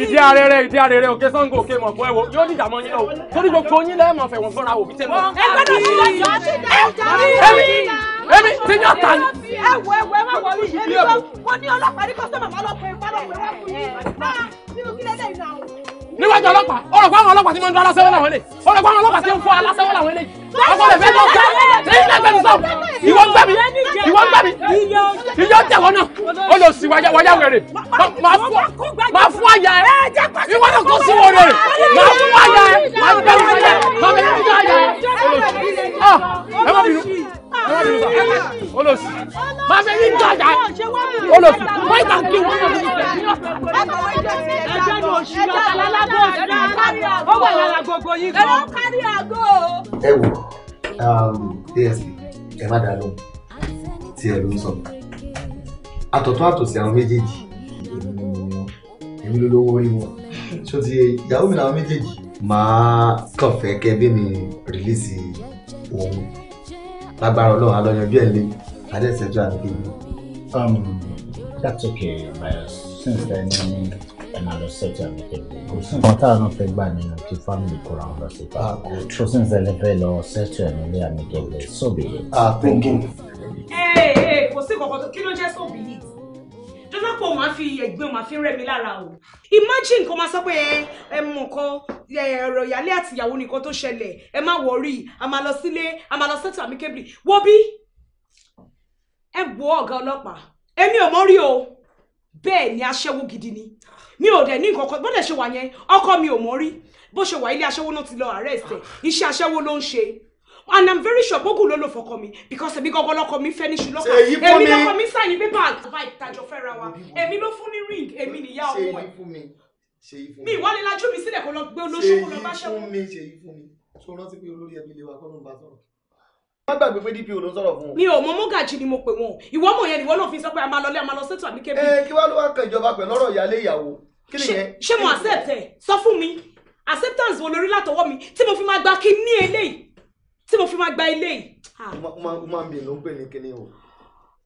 ìdí arẹrẹ ìdí arẹrẹ òkè sango òkè mọ̀ bọ́ ẹ wo yóò dìjà mọ́ yín lọ torí gbogbo yín lẹ́ẹ̀ mọ̀ fẹ̀ wọ́n fọ́ra òbí tẹ̀ mọ́. ẹ gbọ́dọ̀ sí lọ́jọ́ àti ìjà èmi ti ní ọ̀tá ni. ẹ wo ẹ wo ẹ má wọlé yìí èmi kò ní ọlọ́pàá ní kọ́sọ́mà má lọ pé má lọ pé wá fún yín níwájú ọlọ́pàá ọ̀rọ̀ fún àwọn ọlọ́pàá tí mo ń dún aláṣẹ́wọ́ làwọn eléyìí ọ̀rọ̀ fún àwọn ọlọ́pàá tí ń fọ́ aláṣẹ́wọ́ làwọn eléyìí ọkọ rẹ̀ fẹ́ lọ ká lẹ́yìn lẹ́gbẹ̀ẹ́ mi sọ ìwọ ń gbẹ́ mi ìwọ ń gbẹ́ mi ìyọ jẹ̀wọ́ náà ó lọ sí wáyà wẹ̀rẹ̀ máa fún àyà ẹ ìwọ náà kò sí wọlé rẹ̀ máa fún àyà ẹ máa gbẹ́ mi máa gbẹ́ mi àyà ẹ olóòsì máa fẹ́ yín jọjà olóòsì wọ́n ìgbà kí wọ́n mọ̀ nípa ìjọ. ẹjọ́ ni òṣì ọ̀tá lálábọ̀ ọ̀tá kárí àgọ́ ó wà lára gbogbo yín gan. ẹ̀rọ kárí àgọ́. ẹ wo asp ẹ má dá lóhùn tí ẹ ló ń sọ àtọ̀tún àtòsí àwọn méjèèjì èmi ló lówó orí wọn ṣó ti ìyàwó mi làwọn méjèèjì máa kàn fẹ́ kẹ́ bí mi rìlíìsì òun lágbára ọlọ́run alọ́yan bí ẹ̀ lé adẹ́sẹ̀jọ́ àdúgbò um, that's okay bias since then ẹ̀nà lọ sẹ́jọ́ àbíkẹ́ kò sí nǹkan táwọn náà fẹ́ gbà nínú kí family kóra wọn lọ sí pa kò sí nǹkan lè fẹ́ lọ sẹ́jọ́ ẹ̀nà ilé àmì kẹlẹ̀ sóbì thinking. ẹ ẹ kò sí kankan kí ló jẹ́ sóbì yìí dọ́lápọ̀ máa fi ẹ̀gbọ́n máa fi rẹ̀ mí lára o imagine kó máa sọ pé ẹ mọ̀ kan ọ̀rọ̀ ìyálé àtìyàwó nìkan tó ṣẹlẹ̀ ẹ má wọrí a máa lọ sílé a máa lọ sẹ́tù àmì kébìlì wọ́ bí ẹ gbọ́ ọ̀gá ọlọ́pàá èmi ò mọ̀ rí o bẹ́ẹ̀ ni aṣẹ́wó gidi ni mi ò dẹ̀ ní nǹkan kan bó dẹ̀ ṣe wà yẹn ọkọ mi ò mọ̀ rí bó ṣe wà ilé aṣẹ́wó náà ti lọ arrest iṣẹ́ aṣẹ́wó ló ń ṣe and i'm very sure gbógun ló lò fọkọ mi because èmi gangan lọkọ mi fẹ́ ní ṣù lọ́kà èmi lọkọ mi sign paper vibe tàjọ fẹ́ra wa èmi ló fún ní ring èmi nìyá ọmọ ẹ̀ mi ìwọlé lajú mi sílẹ̀ kó lọ gbé olóṣù kó lọ bá ṣẹ́wọ̀n. ṣe yí fún mi tó rántí pé olórí ẹbí lè wà kọ́ ló ń bá sọ̀rọ̀ má gbàgbé pé dp ló ń sọ̀rọ̀ fún un. mi ò mọ mọ́gàjì ni mo pè wọ́n ìwọ mọ̀ yẹn ni wọ́n lọ fi sọ pé a máa lọlé a máa lọ sétò àbíkẹ́ bí. Eh, ẹ kí wàá ló wá kan ìjọba pẹ̀lú ọ̀rọ̀ ìyáálé ìyàwó kí ni yẹn. ṣé mo accept ẹ sọ fún mi acceptance wo lórí látọwọ́ mi tí mo fi máa gba kí ní eléyìí tí mo fi máa gba ilé yìí. ó máa ń bí ló ń pè ní kíní o.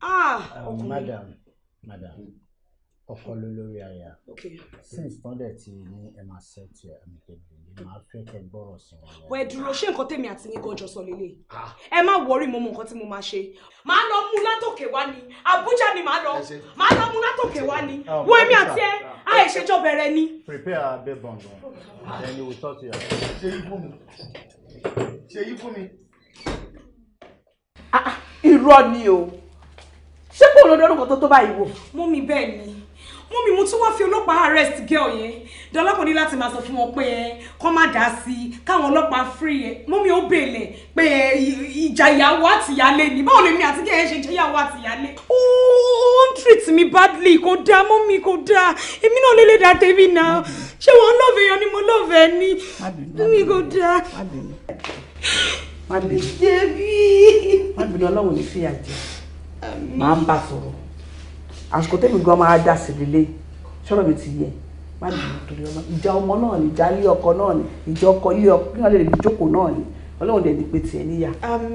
Ah, ah, madam madam ọkọ ló lórí aya since tán dẹ̀ ti ní ẹ máa ṣẹ́ẹ̀tì ẹ̀mí kejì yìí máa fẹ́ kẹ́ gbọ́rọ̀ sí wọn. wẹ́ẹ́ dúró ṣé nǹkan tèmi àti yín gọ́jọ sọ lélẹ̀ ẹ má wọrí mo mọ nǹkan tí mo máa ṣe máa lọ mú látòkè wá ni Àbújá ni máa lọ máa lọ mú látòkè wá ni oh, wo èmi àti ẹ àìṣèjọ bẹ̀rẹ̀ ni. prepare abẹ́ bọ̀ngàn then you will talk to your ṣe yí fún mi. Ah, ah, irọ́ ni o ṣé kò lọ́dọ̀ ọdún kan tó tó báyìí wò. mú mi bẹ́ẹ̀ ni mú mi mo tún wá fi ọlọ́pàá arrest girl yẹn dọ́lọ́pàá ní láti máa sọ fún wọn pé ẹ kọ́ má dá sí i káwọn ọlọ́pàá free ẹ mú mi ó bèèlẹ̀ pé ìjà ìyàwó àtìyálé ni báwo lèmi àti kẹ́hìn ṣe jẹ́ ìyàwó àtìyálé. ó ń treat mi badly kò dáa mọ́ mi kò dáa èmi náà lè lè dá tèmi náà ṣé wọn lọ́ọ̀fẹ́ yan ni mo lọ́ọ̀fẹ́ ni mi kò dáa. má bínú ọlọ́run ní fìyà jẹ máa ń bá sọ̀rọ̀ àsìkò tẹ́mi gan máa dá sí lélẹ̀ sọ̀rọ̀ mi ti yẹ má lè mú torí ọmọ ìjà ọmọ náà ni ìjà ilé ọkọ náà ni ìjà ọkọ ilé ọkọ náà lè ní jókòó náà ni ọlọ́run dẹ̀ ní pé tiẹ̀ níyà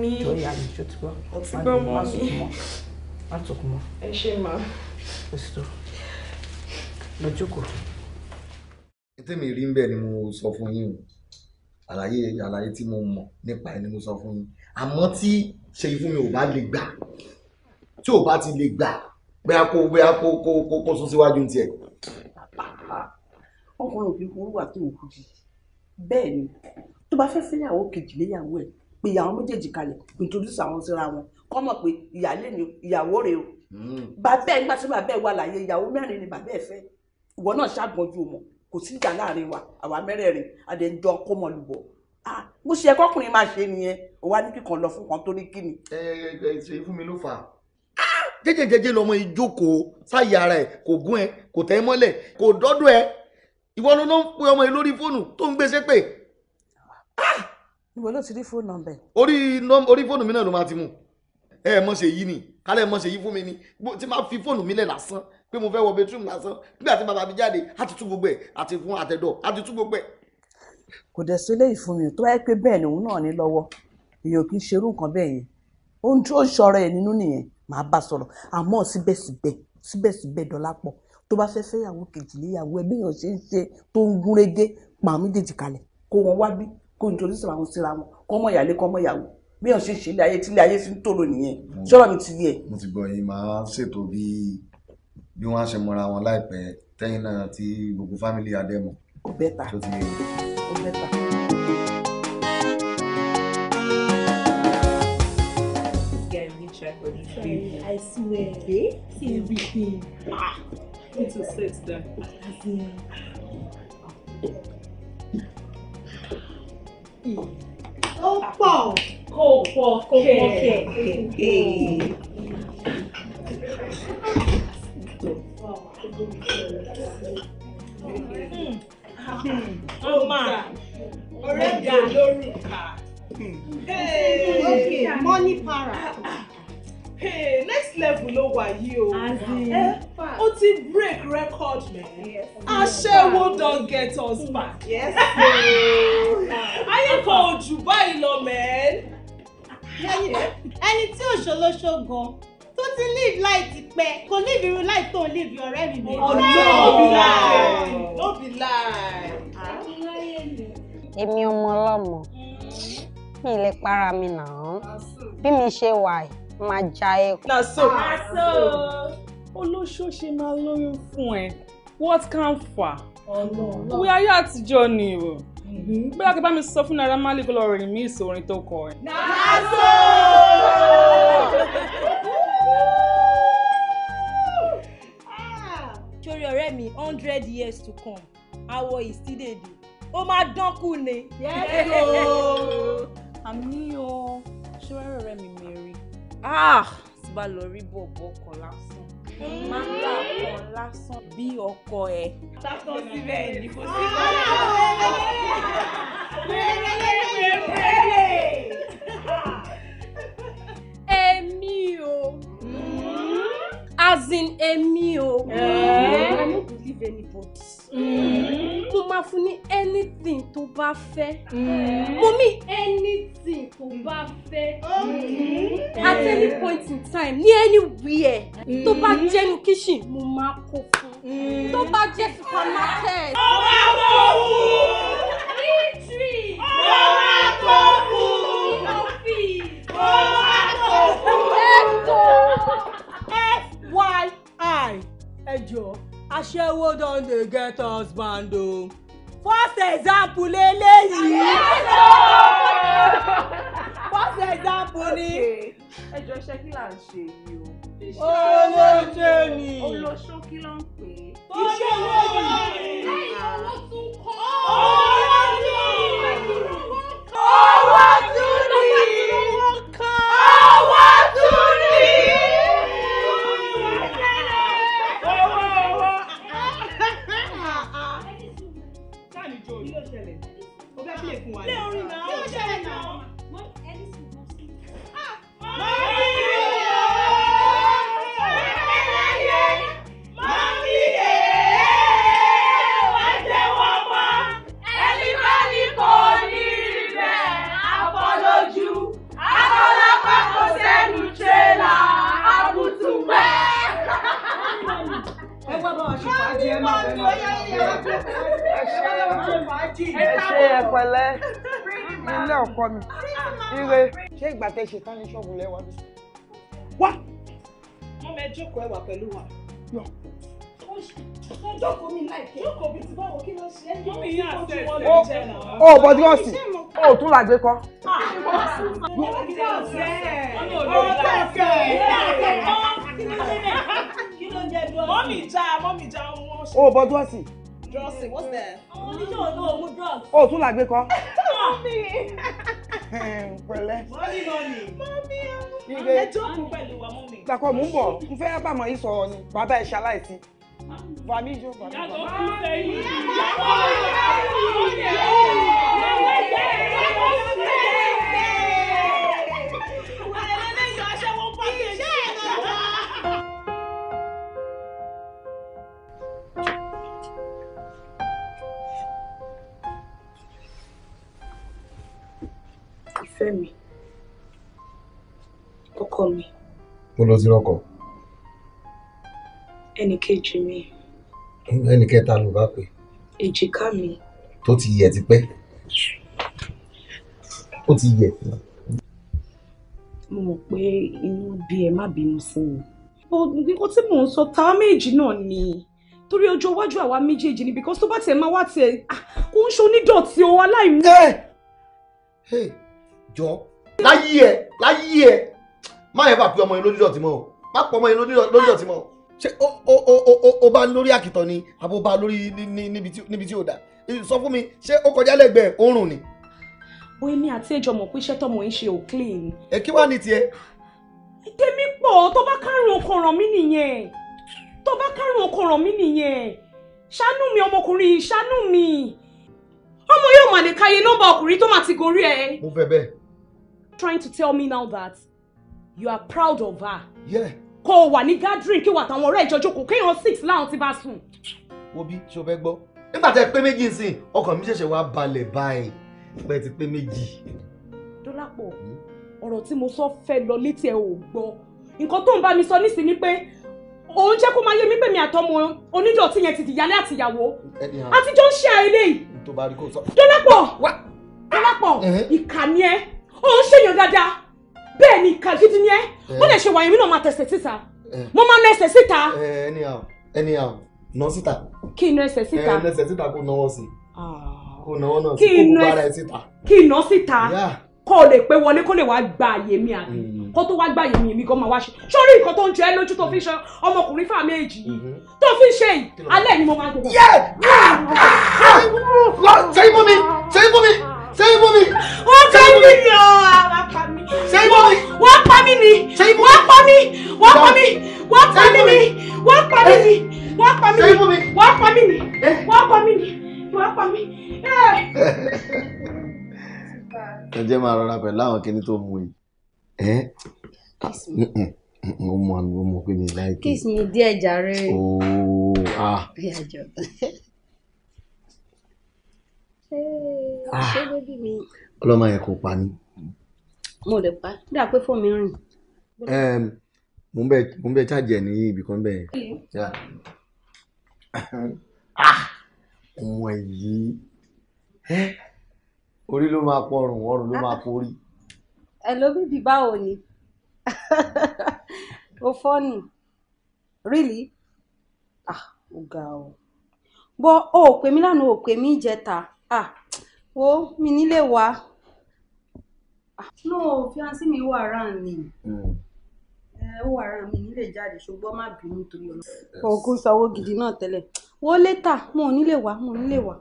ìjọ ìyá mi ṣó ti gbọ́ má sọkún mọ́ má sọkún mọ́ ẹ ṣe má òsìtò lọ jókòó. tèmi rí ń bẹ́ẹ̀ ni mo sọ fún yín o àlàyé àlàyé tí mo mọ̀ nípa ẹ̀ ni mo sọ fún yín àmọ́ tí ṣèyí fún mi ò bá lè gbà tí ò bá ti lè gbà pé a kó pé a kó kó kó kó sún síwájú tiẹ̀. ọkùnrin òfin kúrú wà tó òkú yìí bẹ́ẹ̀ ni tó bá fẹ́ fẹ́yàwó kejì léyàwó ẹ̀ pé ìyàwó méjèèjì kalẹ̀ introduce àwọn síra wọn kọ́ mọ̀ pé ìyálé ni ìyàwó rẹ o hmm. bàbá ẹ̀ gbàtí bàbá ẹ̀ wà láàyè ìyàwó mẹ́rin ni bàbá ẹ̀ fẹ́ ìwọ náà ṣàgbọ́njú mọ̀ kò sí ìjà láàrin wa àwa mẹ́rẹ̀ẹ̀rin adẹ́njọ́ kó mọ̀ lùbọ̀ bó ṣe ẹkọkùnrin máa ṣe nìyẹn òwa ní kíkan lọ fún kan tó ní kíni. ẹ ẹ ṣe fún mi ló fà á jẹ́jẹ́jẹ́jẹ́ lọ́mọ ìjókòó sáyé ara ẹ̀ kò gún ẹ kò tẹ́ mọ́lẹ̀ kò dọ́dọ̀ ẹ ìwọ ló ń pe ọmọ yìí lórí fóònù tó ń gbèsè pé. Ah! ìwọ ló ti rí fóònù nọ́mbà. orí orí fóònù mi náà ló máa ti mú ẹ ẹ mọ ṣe yí ni kálẹ̀ mọ ṣe yí fún mi ni tí máa fi fóònù mi lẹ̀ lásán pé mo fẹ́ wọ bedroom lásán nígbà tí bàbá mi jáde á ti tú gbogbo ẹ̀ àti fún àtẹ̀dọ̀ á ti tú gbogbo ẹ̀. kò dẹ̀ sí eléyìí fún mi tó bá yẹ pé bẹ́ẹ̀ ni òun náà ní lọ́wọ́ èèyàn kì í ṣerú nǹkan bẹ́ẹ̀ yẹn ohun tí ó ń ẹ̀ nínú nìyẹn màá bá sọ̀rọ̀ àmọ́ síbẹ̀síbẹ̀ síbẹ̀síbẹ̀ Dọlápọ̀ tó bá fẹ́ fẹ́yàwó kejì níyàwó ẹ béèyàn ṣe ń ṣe tó ń gún régé pa àwọn méjèèjì kalẹ̀ kó wọn wá bí kó nítorí sọ̀rọ̀ àwọn síra wọn kọ́ mọ̀ ìyálé kọ́ mọ̀ ìyàwó béèyàn ṣe ń ṣe ilé ayé tí ilé ayé fi ń tòrò nìyẹn sọ̀rọ̀ mi ti yẹ. mo ti gbọ́ yín máa ṣètò bí bí wọ́n ṣe mọra wọn láìpẹ́ tẹ́yìn náà tí gbogbo fámìlì adẹ́mọ̀. ó bẹ́ẹ̀ ta ó bẹ́ẹ̀ ta. Really? See everything. Ah, it was set there. Ó pọ̀. Kò pọ̀ kẹ̀. Ó máa ọ̀rẹ́ mi lórúkà. Money para hey, next level ló wà yìí o ó ti break record mẹ́ aṣẹ́wó don get us hmm. back ayé kan ò jù báyìí lọ mẹ́. ẹni tí òṣòlóṣò gan tó ti live láì ti pẹ́ kò live irú láì tó live ọ̀rẹ́ mi bẹ́ẹ̀. ọ̀rẹ́ ò bí láì ò bí láì. èmi ọmọ ọlọ́mọ mi lè para mi nà án bí mi ṣe wà yìí máa ja ẹ. na so na so olóṣooṣe máa lóyún fún ẹ what can fa wí ayé àtijọ́ ni o mm-hmm. bóyá kí bá mi sọ fún Naira Marley kó lọ rìn mí ìsòrin tó kọ ẹ. na so. torí ọ̀rẹ́ mi hundred years to come awọ ìsídèdè ó máa dánkù ni. àmì o ṣé wẹ́rẹ́ rẹ mi mèrè. Ah, tí bá lọ rí bọ̀bọ̀ kan lásán máta kan lásán bí ọkọ ẹ. sátán síbẹ̀ ni kò sí lọ́wọ́. Ah! èmi o hmm? as in èmi o. Eh? give anybody. Mm-hmm. mo máa fún ní anything tó bá fẹ́. Mm-hmm. mo mí anything tó bá fẹ́. Mm-hmm. at any point in time ní anywhere tó bá jẹ́nu kíṣìn mo máa kó fún. tó bá jẹ́ supermarket. ó máa kó fún. bítírì. y i ẹjọ́ aṣẹ́wó don dey get husband o first example eléyìí first example ni. ẹ jọ iṣẹ́ kí là ń ṣe yìí o. olóṣè ni. olóṣó kí ló ń pè é. iṣẹ́ olóyè lẹ́yìn owó tún kọ́. owó ni owó tún ni owó tún ni. lè fún wa. lé orin náà ó ṣẹlẹ̀ náà. ẹni fàájì ẹ máa bẹ̀rẹ̀ ẹ ṣe ẹ ṣe ẹ pẹ̀lẹ́ ọkọ mi ire ṣé ìgbà tẹ ṣe tán ní ṣọ́ọ̀bù lẹ́wà bí. wá wọn mẹ jókòó ẹwà pẹ̀lú wa. yọ jókòó mi láìpẹ́ jókòó mi ti báwo kí ló ṣe kí wọ́n ti tọ́jú wọn lè jẹ náà. ó bọ́dí wọ́n ó tún làgbé kọ́. mọ́mì já mọ́mì já òun dropship. o oh, bọ dọ́ọ̀sì. dọ́ọ̀sì what's there. àwọn oníṣòwò náà mú drugs. Oh, tún like kan. mọ́mí. pẹ̀lẹ́. mọ́mí mọ́mí. mọ́mí ọmọ. ẹ jókòó pẹ̀lú wa mọ́mí. gbàgbọ́ mò ń bọ̀ n fẹ́ bá mọ̀ yìí sọ̀rọ̀ ni bàbá ẹ̀ ìfẹ́ mi ọkọ mi. mo lọ sí ọkọ. ẹnì kejì mi. ẹnì kẹta ló bá pè. èjìká mi. tó ti yẹ tipẹ́ ó ti yẹ. mo mọ̀ pé inú bí ẹ má bínú sí mi. nǹkan tí mò ń sọ táwa méjì náà ni torí ọjọ́ iwájú àwa méjèèjì ni because tó bá tiẹ̀ máa wá tiẹ̀ ah, kò ń ṣe o aláìmú. ẹ ẹ jọ láyé ẹ láyé ẹ má yẹ bá pé ọmọ yẹn lójú dọ̀tí mọ́ o má pọ̀ ọmọ yẹn lójú dọ̀tí mọ́ o ṣé o o o o bá lórí àkìtàn ni àbò bá lórí níbi tí o dà sọ fún mi ṣé ó kọjá lẹ́gbẹ̀ẹ́ òórùn ni. bó èmi àti ẹjọ mọ̀ pé iṣẹ́ tọmọ yín ṣe ò clean. ẹ kí wàá ní tiẹ̀. tèmi pọ̀ tó bá kárùn ọkàn ràn mí nìyẹn tó bá kárùn ọkàn ràn mí nìyẹn ṣàánú mi ọmọkùnrin ṣàánú mi ọmọ yóò mà lè káyé nọ́mbà ọkùnrin tó mà ti gorí ẹ. mo fẹ́ bẹ́ẹ̀ trying to tell me now that you are proud of her. Yeah. kó o wà ní gathering kí wà táwọn ọ̀rẹ́ ìjọjọ́ kò kéèyàn six láwọn ti bá sùn. wo bí ṣe o fẹ́ gbọ́ nígbà tẹ pé méjì nsìn ọkàn mi ṣẹ̀ṣẹ̀ wá balẹ̀ báyìí pé ti pé méjì. dọ́làpọ̀ hmm? ọ̀rọ̀ tí mo sọ fẹ́ lọ létí ẹ ò gbọ́ nǹkan tó ń bá mi sọ nísìnyí pé òun jẹ́ kó máa yé mi pé mi àtọmọ onídọ̀tí yẹn ti dìyálé àtìyàwó àtijọ́ ń ṣe àìlè. dọ́làpọ̀ dọ́làpọ̀ ìkànnì ẹ ò ń ṣèyàn dáadáa bẹ́ẹ̀ ni ìkà gidi ni ẹ́ eh. ó lè ṣe wàyẹ̀mí náà máa tẹ̀sẹ̀ síta eh. mo máa nẹsẹ̀ síta. Eh, anyhow anyhow nà síta. kí inú ẹsẹ̀ síta. nẹsẹ̀ síta kó náwó sí ah. kó náwó náà sí kó gbogbo ara ẹ síta. kí iná síta kó o lè pé wọlé kó lè wá gba àyè mi àbí mm. kó tó wá gba àyè mi èmi gan máa wá ṣe sórí nǹkan tó ń jẹ lójú tó fi ṣe ọmọkùnrin fà méjì yìí mm-hmm. tó fi ṣe alẹ́ ni mo máa ń gbọ́. yẹ́ẹ̀ ṣe é fún mi ṣe é fún mi ṣé ibo mi. wọ́n pa mí ni o àwọn pa mí. ṣé ibo mi. wọ́n pa mí ni. ṣé ibo mi. wọ́n pa mí. wọ́n pa mí. Eh. wọ́n pa mí ni. wọ́n pa mí ni. wọ́n pa mí ni. ṣé ibo mi. wọ́n pa mí ni. wọ́n pa mí ni. wọ́n pa mí. ẹ jẹ́ máa rọra pẹ̀lú àwọn kinní tó mú yìí. Eh? mo mọ mo mọ pé mi láì kí. kí ni díẹ̀ jàre. ooo oh, ah. bí àjọ. ṣé bébí mi. ọlọ́mọ yẹn kò pa ni. mo lè pa pé fún mi rìn. mo ń bẹ chájì ẹ ní ibì kan bẹ́ẹ̀. ọmọ orí ló máa pọrùn ọrùn ló ló bíbí báwo ni o really ah ga o bọ́ o ò pè mí lánàá o ò pè mí ìjẹta. ah wo mi nílé wa no fiancé mi wà rán ni hmm. eh, ó wà rán mi nílé jáde ṣùgbọ́n má bínú torí ọ̀la. oògùn sanwó gidi náà tẹ́lẹ̀ wo létà mo ò nílé wa mo ò nílé wa.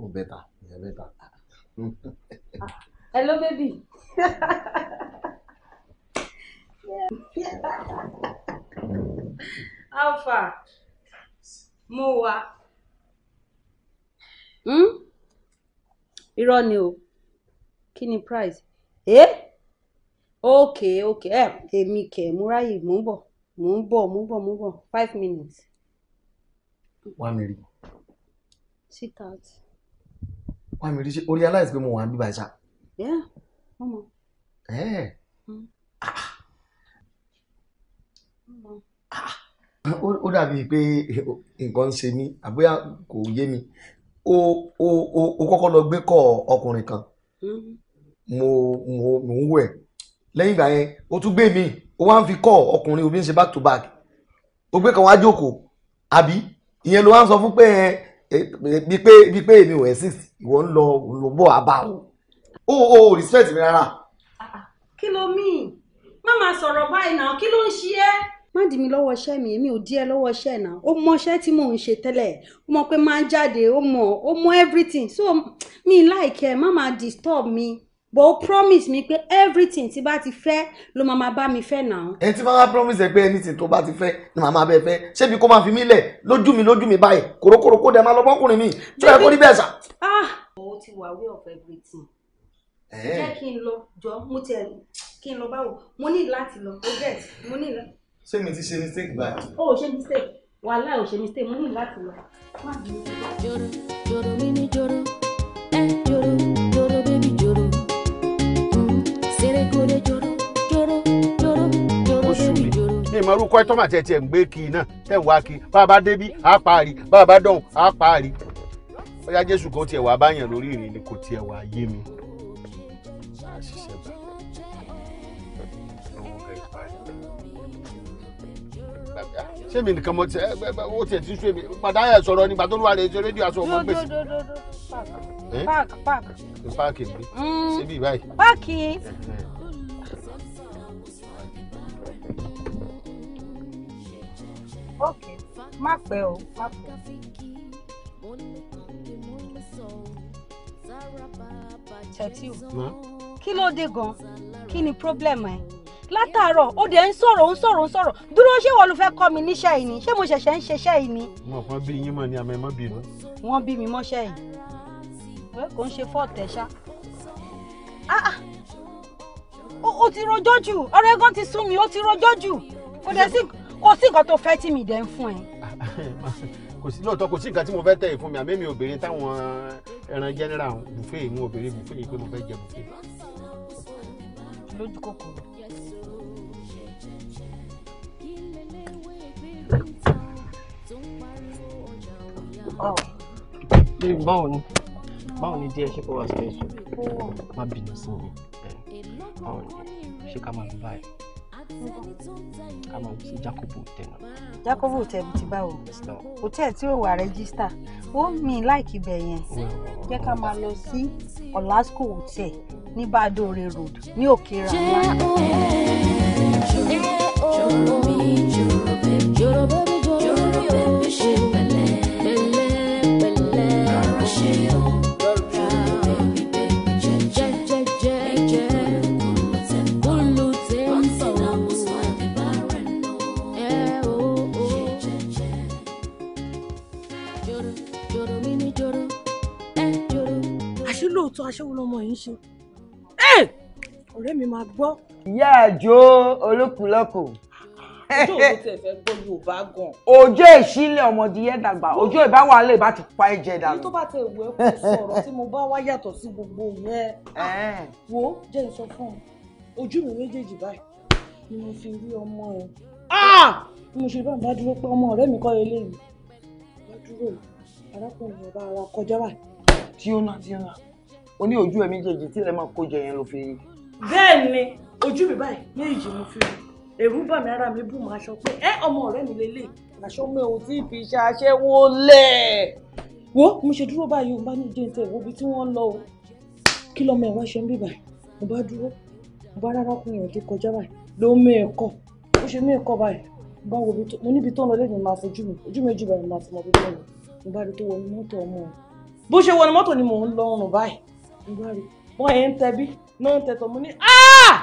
o bẹta o bẹta. hello baby. how far mo wà. Hmm? irọ́ ni o kí ni price ẹ́ ókè ókè ẹ̀ èmi kẹ̀ múráyè mò ń bọ̀ mò ń five minutes. one minute. sit out. minute ṣe o realize pé mo wà ń bíbá ṣá. ẹ hmm. ah. ah. ó pé nǹkan ń ṣe kò yé mi o o o o kọ́kọ́ lọ gbé kọ́ ọkùnrin kan mm-hmm. mo mo mo ń wẹ̀ lẹ́yìn ìgbà yẹn o tún gbé mi o wá ń fi kọ́ ọkùnrin omi ṣe back to back o gbé kan wá jókòó àbí ìyẹn ló wá ń sọ fún pé bí pé bí pé èmi ò exist ìwọ ń lọ òun ló ń bọ̀ àbá o o o respect mi rárá. Ah, ah. kí ló mean má máa sọ̀rọ̀ báyìí náà kí ló ń ṣe é má dì mí lọ́wọ́ iṣẹ́ mi èmi ò dí ẹ lọ́wọ́ iṣẹ́ náà ó mọ iṣẹ́ tí mò ń ṣe tẹ́lẹ̀ ó mọ pé máa ń jáde ó mọ ó mọ everything so mi like ẹ má máa disturb mi but ó promise mi pé everything tí bá ti fẹ́ ló máa máa bá mi fẹ́ náà. ẹni tí màmá promise ẹ pé anything tó bá ti fẹ́ ni màmá bẹ fẹ́ ṣébi kó máa fi mí lẹ̀ lójú mi lójú mi báyìí kòrókòrò kó dẹ̀ máa lọ bọ́kùnrin mi tó yẹ kó rí sà. ah mo ti wà aware of everything jẹ́ kí n lọ jọ mo tiẹ̀ kí n lọ báwo mo ní láti lọ mo get mo ní láti ṣé mi ti ṣe mistake báyìí. o ò ṣe mistake wàhálà ò ṣe mistake mo ní láti lọ. joro joro mi ni joro ẹ joro joro bébí joro sẹrẹkọrẹ mm, joro joro joro joro bébí joro. ní ìmọ̀ orúkọ ẹ̀ tọ́mà tẹ̀ tiẹ̀ ń gbé kí náà tẹ̀ ń wá kí bá a bá débí a parí bá a bá dọ̀hùn a parí bóyá jésù kò tiẹ̀ wá báyàn lórí ìrìn ni kò tiẹ̀ wá yé mi. ṣé mi nìkan mo ti ẹ o tiẹ̀ ti sún mi padà ẹ̀ sọ̀rọ̀ nígbà tó ń wà lè rédíò aṣọ ọmọ gbèsè. Eh? park park. park mi ṣe báyìí. park ok má pẹ́ o má pẹ́. tẹ̀tí o kí ló dé gan-an kí ni problem ẹ̀ látàárọ̀ ó dẹ̀ ń sọ̀rọ̀ ń sọ̀rọ̀ ń sọ̀rọ̀ dúró ṣé wọ́n ló fẹ́ kọ́ mi níṣẹ́ yìí ni ṣé mo ṣẹ̀ṣẹ̀ ń ṣeṣẹ́ yìí ni. wọn kàn bí yín mọ ni àmọ́ ẹ má bínú. wọ́n bí mi mọ́ṣẹ́ yìí wẹ́ẹ́ kò ń ṣe fọ́ọ̀tẹ̀ ṣá. Ah, ah. ó ti rojọ́ jù ọ̀rọ̀ ẹ̀gán ti sún mi ó ti rojọ́ jù kò sí nǹkan tó fẹ́ tí mi dẹ̀ ń fún ẹ kò sí lóòótọ́ kò sí nǹkan tí mo fẹ́ tẹ̀yìn fún mi àmì mi obìnrin táwọn ẹran general buffet mi obìnrin buffet yìí pé mo fẹ́ jẹ buffet. lójú kòkòrò báwo ni báwo ni díẹ̀ ṣe kó wá sí ẹ̀sùn má bínú sí mi báwo ni ṣé ká máa fi báyìí ká máa fi Jacob hotel náà. Jacob hotel ti báwo hotel tí ò wà rẹ́gísítà ó mi láìkí ibẹ̀ yẹn jẹ́ ká máa lọ sí Olasco hotel ní Badore road ní Òkèrà. jẹ́ o jọ̀rọ̀ mi jọ̀rọ̀ bẹ́ẹ̀ jọ̀rọ̀ bẹ́ẹ̀ jọ̀rọ̀ bẹ́ẹ̀ ṣe pẹ̀lú. lóòótọ́ aṣẹ́wó lọmọ yìí ń ṣe ọ̀rẹ́ mi máa gbọ́. ìyá àjò olókùlọ́kù. ojú òun tẹ̀ fẹ́ gbọ́ yorùbá gan. ojú ìṣílẹ̀ ọmọdé yẹn dàgbà ojú ìbá wà lè bá ti pa ẹ̀jẹ̀ dànù. èyí tó bá tẹ ìwé kò sọ̀rọ̀ tí mo bá wá yàtọ̀ sí gbogbo yẹn. wo jẹ́ ìsọ fún ọ ojú mi méjèèjì báyìí ni mo fi rí ọmọ ẹ. mo ṣe bá ń bá dúró pé ọmọ ọ̀rẹ́ mi kọ́ eléyìí. wọ́n dúró arákùnrin ọba wa kọjá wà. tí ó ná tí ó ná o ní ojú ẹ méjèèjì tí ẹ máa kó jẹ yẹn ló fi rí. bẹ́ẹ̀ ni ojú mi báyìí méjì mo fi rí ẹ̀rù bà mí ara mi bù mọ́ aṣọ pé ẹ ọmọ ọ̀rẹ́ mi lélẹ̀ aṣọ mi ò tí ì fi ṣe aṣẹ́wó wo mo ṣe dúró báyìí o bá ní jẹ́ ìtẹ̀wò ibi tí wọ́n lọ o kí lọ́mọ ẹ̀ wá ṣe ń bíbà mo bá dúró mo bá rárá kún ìrìn tó kọjá báyìí ló mú ẹ̀kọ́ ó ṣe mú ẹ̀kọ́ báyìí bá wo ibi tó mo níbi tó ń lọ lẹ́yìn máa fojú mi ojú méjì báyìí máa fi mọ mo bá rí tó wọnú mọ́tò ọmọ bó ṣe wọnú mọ́tò ni mò ń lọ́rùn báyìí wọ́n ẹ̀ ń tẹbí náà ń tẹtọ̀ mo ní ah!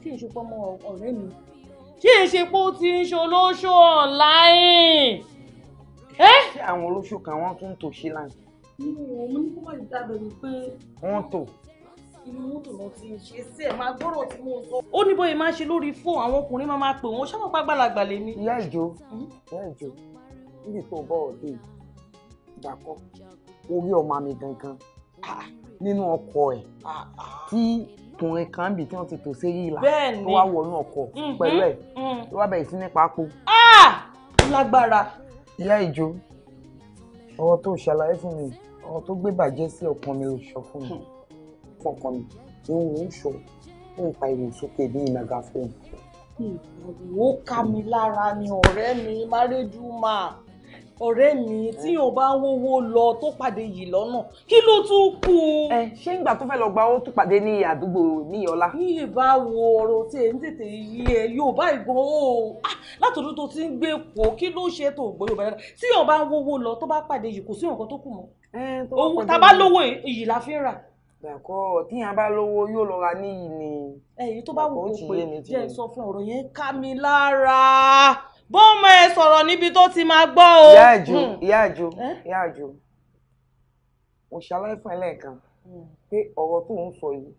kí n ṣe pọ́ mọ ọ̀rẹ́ mi kí n ṣe pé ó ti ń ṣe olóṣó online. ṣé àwọn olóṣó kan wọ́n tún tò sí láǹtì. mo ní kó má lè dábẹ̀ pé. wọ́n tò inú mọ́tò náà ti ń sí ẹ̀ máa gbọ́rọ̀ tí mo sọ. ó ní bóyá máa ṣe lórí fóònù àwọn ọkùnrin máa máa pè wọ́n ṣé wọ́n pa gbàlagbà lè ní. ìyá ìjọ hmm? ìyá ìjọ níbi tó bọ́ ọ̀dẹ́ ìgbà orí ọmọ mi gangan Ah, nínú ọkọ ẹ̀ ah, ah. tí ọkùnrin kan bì tí wọ́n ti tò sí yìí là tó wá wọnú ọkọ̀ mm-hmm. pẹ̀lú ẹ̀ tó mm-hmm. wá bẹ̀rẹ̀ sí ní pákó. lágbára. ìyá ìjọ ọ̀rọ̀ tó ṣàlàyé fún mi ọ̀rọ̀ tó gbé bàjẹ́ sí ọkàn mi ló sọ fún mi hmm. fọkàn mi ìwọ ń sọ ó ń pa ìwọ sókè ní ìnàgà mi. Hmm. ìwọ ká mi lára ni ọ̀rẹ́ mi márédùmá ọ̀rẹ́ mi tí yóò bá wówó lọ tó pàdé yìí lọ́nà kí ló tún kù. ẹ ṣé ìgbà tó fẹ́ lọ gba owó tó pàdé ní àdúgbò níyọlá. yíyẹ bá wo ọ̀rọ̀ tí ẹ ń tètè yí ẹ yóò bá ìgbọ́n o ah, látọ̀dún tó ti ń gbé pò kí ló ṣe tó gbọ́ yóò bá dáadáa tí yóò bá wówó lọ tó bá pàdé yìí kò sí nǹkan tó kù mọ́. owó tàbá lówó iyì la fi ń rà dàkọ tíyan bá lówó yóò lọ ra níyì ni. ẹyìn tó bá wù kó pé jẹ́ sọ fún ọ̀rọ̀ yẹn ká mi lára bó ọmọ ẹ sọ̀rọ̀ níbi tó ti máa gbọ́ o. ìyá àjò hmm. ìyá àjò ìyá àjò mo ṣàlàyé fún ẹ lẹ́ẹ̀kan hmm. pé ọ̀rọ̀ tó ń sọ yìí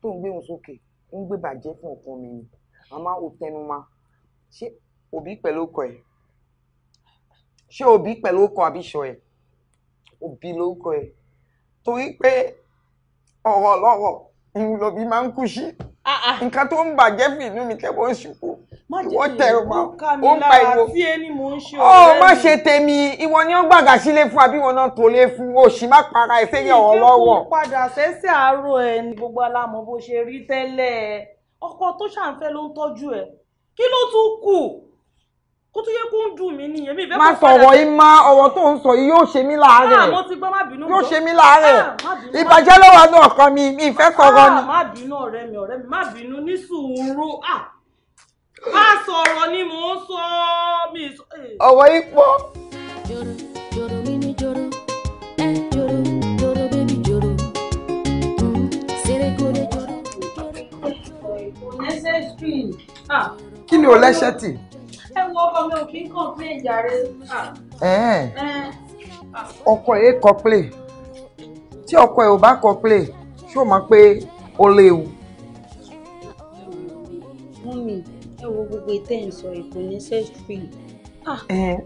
tó ń gbé òun sókè ń gbé bàjẹ́ fún ọkàn mi ni àmọ́ o tẹnu ma ṣé òbí pẹ̀lú ọkọ ẹ̀ ṣé òbí pẹ̀lú ọkọ àbíṣọ ẹ̀ òbí ló kọ ẹ̀ torí pé ọ̀rọ̀ lọ́rọ̀ ìlú lọ́bí máa ń kú sí. Ah, ah. nǹkan tó ń bàjẹ́ fìlú ni kẹ́ wọ́n ṣùkú wọ́n tẹ̀rù pa ó ń pa ìwò ó má ṣe tèmi ìwọ ni ó gbàgà sílé fún àbí wọn náà tó lé fún òṣì má para ẹsẹ̀ yẹ ọ̀ lọ́wọ́. ìjẹ́ kó padà sẹ́sẹ̀ àárọ̀ ẹ̀ ni gbogbo alámọ̀ bó ṣe rí tẹ́lẹ̀ ọkọ tó ṣàǹfẹ́ ló ń tọ́jú ẹ̀ kí ló tún kù kó tún yẹ kó ń dùn mí ni èmi ìfẹ́ kó padà. má sọ̀rọ̀ yìí má ọ̀rọ̀ tó ń sọ yìí yóò ṣe mí láàárẹ̀. àmọ́ ah, ti gbọ́ má bínú jọ yóò ṣe mí láàárẹ̀ ah, ìbàjẹ́ lọ́wọ́ náà ọkọ mi mi ìfẹ́ sọ̀rọ̀ ni. Ah, má bínú ọ̀rẹ́ mi ọ̀rẹ́ mi má bínú ní sùúrù má sọ̀rọ̀ ni mò ń sọ mi. Eh. ọ̀wọ́ yìí pọ̀. jòrò jòrò mímí mm, kí ni o lẹ́sẹ̀ tì? ẹ wo ọkọ mi ò kí ń complain jàre. Ah. Eh. ọkọ ẹ complain tí ọkọ ẹ ò bá complain ṣó mọ̀ pé ó léwu. mú ẹ wo gbogbo ìtẹ́ ń sọ èkó ní sẹ́ẹ̀tì. Ah.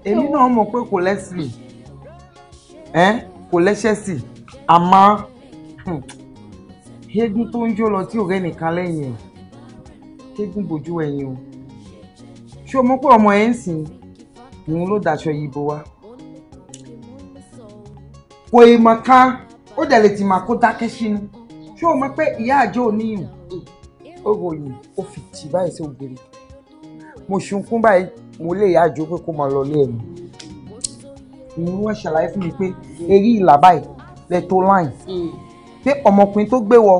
èmi náà mọ̀ pé kò lẹ́sìn kò lẹ́sẹ̀ sí àmọ́ hmm, eégún tó ń jó lọ tí ò rẹ́ nìkan lẹ́yìn o eégún bójú ẹ̀yìn o ṣé o mọ̀ pé ọmọ ẹ̀ ń sìn òun ló daṣọ yìí bo wa kò ìmọ̀ kan ó dẹ̀ lè ti máa kó dákẹ́ sínú ṣé o mọ̀ pé ìyá àjọ oníyùn ó ròyìn ó fi tì báyìí sí ògbèrè mo ṣunkún báyìí mo lè yá àjọ pé kó máa lọ lé ẹ̀mí ìyún wọn ṣàlàyé fún mi pé eré ìlà báyìí lẹ́tọ́ láìn pé ọmọkùnrin tó gbé wọ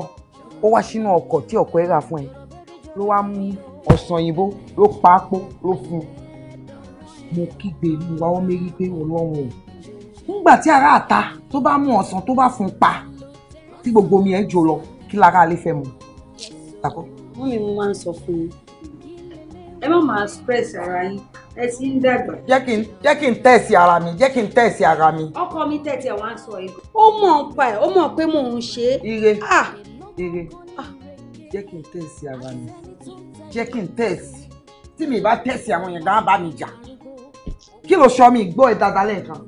ó wá sínú ọkọ̀ tí ọkọ̀ ẹ̀ rà fún ẹ ló wá mú ọ̀sán òyìnbó ló pa á pọ̀ ló fún un mo kígbe mo wá wọn mérí pé ọlọ́run o nígbà tí ara àta tó bá mú ọ̀sán tó bá fún pa tí gbogbo omi ẹ̀ jò lọ kí lára alẹ́ fẹ́ mu. wọ́n ní mo máa ń sọ fún yín ẹ má máa stress ara yín ẹ ti ń dàgbà. jẹ́ kí n tẹ̀sí ara mi jẹ́ kí n tẹ̀sí ara mi. ọkọ mi tẹ̀sí ẹ̀ wá ń sọ ẹ̀. ó mọ̀ ọ́n pa ẹ̀ ó mọ̀ pé mò ń ṣe é. ire ah! ire jẹ́ kí n tẹ̀sí ara mi jẹ́ kí n tẹ̀sí tí mi bá tẹ̀sí àwọn yẹn gan bá mi jà kí ló sọ mi gbọ́ ẹ dáadáa lẹ́ẹ̀kan.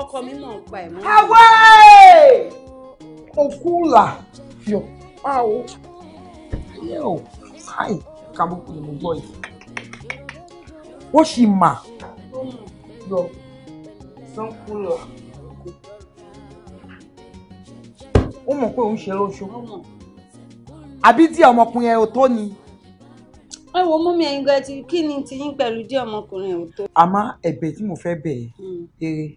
ọkọ mi mọ̀ ń pa ẹ̀ mọ́. àwẹ̀ òkú là yọ báwo ayé o ṣáì kàbùkù ni mo gbọ́ yìí ó sì mà yọ sanku lọ ó mọ̀ pé òun ṣe lóṣù àbí tí ọmọkùnrin ẹ ò tó ni. ẹ wo mú mi ẹyin gan ti kí ni tiyín pẹ̀lú tí ọmọkùnrin ẹ ò tó. àmọ́ ẹ̀bẹ̀ tí mo fẹ́ bẹ̀ ẹ́ hmm.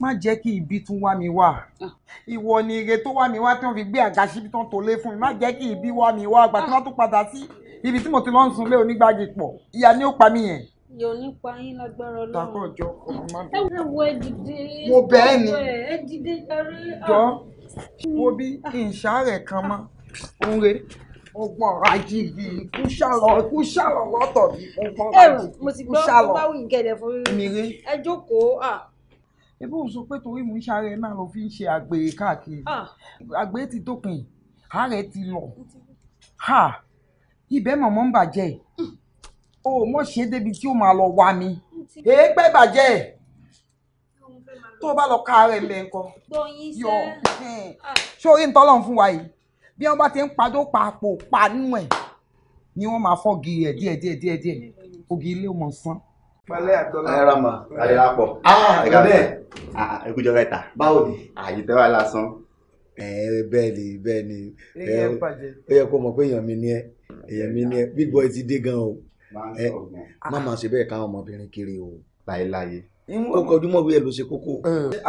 má jẹ́ kí ibi tún wá mi wá ah. ìwọ ni ire tó wá mi wá tí wọ́n fi gbé àga síbi tán tó lé fún mi má jẹ́ kí ibi wá mi wá àgbà tí wọ́n tún padà sí ibi tí mo ti lọ ń sun lé onígbàgì pọ̀ ìyá ni ó pa mí yẹn yóò nípa yín lágbára ọlọ́run. takọ̀ jọ ọmọ máa bẹ. ẹ wo ẹ dìde. mo bẹ́ẹ̀ ni. ẹ dìde jàre. jọ ah. wo bí ìṣàrẹ̀ kan mọ́ òǹrè mo gbọ́n ra jìgì kú ṣàlọ́ kú ṣàlọ́ lọ́tọ̀ mi mo gbọ́n ra jìgì kú ṣàlọ́. ẹrù mo ti gbọ́ tó bá wù ní kẹ̀dẹ̀ fún mi ẹ jókòó ebi ò sọ pé torí mò ń ṣàárẹ̀ náà ló fi ń ṣe àgbèrè káàkiri àgbèrè ti dópin àárẹ̀ ti lọ ibẹ̀ mọ̀mọ́ ń bàjẹ́ hmm. o mọ̀ ṣe débi tí ó máa lọ wá mi èépẹ́ bàjẹ́ tó o bá lọ ká ara ẹ̀ mẹ́ńkọ́ yọ sórí ntọ́lọ́run fún wa yìí bí wọ́n bá ti ń padó paapò panú ẹ̀ ni wọ́n máa fọ́gi ẹ̀ díẹ̀ díẹ̀ díẹ̀ díẹ̀ ògì ilé ọmọ sán. pálẹ̀ àtọ́lá ẹ rama àyẹ̀lá pọ̀ ah, ẹ̀ka bẹ́ẹ̀ ah, ẹ̀kújọ mẹ́ta báwo ni àyè tẹ́wà lásán. ẹ bẹ́ẹ̀ ni bẹ́ẹ̀ ni ó yẹ kó mọ̀ pé èèyàn mi ni ẹ èèyàn mi ni ẹ big boy ti dé gan o má máa ṣe bẹ́ẹ̀ káwọn ọmọbìnrin kiri o láéláyé kókò ọdún mọ̀ wíyẹ ló ṣe kókó.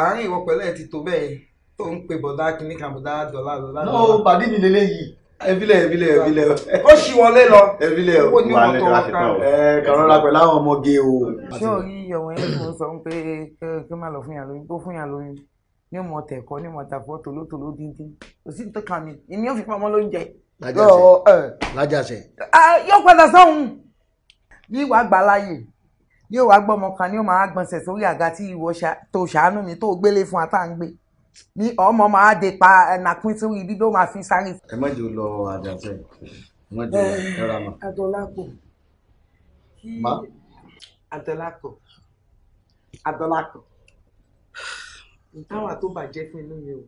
àárín ìwọ pẹ̀lẹ́ ti tó bẹ́ẹ̀ tó ń pe bọ̀dá kìíní kan bọ̀dá dọ̀là dọ̀là. náà pàdé mi lélẹ́ yìí. ẹbílẹ̀ ẹbílẹ̀ ẹbílẹ̀. ó ṣì wọlé lọ. ẹbílẹ̀ ó ní wọn tó wọn kan. ẹ pẹ̀lú àwọn ọmọge o. ṣé o rí ọ̀wọ́n yẹn mo sọ pé kí n má lọ fún yàn lóyún tó fún yàn lóyún ní mọ̀ tẹ̀kọ́ ní mọ̀ tàfọ́ tòlótòló díndín kò sí ní tó kàn mí ìní ò fi pamọ́ lóúnjẹ lájàṣẹ. yóò padà sọ́hun ní wàá gbà láàyè ní wàá gbọ́mọ kan ní ó máa gbọ̀nsẹ̀ sórí àga tí ìwọ tó ṣàánú mi tó gbélé fún wa mi ọmọ máa de pa ẹnàpín tí ibi ló máa fi sáré. ẹ má jò lọ àjàṣe ẹ má lọ ẹ ma. adọlápọ̀ ma. adọlápọ̀ adọlápọ̀ ìtawà tó bàjẹ́ fún inú mi o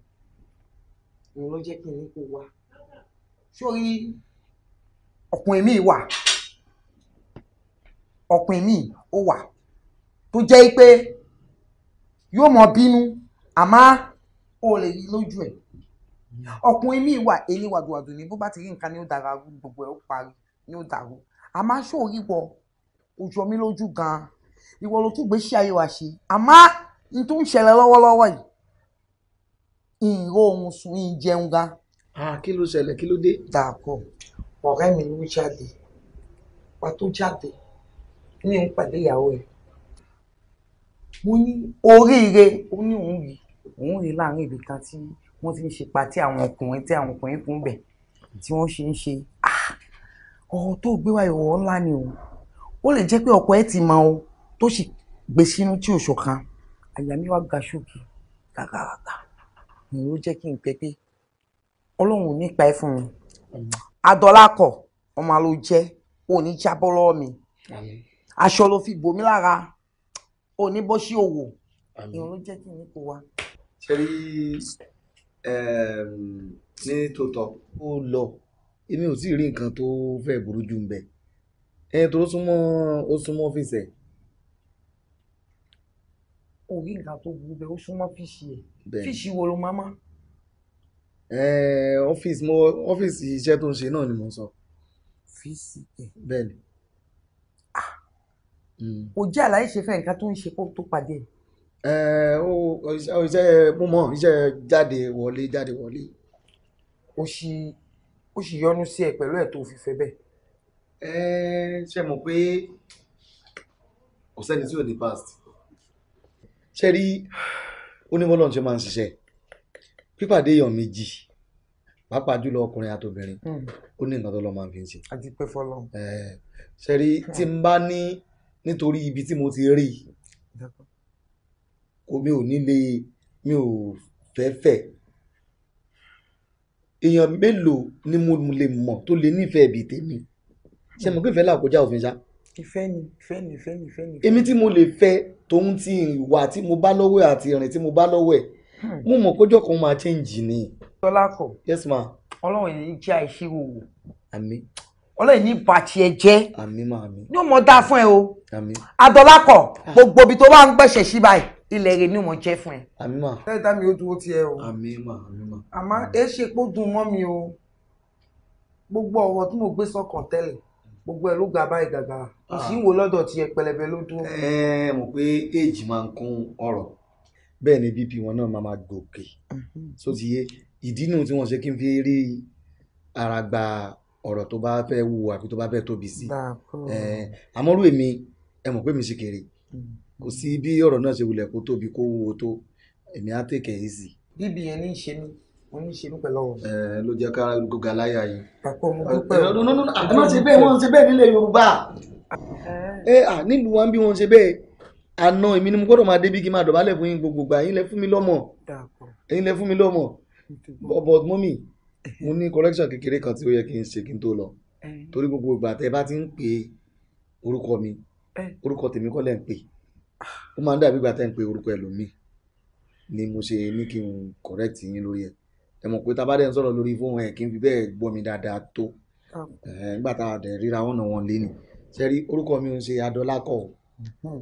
òun ló jẹ́ kí n ní kó wá sórí ọkùnrin mi wà ọkùnrin mi ó wà tó jẹ́ pé yóò mọ bínú àmọ́ o lè rí lójú ẹ̀ ọkùnrin mi wà èyí wàdùwàdù ni bó bá ti rí nǹkan ni ó dára gbogbo ẹ̀ ó parí ni ó dàrú àmọ́ aṣọ òrí wọ ojú ọmí lójú gan-an ìwọ ló tún gbèsè ayé wa ṣe àmọ́ n tó ń ṣẹlẹ̀ lọ́wọ́lọ́wọ́ yìí ìró ohun sùn ń jẹun gan. kí ló ṣẹlẹ̀ kí ló dé. dàpọ̀ ọ̀rẹ́ mi ló jáde wà tó jáde ní ìpàdé ìyàwó ẹ̀ mo ní oríire ó ní òun yìí òun rí láàrin ibì kan tí wọ́n ti ń ṣe patí àwọn ọkùnrin tí àwọn ọkùnrin kún bẹ̀ tí wọ́n ṣe ń ṣe ah, ọ̀rọ̀ tó gbé wá ìwọ̀ ńlá ni o ó lè jẹ́ pé ọkọ ẹ ti mọ o tó sì gbé sínú tí òṣò kan àyà mi wá ga ṣókè gàgàgà ni ó jẹ́ kí n pẹ́ pé ọlọ́run ò ní fún mi adọ́lákọ̀ ọmọ ló jẹ́ ò ní jábọ́ lọ́wọ́ mi aṣọ ló fi bò lára ò ní bọ́ sí òwò ìrún ló jẹ́ kí n ní wa ṣẹ́rí ehm, ní tòótọ́. ó lọ èmi ò tí ì rí nǹkan tó fẹ́ burú jù ń bẹ ẹ tó ó súnmọ́ ó súnmọ́ ọ́fíìsì ẹ̀. ó rí nǹkan tó burú bẹ́ẹ̀ ó súnmọ́ fíìsì ẹ̀ fíìsì wo ló máa má. ọ́fíìsì mo ọ́fíìsì iṣẹ́ tó ń ṣe náà ni mo sọ. fíìsì ẹ̀. bẹ́ẹ̀ ni. Ah! Hmm. kò jẹ́ àlàyé ṣe fẹ́ nǹkan tó ń ṣe kó tó pàdé ẹ̀ iṣẹ́ múmọ́ iṣẹ́ jáde wọlé jáde wọlé. ó ṣì ó ṣì yọnu sí ẹ pẹ̀lú ẹ̀ tó fi fẹ́ bẹ́ẹ̀. ẹ ṣe mọ̀ pé ọ̀sẹ́ni tí ò ní past ṣe rí onímọ̀lọ́n ṣe máa ń ṣiṣẹ́ pípàdé èèyàn méjì pàápàá jùlọ ọkùnrin àtobìnrin hmm. ó ní nǹkan tó lọ máa fi ń ṣe. a ti pẹ́ fọlọ́. ṣe rí tí n bá ní nítorí ibi tí mo ti rí i kò mi ò ní le mi ò fẹ́ fẹ̀ èèyàn mélòó ni mo lè mọ̀ tó lè nífẹ̀ẹ́ ibi tèmi ṣe mọ̀ pé ìfẹ́ kọjá òfin ṣá. ìfẹ́ ni ìfẹ́ ni ìfẹ́ ni ìfẹ́ ni. èmi tí mo lè fẹ́ tòun ti ìwà tí mo bá lọ́wọ́ ẹ̀ àti ìrìn tí mo bá lọ́wọ́ ẹ̀ hmm. mo mọ̀ kójọ́ kan máa change ni. tọ́lá kọ yes ma. ọlọ́run yìí já ìṣirò wò. àmín. ọlọ́run ní bàtì ẹ jẹ́. àmín ma àmín. yóò mọ dáa fún ẹ o. àmín. adọ́lákọ̀ ah. gbogbo ibi tó bá ń gbẹ̀ṣẹ̀ sí ilẹ̀ rẹ̀ ni mo jẹ́ fún ẹ. àmì mà. tẹ́tà mi ó dúró tiẹ̀ o. àmì àmọ́ ẹ ṣe pó mọ́ mi o gbogbo ọ̀rọ̀ tí mo gbé sọ́kàn tẹ́lẹ̀ gbogbo ẹ ló gba báyìí gàgàrà kò sí ah. ìwò lọ́dọ̀ ti ẹ pẹlẹbẹ ló dúró. ẹ mọ̀ pé èjì máa ń kún ọ̀rọ̀ bẹ́ẹ̀ ni bp wọn náà máa máa gòkè mhm. so ti yé ìdí nù tí wọ́n ṣe kí n fi rí ara gba ọ̀rọ̀ tó bá fẹ́ wù àbí tó bá fẹ́ tóbi sí àmọ́rú èmi ẹ mọ̀ pé mi ṣe kéré mhm kò sí bí ọ̀rọ̀ náà ṣe wulẹ̀ kó tóbi kó wúwo tó èmi á tèkẹ́ easy. bíbí yẹn ní í ṣe mí mo ní í ṣe mí pẹ̀lú ọ̀rọ̀. ẹ ló jẹ ká gbogbo aláya yìí. pàpọ̀ mo dúpẹ́ o. ẹ má ṣe bẹ́ẹ̀ wọ́n ṣe bẹ́ẹ̀ nílẹ̀ Yorùbá. ẹ à nílùú wa ń bí wọ́n ṣe bẹ́ẹ̀ àna èmi ni mo gbọ́dọ̀ máa débi kí n máa dọ̀bálẹ̀ fún yín gbogbo gbà yín lẹ fún mi lọ́mọ ẹ̀yin lẹ fún mi lọ́mọ but mọ́mì mo ní correction kékeré kan tí ó yẹ kí n ṣe kí n tó lọ torí gbogbo ìgbà tẹ bá ti ń pè orúkọ mi orúkọ tèmi kọ́ lẹ́ ń pè ó máa ń dàbí ìgbà tẹ́ ń pe orúkọ ẹlòmíì ni mo ṣe ní kí n correct yín lórí ẹ̀ ẹ mọ̀ pé tábà dẹ̀ ń sọ̀rọ̀ lórí fóun ẹ̀ kí n fi bẹ́ẹ̀ gbọ́ mi dáadáa tó nígbà tá a dẹ̀ ríra wọn náà wọn lé ni ṣe rí orúkọ mi ò ń ṣe adọ́lákọ̀ hmm.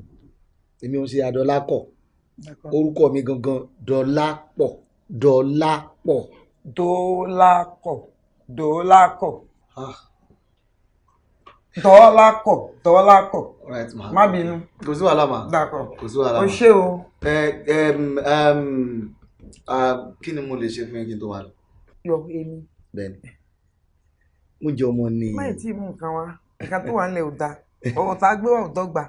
èmi ń ṣe adọ́lákọ̀ orúkọ mi gangan dọ́lápọ̀ dọ́lápọ̀ dọ́lápọ̀ dọ́lápọ̀. Ah. Tọ́lákọ̀ Tọ́lákọ̀ má bínú. Kò sí wàhálà mà. Dàpọ̀ kò sí wàhálà mà. O ṣé o. Ẹ ẹ kí ni mo lè ṣe fún yín kí n tó wà lọ? Yọ èmi. Bẹ́ẹ̀ni, mo jẹ ọmọ ni. Má ì tí ì mú nǹkan wá, nǹkan tó wà ń lẹ̀ ò dáa, ọ̀rọ̀ gbé wà ò dọ́gba.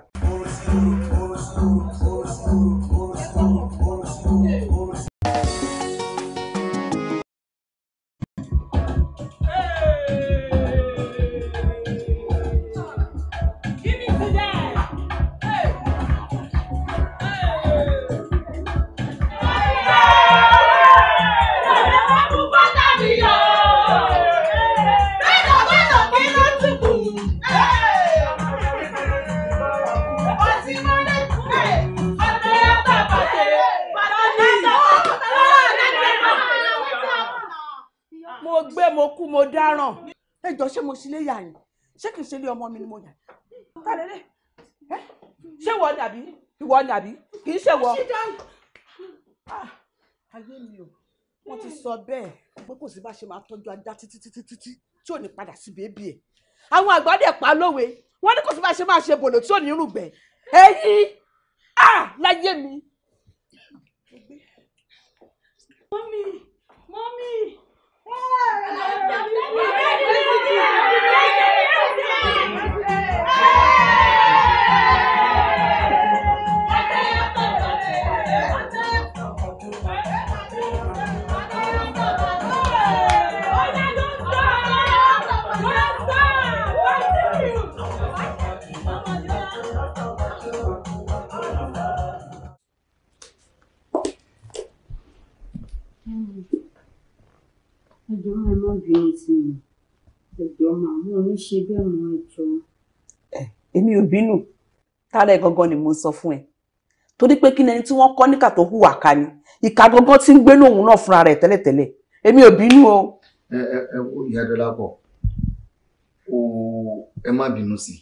ọmọ mi ni mo yàn ta ṣé wọ́n dàbí ìwọ dàbí kì í ṣe wọ́ ayé mi o wọ́n ti sọ bẹ́ẹ̀ pé kò sí bá ṣe máa tọ́jú ajá títí títí títí tí ò ní padà sí bèbí ẹ̀ àwọn àgbà dẹ̀ pa lówe wọ́n ní kò sí bá ṣe máa ṣe bòlò tí ò ní rúgbẹ̀ ẹ̀yìn á láyé mi. mọ́mí mọ́mí ẹjọ́ ẹ má bínú sí mi ẹjọ́ màmú oníṣẹ́ bẹ́ẹ̀ mọ́ ẹjọ́ èmi ò bínú tààrà ẹ gangan ni mo sọ fún ẹ torí pé kí ni ẹni tí wọ́n kọ́ níkà tó hùwà ká ni ìka gangan tí ń gbé lóhùn náà fúnra rẹ̀ tẹ́lẹ̀tẹ́lẹ̀ èmi ò bínú o. ẹ ẹ ẹ ìyá dọlà pọ o ẹ má bínú sí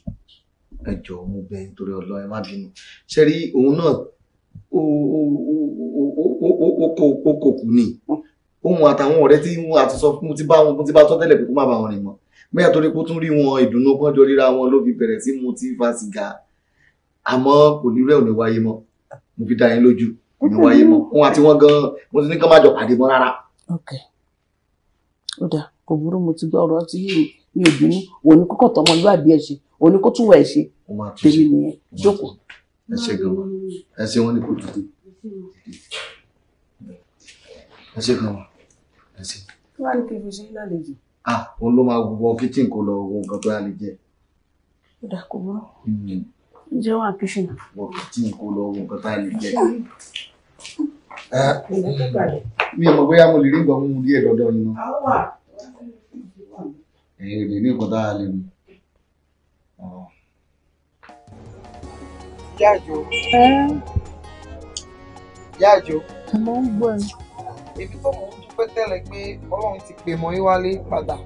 ẹ jọ̀ọ́ mo bẹ̀ nítorí ọlọ ẹ má bínú ṣe rí òun náà o kò kù ni òun hm. àtàwọn ọ̀rẹ́ tí wọ́n àti sọ fún ti bá wọn ti bá tọ tẹ́lẹ̀ pé kó má bá wọn rìn mọ́ bẹ́ẹ̀ torí kó tún rí wọn ìdùnnú pọ́njọ ríra wọn ló fi bẹ̀rẹ̀ sí mu tí fa sìgá àmọ́ kò ní rẹ̀ ò ní wáyé mọ́ mo fi dá yín lójú kò ní wáyé mọ́ wọn àti wọn gan mo ti ní kán má jọ pàdé mọ́ rárá. ok ó dáa kò burú mo ti gbọ́ ọ̀rọ̀ ọtí yìí mi ò bínú òun ni kókò tọmọ lúàbí ẹ ṣe òun ni kó tún wà ẹ ṣe tèmi nìyẹn jókòó. ẹ ṣe gan wa ẹ ṣe wọn ní kò dúdú ẹ ṣe gan wa ẹ ṣe. kí wàá ní kí n fi ṣe yín lálejò ah òun ló máa wọ kitchen kó lọ wo nǹkan tó yà lè jẹ. ó dà kó bọ́ hmm. ǹjẹ́ wà kitchen. wọ kitchen kó lọ wo nǹkan tó yà lè jẹ. Hmm, mi ò mọ̀ bóyá mo lè rí nǹkan mú díẹ̀ lọ́dọ̀ yín náà. ẹ̀yin lè rí nǹkan tó yà lè mú. Yáàjò. Yáàjò. Mo ń gbọ́ ẹ. Èmi tó mọ̀ ń pẹ́ tẹ́lẹ̀ pé ọlọ́run ti pè mọ́ wálé padà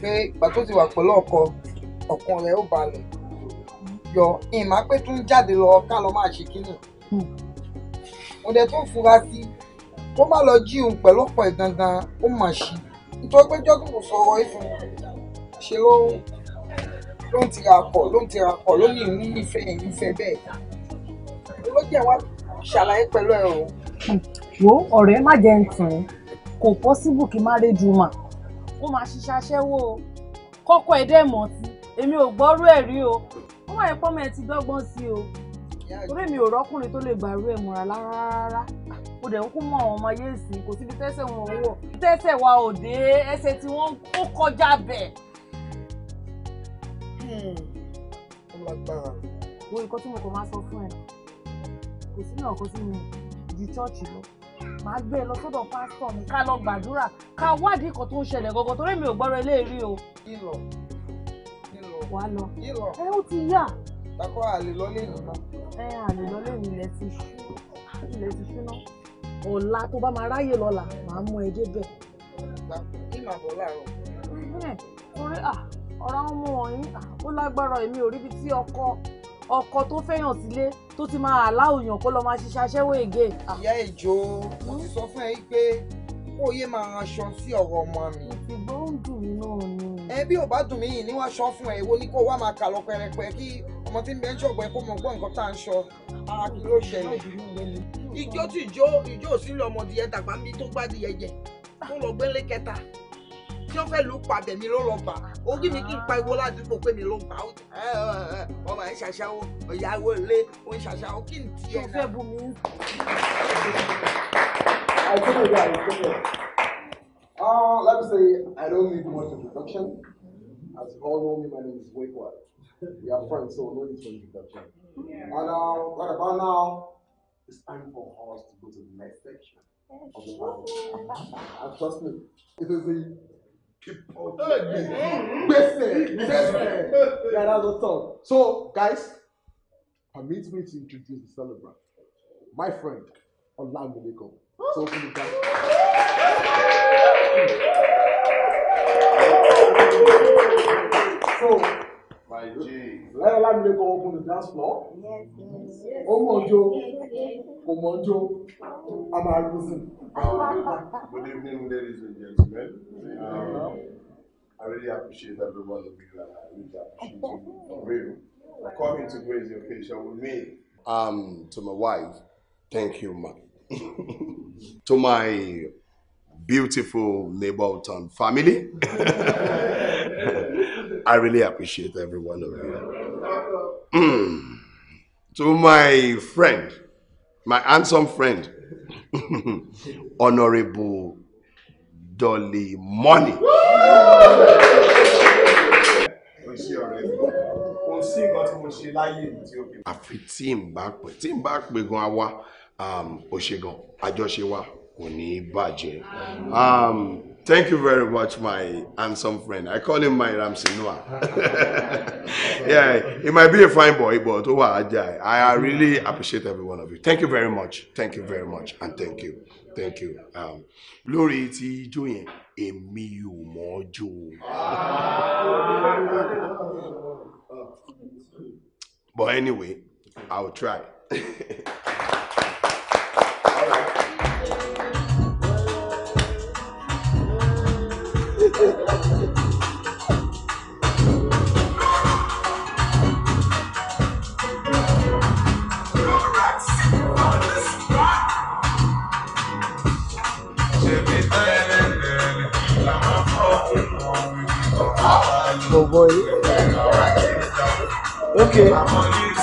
pé ìgbà tó ti wà pẹ̀lú ọkọ ọkàn rẹ̀ ó balẹ̀ yọ ìmọ̀ pé tún jáde lọ ká lọ máa ṣe kínní mo dẹ̀ tún fura sí tó bá lọ jí òun pẹ̀lú ọ̀pọ̀ ẹ̀ gangan ó mà ṣí nítorí pé jọ́gùn kò sọ̀rọ̀ ìfún ṣe ló ló ń tira pọ̀ ló ń tira pọ̀ ló ní ìlú ìfẹ́ ìfẹ́ bẹ́ẹ̀ ló jẹ́ wá ṣàlàyé pẹ̀lú ẹ̀ o. wo ọ̀rẹ́ má jẹ́ ń kò possible kí married woman ó máa ṣiṣẹ́ aṣẹ́wó o kọ́kọ́ ẹ dẹ́ mọ̀ sí èmi ò gbọ́rú ẹ̀ rí o wọ́n wà ẹ̀pọ́ mẹ́ẹ̀ ti dọ́gbọ́n sí o torí mi ò rọ́kùnrin tó lè gbàrú ẹ̀ múra rárá mo dẹ̀ ń kú mọ́ àwọn ọmọ ayé ìsìn kò síbi tẹ́sẹ̀ wọn ò wọ̀ tẹ́sẹ̀ wa ò dé ẹsẹ̀ tí wọ́n kó kọjá bẹ̀. wo hmm. nǹkan tí mo kàn máa sọ fún ẹ kò sí náà kan sí mi ju chọ́ọ̀chì lọ máa gbé e lọ sọ́dọ̀ pásítọ̀ mi ká lọ gbàdúrà ká wádìí nǹkan tó ń ṣẹlẹ̀ gangan torí mi ò gbọ́rọ̀ eléyìí o. ìlọ wà lọ ẹ ó ti yá. takọ àlè lọlé ìnùnà. ẹ àlè lọlé ìnùnà ti ṣú ilẹ̀ ti ṣúná ọ̀la tó bá máa ráyè lọ́la màá mú ẹ débẹ̀. kí màá láàárọ̀. torí ọ̀rọ̀ ọmọ wọ̀nyí ó lágbára èmi ò ríbi tí ọkọ ọkọ tó fẹ́yàn sílé tó ti máa aláòyàn kó lọ máa ṣiṣẹ́ aṣẹ́wó ègé. Ah. ìyá ìjò mo ti hmm? sọ fún ẹ pé kó o yé máa aṣọ sí ọ̀rọ̀ ọmọ mi. ṣùgbọ́n ó ń dùn mí náà ni. ẹ bí ò bá dùn mí yìí ní wàá sọ fún ẹ èwo ni kó o wá máa kà lọ pẹrẹpẹ kí ọmọ tí ń bẹ ń ṣọ̀gbọ́n ẹ kó mọ gbọ́ nǹkan tá à ń sọ ara kí ló ṣẹlẹ̀. ìjó tí ìjó ìjó ò sí lọ́mọdìyẹ tàgbà ń bí tó gbádìyẹ jẹ tí wọ́n fẹ́ lù padà mi ló lọ gbà orí mi kì í pariwo ládùúgbò pé mi ló gbà ọmọ ẹ̀ ṣàṣàwọ̀ ìyàwó ilé ó ń ṣàṣàwọ̀ kí n tiẹ̀ náà. ṣe fẹ́ bu Uh, let me say, I don't need much introduction. As you all know me, my name is Wakewad. We are friends, so no need for introduction. And uh, right about now, it's time for us to go to the next section. Of the and trust me, it is a so guys permit me to introduce the celebrant my friend Olamileko so open the door. so. My G. Let Olamide go open the dance floor. Yes, yes, yes. Omojo. Omojo. Amarusin. Good evening, ladies and gentlemen. Um, I really appreciate everyone of you and I really appreciate you for real. Coming to grace the occasion with me. Um, to my wife, thank you, ma. to my beautiful neighbor town family. I really appreciate every one of you. Hmm. To my friend, my handsome friend, Honorable Dolly Money. àfi tí n bá pè tí n bá pè gan awa òṣègùn um, àjọṣe wa kò ní í bàjẹ́. Um, Thank you very much, my handsome friend. I call him my Ramsey Noah. yeah, he might be a fine boy, but oh, I really appreciate every one of you. Thank you very much. Thank you very much. And thank you. Thank you. Um, lórí ti ijó yẹn, èmi But anyway, I will try. Boy. Okay.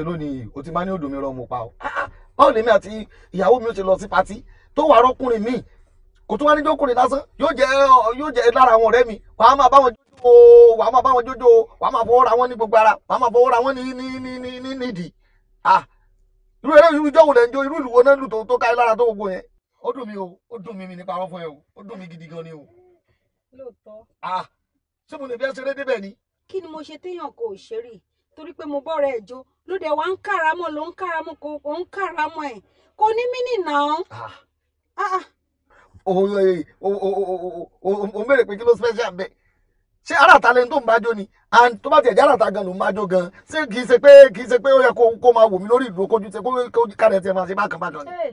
ṣe lónìí yìí o ti máa ní odò mi rọ mo pa o ah, ah, báwo lèmi àti ìyàwó mi ó ti lọ sí patí tó wà rọkùnrin mi kò tún wá ní jókòrin lásán yóò jẹ yóò jẹ lára àwọn ọ̀rẹ́ mi wà á máa bá wọn jójó wà á máa bá wọn jójó wà á máa fọwọ́ ra wọn ní gbogbo ara wà á máa fọwọ́ ra wọn ní ní ní ní ní nídìí ah, irú eré irú ìjọ́wò lẹ́ ń jó irú ìlú wo náà lù tó tó ká lára tó gbogbo yẹn ó dùn mí o ó dùn mí mi nípa ọ̀rọ̀ fún ẹ o ó dùn mí gidi gan ni o. lóòótọ́. ṣé mo lè fi ẹsẹ̀ débẹ̀ ni. kí ni mo ṣe téèyàn kò ṣeré torí pé mo bọ́ra ẹ̀ jó ló dẹ̀ wá ń kàràmọ́ ló ń kàràmọ́ kò ó ń kàràmọ́ ẹ̀ kò ní mínì náà. o mèrè pé kí ló special bẹ́ẹ̀ ṣé aráàta lẹni tó ń bájó ni and tó bá tiẹ̀ jẹ́ aráàta gan ló ń bájó gan ṣé kì í ṣe pé kì í ṣe pé ó yẹ kó máa wò mí lórí ìlú kójú ṣe kó kárẹ̀ tiẹ̀ máa ṣe bákan bákan ni.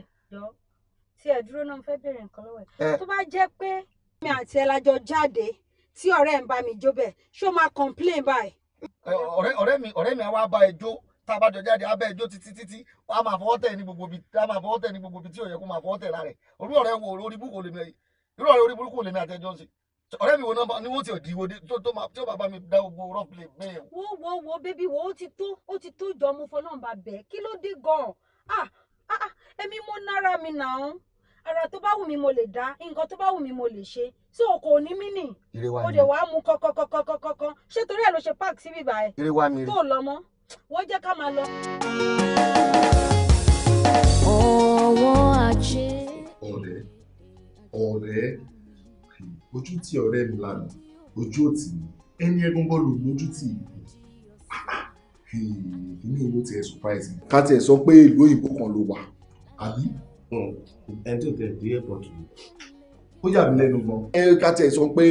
tí ẹ dúró náà mo fẹ́ bèrè nǹkan lọ́wọ́ ẹ̀ eh. tó bá jẹ́ pé mi àti ẹ̀ lájọ jáde tí ọ̀rẹ́ ń bá mi jó bẹ́ẹ̀ ṣé ó máa complain báyìí ọ̀rẹ́ ọ̀rẹ́ mi ọ̀rẹ́ mi àwa bá ẹjọ́ tá a bá jọ jáde abẹ́ ẹjọ́ títí títí a máa fọwọ́ tẹ̀ ní gbogbo bi a máa fọwọ́ tẹ̀ ní gbogbo bi tí òye kó máa fọwọ́ tẹ̀ rárẹ̀ orí ọ̀rẹ́ wo orí burúkú lèmi irú ọ̀rẹ́ orí burúkú lèmi àtẹjọ́ sí ọ̀rẹ́ mi wo náà ni wọ́n ti òdì ìwòde tó tí ó bá mi dá gbogbo rough play bẹ́ẹ̀. wo wo wo bébí wo ó ti tó ó ti tó jọ mo bá bẹ̀ kí ló dé gan-an ah ah, ah èmi mo nára mi náà ọ̀rọ̀ tó bá wù mí mo lè dá nǹkan tó bá wù mí mo lè ṣe tí o kò ní mí nì o dẹ̀ wàá mu kọ́kọ́kọ́kọ́kọ́ ṣé torí ẹ̀ ló ṣe park sí bíbá ẹ̀ tó lọ mọ́ wọ́n jẹ́ ká máa lọ. ọwọ́ ajé. ọ̀rẹ́ ọ̀rẹ́ ojú tí ọ̀rẹ́ mi lànà ojú òtí ẹni ẹgbọn bọ́ọ̀lù lójú tì í inú ìlú tiẹ̀ surprise. ká tiẹ̀ sọ pé ìlú òyìnbó kan ló wà àbí ẹni tó tẹ̀ dé airport yìí ó yà mí lẹ́nu gan. ẹ ká tẹ̀ sọ pé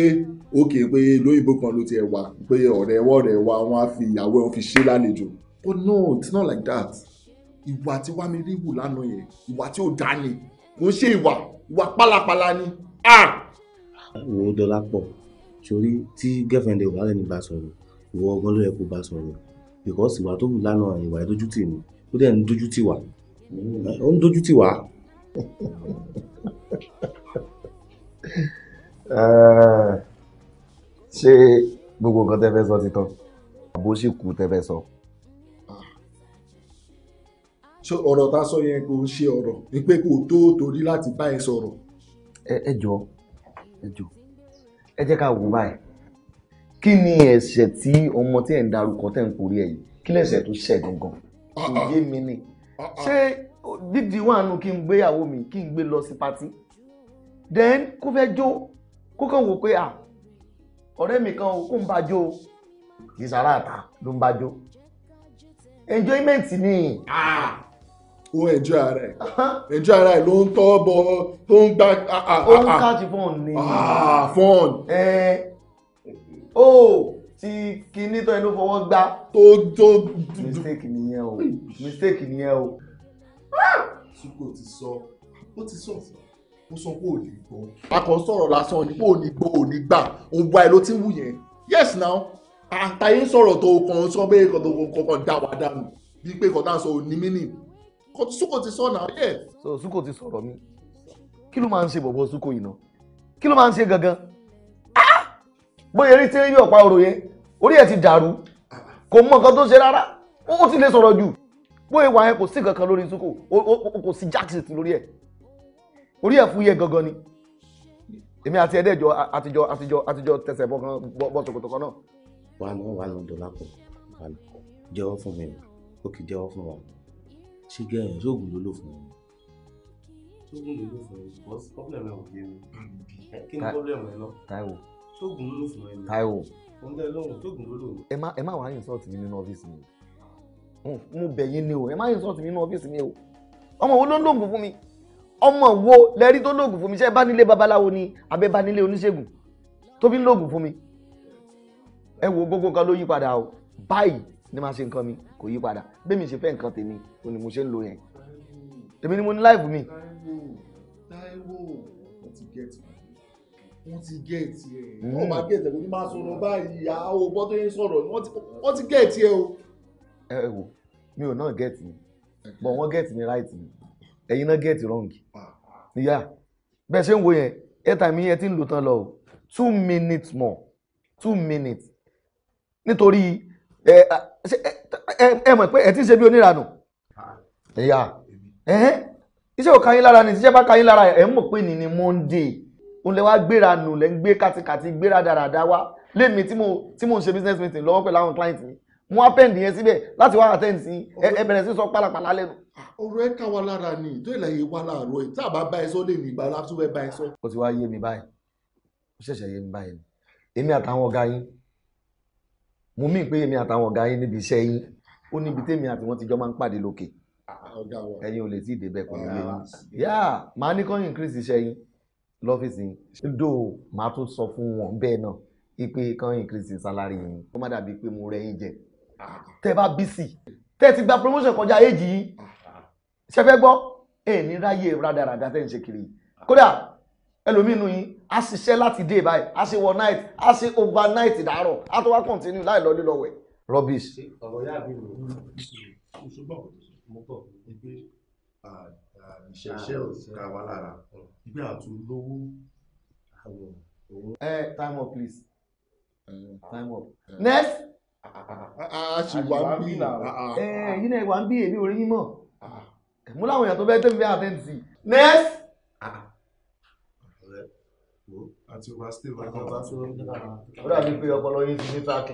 òkè pé lóyìnbó kan ló tiẹ̀ wà pé ọ̀rẹ́ ẹwọ́ ọ̀rẹ́ wa wọn á fi ìyàwó ẹ̀ fi ṣe lálejò but oh, no it's not like that ìwà tí wàá mi rí wù lánàá yẹn ìwà tí ò dá ni kò ń ṣe ìwà ìwà pálapàla ni. Ah! wo dọ́là pọ̀ sórí tí girlfriend ẹ̀ wà bá sọ̀rọ̀ ìwọ ọgbọ́n ló yẹ kó bá sọ̀rọ̀ because ìwà tó wù lánàá ìwà ìdójútì ni ó dẹ̀ ń dójútì wà ó ń dójútì wà ṣé gbogbo nǹkan tẹ́ fẹ́ sọ ti tán àbó sì kú tẹ́ fẹ́ sọ. ṣé ọ̀rọ̀ tá sọ yẹn kò ṣe ọ̀rọ̀ pé kò tó torí láti bá ẹ sọ̀rọ̀. ẹ jọ ẹ jọ ẹ jẹ́ ká wò báyìí kí ni ẹ̀ṣẹ̀ tí ọmọ tí ẹ̀ ń darúkọ tẹ̀ ń kórè ẹ̀ yìí kí lẹ̀ṣẹ̀ tó ṣẹ̀ gangan kò ah, ah. yé mi ni ah, ṣé dídì wà nù kí n gbé ìyàwó mi kí n gbé lọ sí patí then kó fẹ́ jó kó kàn wò pé à ọ̀rẹ́ mi kan kó ń bá jó ìsàrà àtà ló ń bá jó enjoyment ni. Ah, ó enjoy ara ẹ̀ uh-huh. enjoy ara ẹ̀ ló ń tọ́ bọ̀ tó ń gbá. Ah, ah, ó ń káàtì fọ́ọ̀n ni. fọ́ọ̀n. ó ti kinní tó ẹnu fọwọ́ gbá. tó tó. mistake nìyẹn o mistake nìyẹn o. Súkò ti sọ ó ti sọ ó sọ pé ò ní gbọ́ akọ sọ̀rọ̀ lásán ni pé ò ní gbọ́ ò ní gbà òun bá ẹ ló ń wù yẹn yes now àtàyè sọ̀rọ̀ tó kàn sọ pé kò tó kọ̀ọ̀kan dá wa dànù bí pé kò dáhùn sọ ò ní mínì Súkò ti sọ náà yẹ. so Súkò ti sọ̀rọ̀ mi kí ló máa ń ṣe bọ̀bọ̀ Súkò yìí náà kí ló máa ń ṣe gangan ah! bóyá eré tí yóò pa òròyé orí ẹ̀ ti dàrú ah, ah. kò mọ nǹkan tó ṣe rárá ó ti lè sọ̀rọ̀ jù bóyá wà yẹn kò sí kankan lórí zuko kò sí jackson lórí ẹ̀ orí ẹ̀ fún yẹ gangan ni èmi àti ẹ̀dẹ́jọ àtijọ́ àtijọ́ àtijọ́ tẹsẹ̀ bọ́ kan bọ́ tòkòtò kan náà. wà á nù wà á nù dọ́là pọ̀ wà á nù jẹ́wọ́ fún mi o kì í jẹ́wọ́ fún wa ṣé gẹ́yìn ṣóògùn ló lò fún mi. ṣóògùn ló lò fún mi because problem ẹ̀ ò yé mi kí ni problem ẹ̀ lọ. Táíwò ṣóògùn ló lò fún mi. Táíwò. ọ̀ndẹ̀ lọ́hùn ṣóògùn ló lò. ẹ má ẹ má wàá yín sọ́ọ̀tì nínú ọ́fíìsì mi mo bẹ̀ yín ni o ẹ má insult mi nínú ọ́fíìsì mi o ọmọ wo ló ń lòògùn fún mi ọmọ wo lẹ́rí tó lòògùn fún mi ṣé ẹ bá nílé babaláwo ni abẹ́ bá nílé oníṣègùn tó fi ń lòògùn fún mi ẹ wo gbogbo nǹkan ló yí padà o báyìí ni màá ṣe nǹkan mi kò yí padà bẹ́ẹ̀ mi ṣe fẹ́ nǹkan tèmi o ni mo ṣe ń lo yẹn èmi ni mo ní láìpù mi. Táíwò wọ́n ti gẹ̀ẹ́tì wọ́n ti gẹ̀ẹ́tì ẹ̀ hmm. wọ́n máa gẹ̀ẹ́tì ẹ̀ kò ní máa sọ̀rọ̀ báyìí àwọn ọgbọ́n tó ń sọ̀rọ̀ wọ́n ti gẹ̀ẹ́tì ẹ̀ o. ẹ wò mi ò náà get mi but wọ́n gẹ̀ẹ́tì mi right mi ẹ̀yin náà get wrong níyà ah. bẹ́ẹ̀ ṣe ń wo yẹn airtime yẹn ti ń lò tán lọ o two minutes more two minutes nítorí ẹ ẹ mọ̀ pé ẹ ti ń ṣe bí oníranù ẹ̀yà ah. ẹ̀hẹ́n iṣẹ́ ò kayín lára ni tíṣẹ́ bá kayín lára ẹ̀ ń mọ̀ pé ní ni Monday òun lè wá gbéra nù lẹ́ ń gbé kátikáti gbéra dáradára wá lèmi tí mo tí mo ń ṣe business meeting lọ́wọ́ pẹ̀lú àwọn client mi wọn á pẹ́ǹdì yẹn síbẹ̀ láti wá àtẹ́ǹdì sí ẹ bẹ̀rẹ̀ sí sọ pálapàla lẹ́nu. ọ̀rọ̀ ẹ ká wa lára ni tó ìlà yìí wá láàárọ̀ ẹ tá a bá bá ẹ sọ lè ní ìgbà láti wẹ bá ẹ sọ. ó ti wá yé mi báyìí ó ṣẹ̀ṣẹ̀ yé mi báyìí èmi àtàwọn ọ̀gá yín mo mí pé èmi àtàwọn ọ̀gá yín níbi iṣẹ́ yín ó níbi tèmi àti wọn ti jọ máa ń pàdé lókè ẹ̀yin ò lè tí ì débẹ̀ kò ní yé yá màá ní kọ́yìn increase iṣẹ́ yín lọ́fíìsì yín dò màá tún sọ increase salary yín kó má dàbí pé tẹ́ bá bísì tẹ́ ti gba promotion kọjá èjì yìí ṣe fẹ́ gbọ́ ẹ̀ ní ráyè rádaràdà tẹ́ ń ṣe kiri kódà ẹlòmínú yín a ṣiṣẹ́ láti dé báyìí a ṣe wọ night a ṣe overnight dàárọ̀ a tó wá continue láì lọ lílọ wẹ̀ rubbish. ọ̀rọ̀ yá mi rò ó ṣùgbọ́n mo bọ̀ pé ìṣẹ̀ṣẹ̀ ò ká wa lára ìgbé àtúnlówó àwọn. time up please time up. next a sì wà ń bí ah, ah, eh, ah. yín náà wà ń bí èmi orí yín mọ̀ mú láwọn èèyàn tó bẹ́ẹ̀ tẹ̀mí bẹ́ẹ̀ àtẹ́ǹtì. next. àti ọba steve àti ọba tó ń bá. ó dàbí pé ọpọlọ yín ti ní táàkì.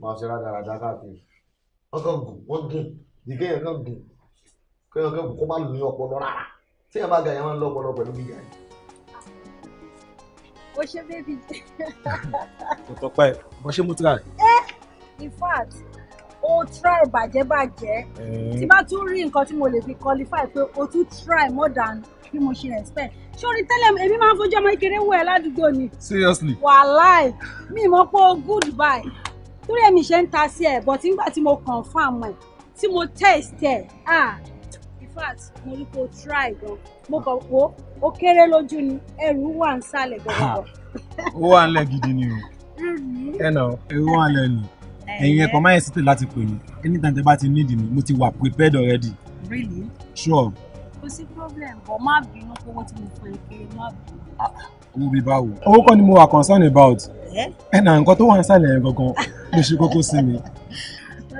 máa ṣe rádaràdá káàkiri wọ́n kàn gùn wọ́n gùn ìgbẹ́ yẹn kàn gùn kéèyàn kàn gùn kó má lù ní ọpọlọ rárá tí yẹn bá ga yẹn máa ń lọ ọpọlọ pẹ̀lú gíga yẹn o ṣe bébì. kò tọpẹ bó ṣe mú tíra. ẹ eh, in fact o try bàjẹ́bàjẹ́ eh. tí bá tún rí nǹkan tí mo lè fi qualify pé o tún try more than bí mo ṣe expect sórí tẹ́lẹ̀ èmi máa ń fojú ọmọ kékeré wò ẹ́ ládùúgbò ni. seriously. wàláì mi mọ̀ pé o good bye torí èmi ṣe ń ta sí ẹ̀ but nígbà tí mo confirm ẹ̀ tí mo test ẹ̀ ah fact mo rí kó try gan mo kàn wò ó kéré lójú ni ẹrù wà ń sálẹ̀ gbọ̀gbọ̀. ó wà ń lẹ̀ gidi ni o ẹ nà ẹrù wà ń lẹ̀ nù ẹ̀yin ẹ̀kọ́ máa yẹ síta láti pè mí anytime tẹ bá ti need mi mo ti wà prepared already. really sure. kò sí problem bọ̀ má bínú owó tí mo fún ẹ kéré má bínú. owó bíi báwo. owó kọ́ ni mo wà concerned about. ẹ nà nǹkan tó wà ń sàlẹ̀ yẹn gangan ló ṣe kókó sí mi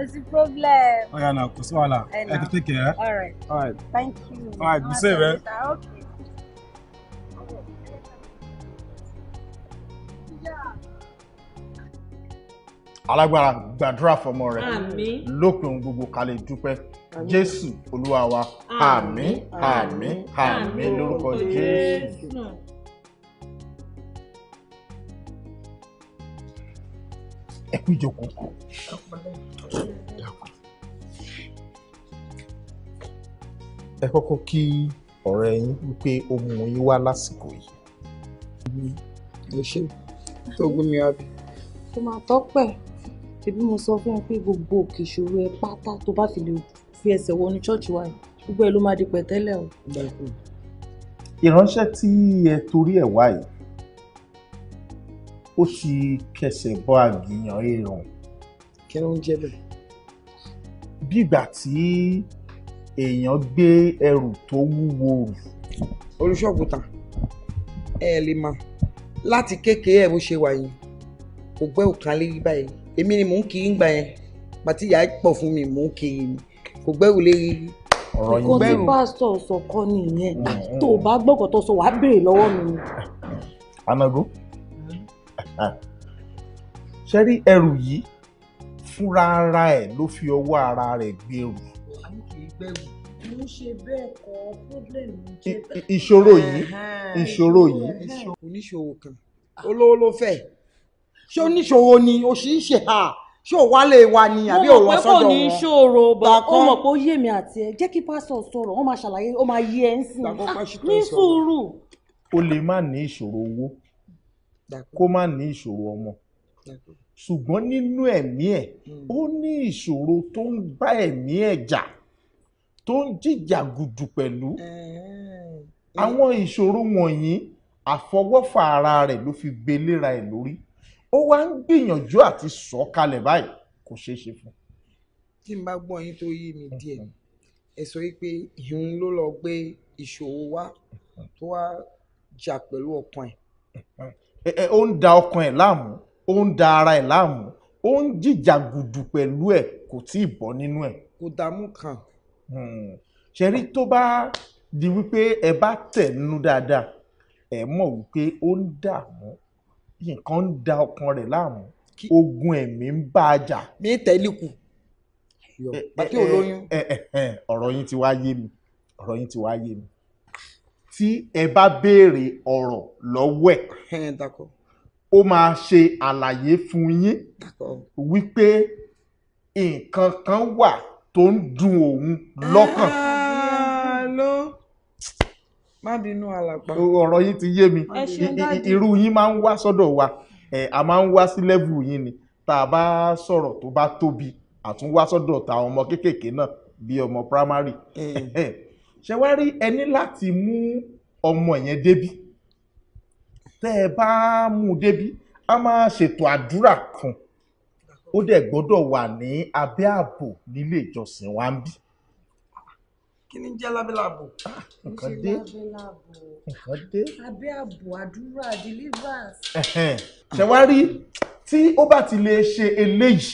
kò sí problem. Oh yeah, no, sí wàhálà ẹ ti take care. Eh? all right all right thank you. all right be safe ẹ. Eh? alágbára gbàdúrà fọmọ rẹ lópin gbogbo kalẹ̀ dúpẹ́ jésù olúwa wa àmín àmín àmín lórúkọ jésù. ẹ kú ìjókòó. ẹ kọ́kọ́ kí ọ̀rẹ́ yín wípé ó mú yín wá lásìkò yìí. ẹ ṣe tó gún mi àbí. kò máa tọ́pẹ̀ tèmi mo sọ fún ẹ pé gbogbo òkè ìṣòro ẹ pátá tó bá fi lè fi ẹsẹ̀ wọnú ṣọ́ọ̀ṣì wa yìí gbogbo ẹ ló máa di pẹ̀tẹ́lẹ̀ o. ìránṣẹ́ tí ẹ torí ẹ̀ wá yìí ó ti kẹsẹ̀ bọ́ àgbìyàn èèrùn. kí ló ń jẹ́ bẹ́ẹ̀. bí ìgbà tí èèyàn gbé ẹrù tó wúwo rù. olùṣọ́gùtà ẹ lè máa láti kékeré ẹ̀ bó ṣe wà yìí kò gbẹ́ òkan lérí báyìí èmi ni mò ń kiri ńgbà yẹn bàtí ìyá pọ̀ fún mi mò ń kiri ni kò gbẹ́rù lérí ọ̀rọ̀ yìí bẹ́ẹ̀ nǹkan tí pásítọ̀ sọ kọ́ nìyẹn mm-hmm. tó o bá gbọ́kàn sọ wàá béèrè lọ́wọ́ mi. anago hàn ah. ṣe rí ẹrù yìí fúnra ara ẹ̀ ló fi ọwọ́ ara rẹ̀ gbé ẹrù. mo ṣe bẹ́ẹ̀ kọ́ problem jẹ́ bẹ́ẹ̀. ìṣòro yìí ìṣòro yìí. oníṣòwò kan olówó ló fẹ́ ṣé oníṣòwò ni òṣìṣẹ́ ha ṣé ò wálé wa ni àbí ò lọ sọ́dọ̀ wọn. mo mọ̀ pé kò ní ṣòro bọ̀ ó mọ̀ pé ó yé mi àti ẹ jẹ́ kí pásítọ̀ sọ̀rọ̀ wọ́n máa ṣàlàyé ó máa yé ẹ ń sìn ní sùúrù. o lè má ní ìṣòro owó kó má ní ìṣòro ọmọ ṣùgbọ́n nínú ẹ̀mí ẹ̀ hmm. ó ní ìṣòro tó ń bá ẹ̀mí ẹ̀ jà tó ń jìjà gùdù pẹ̀lú àwọn ìṣòro wọ̀nyí àfọwọ́fà ara rẹ̀ ló fi gbéléra ẹ̀ lórí ó wá ń gbìyànjú àti sọ kalẹ̀ báyìí kò ṣeé ṣe fún. tí n bá gbọ́ yín tó yé mi díẹ̀ ẹ sọ pé ìhun ló lọ gbé ìṣòro wá tó wá jà pẹ̀lú ọkàn ẹ̀ ó ń da ọkàn ẹ̀ láàmú ó ń da ara ẹ̀ láàmú ó ń jìjàgùdù pẹ̀lú ẹ̀ kò tí ì bọ́ nínú ẹ̀. kò dààmú kan. Hmm. ṣẹ̀rí tó bá di wípé ẹ bá tẹ̀ nínú dáadáa ẹ mọ̀ wípé ó ń dààmú nǹkan ń da ọkàn rẹ̀ láàmú ogun ẹ̀mí ń bá a jà. mi tẹ́lẹ̀ kù bàtí olóyún. ọ̀rọ̀ yín ti wá yé mi ọ̀rọ̀ yín ti wá yé mi tí ẹ bá béèrè ọ̀rọ̀ lọ́wọ́ ẹ̀ ó máa ṣe àlàyé fún yín wípé nǹkan kan wà tó ń dùn òun lọ́kàn. má bínú alàpá. ọ̀rọ̀ yìí ti yé mi irú yín máa ń wá sọ́dọ̀ wa a máa ń wá sí lẹ́vù yín ni tá a bá sọ̀rọ̀ tó bá tóbi àtúnwá sọ́dọ̀ ta ọmọ kéékèèké náà bíi ọmọ primary ṣe wá rí ẹ ní láti mú ọmọ yẹn débí tẹ́ ẹ bá mú un débí a máa ṣètò àdúrà fún ó dẹ̀ gbọ́dọ̀ wà ní abẹ́ ààbò nílé ìjọsìn wa ń bí. kí ni jẹ́ lábẹ́ ààbò. nǹkan dé nǹkan dé. abẹ́ ààbò àdúrà deliverance. ṣe wá rí tí ó bá ti lè ṣe eléyìí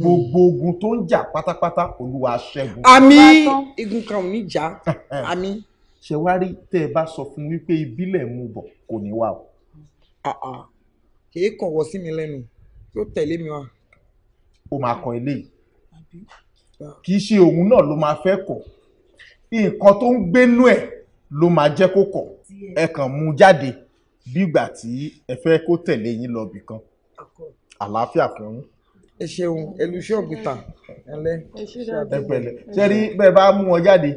gbogbo ogun tó ń jà pátápátá olúwa ṣẹ́gun. àmì igun kan ò ní jà àmì. ṣe wá rí tẹ́ ẹ bá sọ fún wípé ìbílẹ̀ mu bọ̀ kò ní wà o. Ah, ah. kìí kàn wọ sí mi lẹ́nu yóò tẹ̀lé mi wá. ó máa kan eléyìí kì í ṣe òun náà ló máa fẹ́ kọ̀ nǹkan tó ń gbénú ẹ̀ ló máa jẹ́ kó kọ̀ ẹ kàn mú jáde bí ìgbà tí ẹ fẹ́ kó tẹ̀lé yín lọ bìkan àlàáfíà fún yín ẹ ṣeun elusion bitter ẹlẹ ẹ pẹ̀lẹ́ ṣe rí bẹ́ẹ̀ bá mú wọn jáde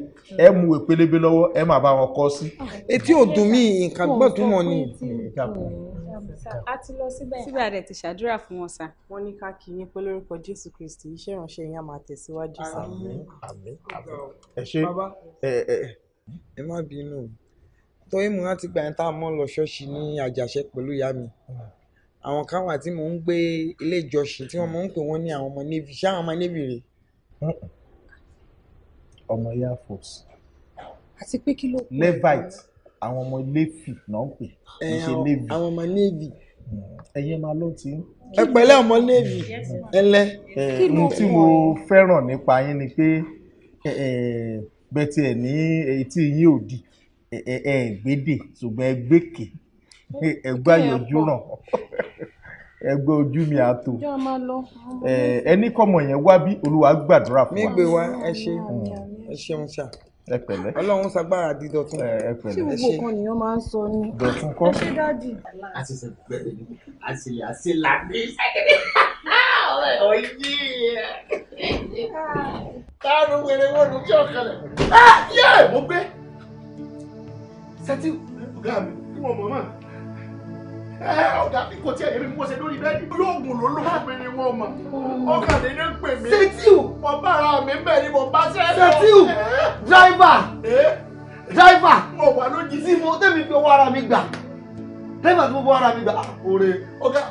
ẹ mú ìwé pélébé lọ́wọ́ ẹ má bá wọn kọ sí. Ah. etí ò dùn mí nǹkan gbọ́n tún wọn ni. a ti lọ síbẹ̀. síbẹ̀ àdẹ̀ ti ṣàdúrà fún wọn sá. wọ́n ní ká kí yín pé lórúkọ jésù kristi iṣẹ́ ìránṣẹ́ yín á máa tẹ̀síwájú sá. àmín àmín ẹ ṣe ẹ má bínú torí mo rántí gbà yẹn tá a mọ lọ ṣọ́ọ̀ṣì ní àjàṣe pẹ̀lú ìyá mi àwọn kan wà tí mò ń gbé ilé ìjọsìn tí wọ́n mọ̀ ń pè wọ́n ní àwọn ọmọ navy ṣé àwọn ọmọ navy rèé. ọmọ air force. àti pé kí ló. levite àwọn ọmọ lefi náà ń pè kì í ṣe navy. àwọn ọmọ navy. Mm. ẹyin máa ló ti. ẹ pẹ̀lẹ́ ọmọ navy ẹlẹ. ohun tí mo fẹ́ràn nípa yín ni pé bẹ́ẹ̀ tiẹ̀ ní etí yín ò di ẹ̀ẹ́gbẹ́dẹ̀ ṣùgbọ́n ẹgbẹ́kẹ̀ẹ́ ẹgbẹ́ àyòjú ràn ẹgbẹ́ ojú mi àtò ẹni kọ́mọ yẹn wá bí olúwa gbàdúrà fún wa. mi gbé wa ẹ ṣe hmm. ẹ ṣeun ṣá ẹ pẹ̀lẹ́ Ọlọ́run sagbára di dọ̀tun ẹ pẹ̀lẹ́ ẹ ṣe tí gbogbo kan nìyẹn máa ń sọ ni dọ̀tun kọ ẹ ṣe dáàdì. a ti sẹ gbẹdẹ a ti yà sí làbí sẹkẹdẹ ọyí táàrù wẹrẹ wọnú kí ọkàlẹ ah, yẹ mo gbé sẹtí ọgá mi kí wọn mọ náà ẹ eh, ọ̀dà bí kò tiẹ̀ èmi mo ṣe lórí bẹ́ẹ̀ni bí oògùn ló lò fún mi ni wọ́n mọ̀ ọkàn ní ní pè mí Ṣètìù mo bá ara mi bẹ̀ ni mo bá ṣẹ́ lọ Ṣètìù dráìvà dráìvà mo wà lójijì tí mo tẹ́mi fi owó ara mi gbà dráìvà tí mo fi owó ara mi gbà òre ah, ọ̀gá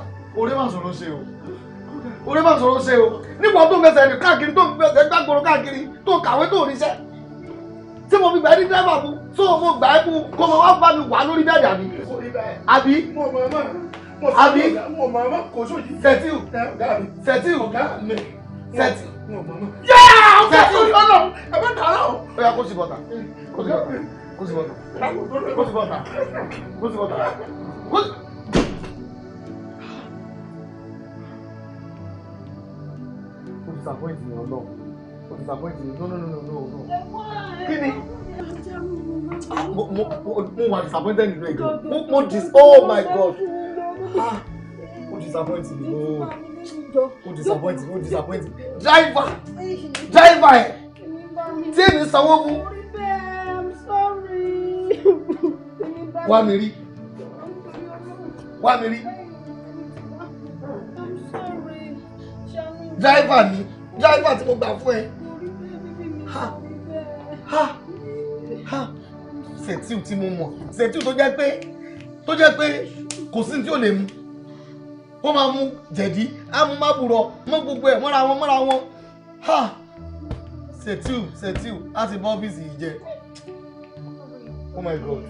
òre máa sọ̀rọ̀ ṣe o òre máa sọ̀rọ̀ ṣe o nípa tó ń fẹsẹ̀ rìn mo fi gbà ẹ́ fún tó mo gbà fún bá mi wà lórí bẹ́ẹ̀ dàbí àbí àbí sẹtíù sẹtíù sẹtíù yáà ó fẹ́ sórí ọ̀nà ẹ bá dàrá o. ó yá kó sì bọ̀tà kó sì bọ̀tà kó sì bọ̀tà kó sì bọ̀tà kó sì bọ̀tà kó sì. ó ti sàpọ́ǹtì ní ọlọ́run ó ti sàpọ́ǹtì ní no no no no no. kí ni mo wà disappointed nínú ẹ̀gbọ́n mo mo dis oh my god ah mo disappoint mi o mo disappoint mo disappoint driver driver ẹ tí èmi sanwó fún wá mi rí wá mi rí driver mi driver tí mo gbà fún ẹ ha ha. Sẹ̀tíù tí mo mọ̀ Sẹ̀tíù tó jẹ́ pé tó jẹ́ pé kò sí tí ò lè mu ó máa mu jẹ̀dí á mu mábùrọ̀ mọ́ gbogbo ẹ̀ mọ́ra wọn mọ́ra wọn Sẹ̀tíù Sẹ̀tíù á ti bọ́ ọ́fíìsì yìí Oh my God.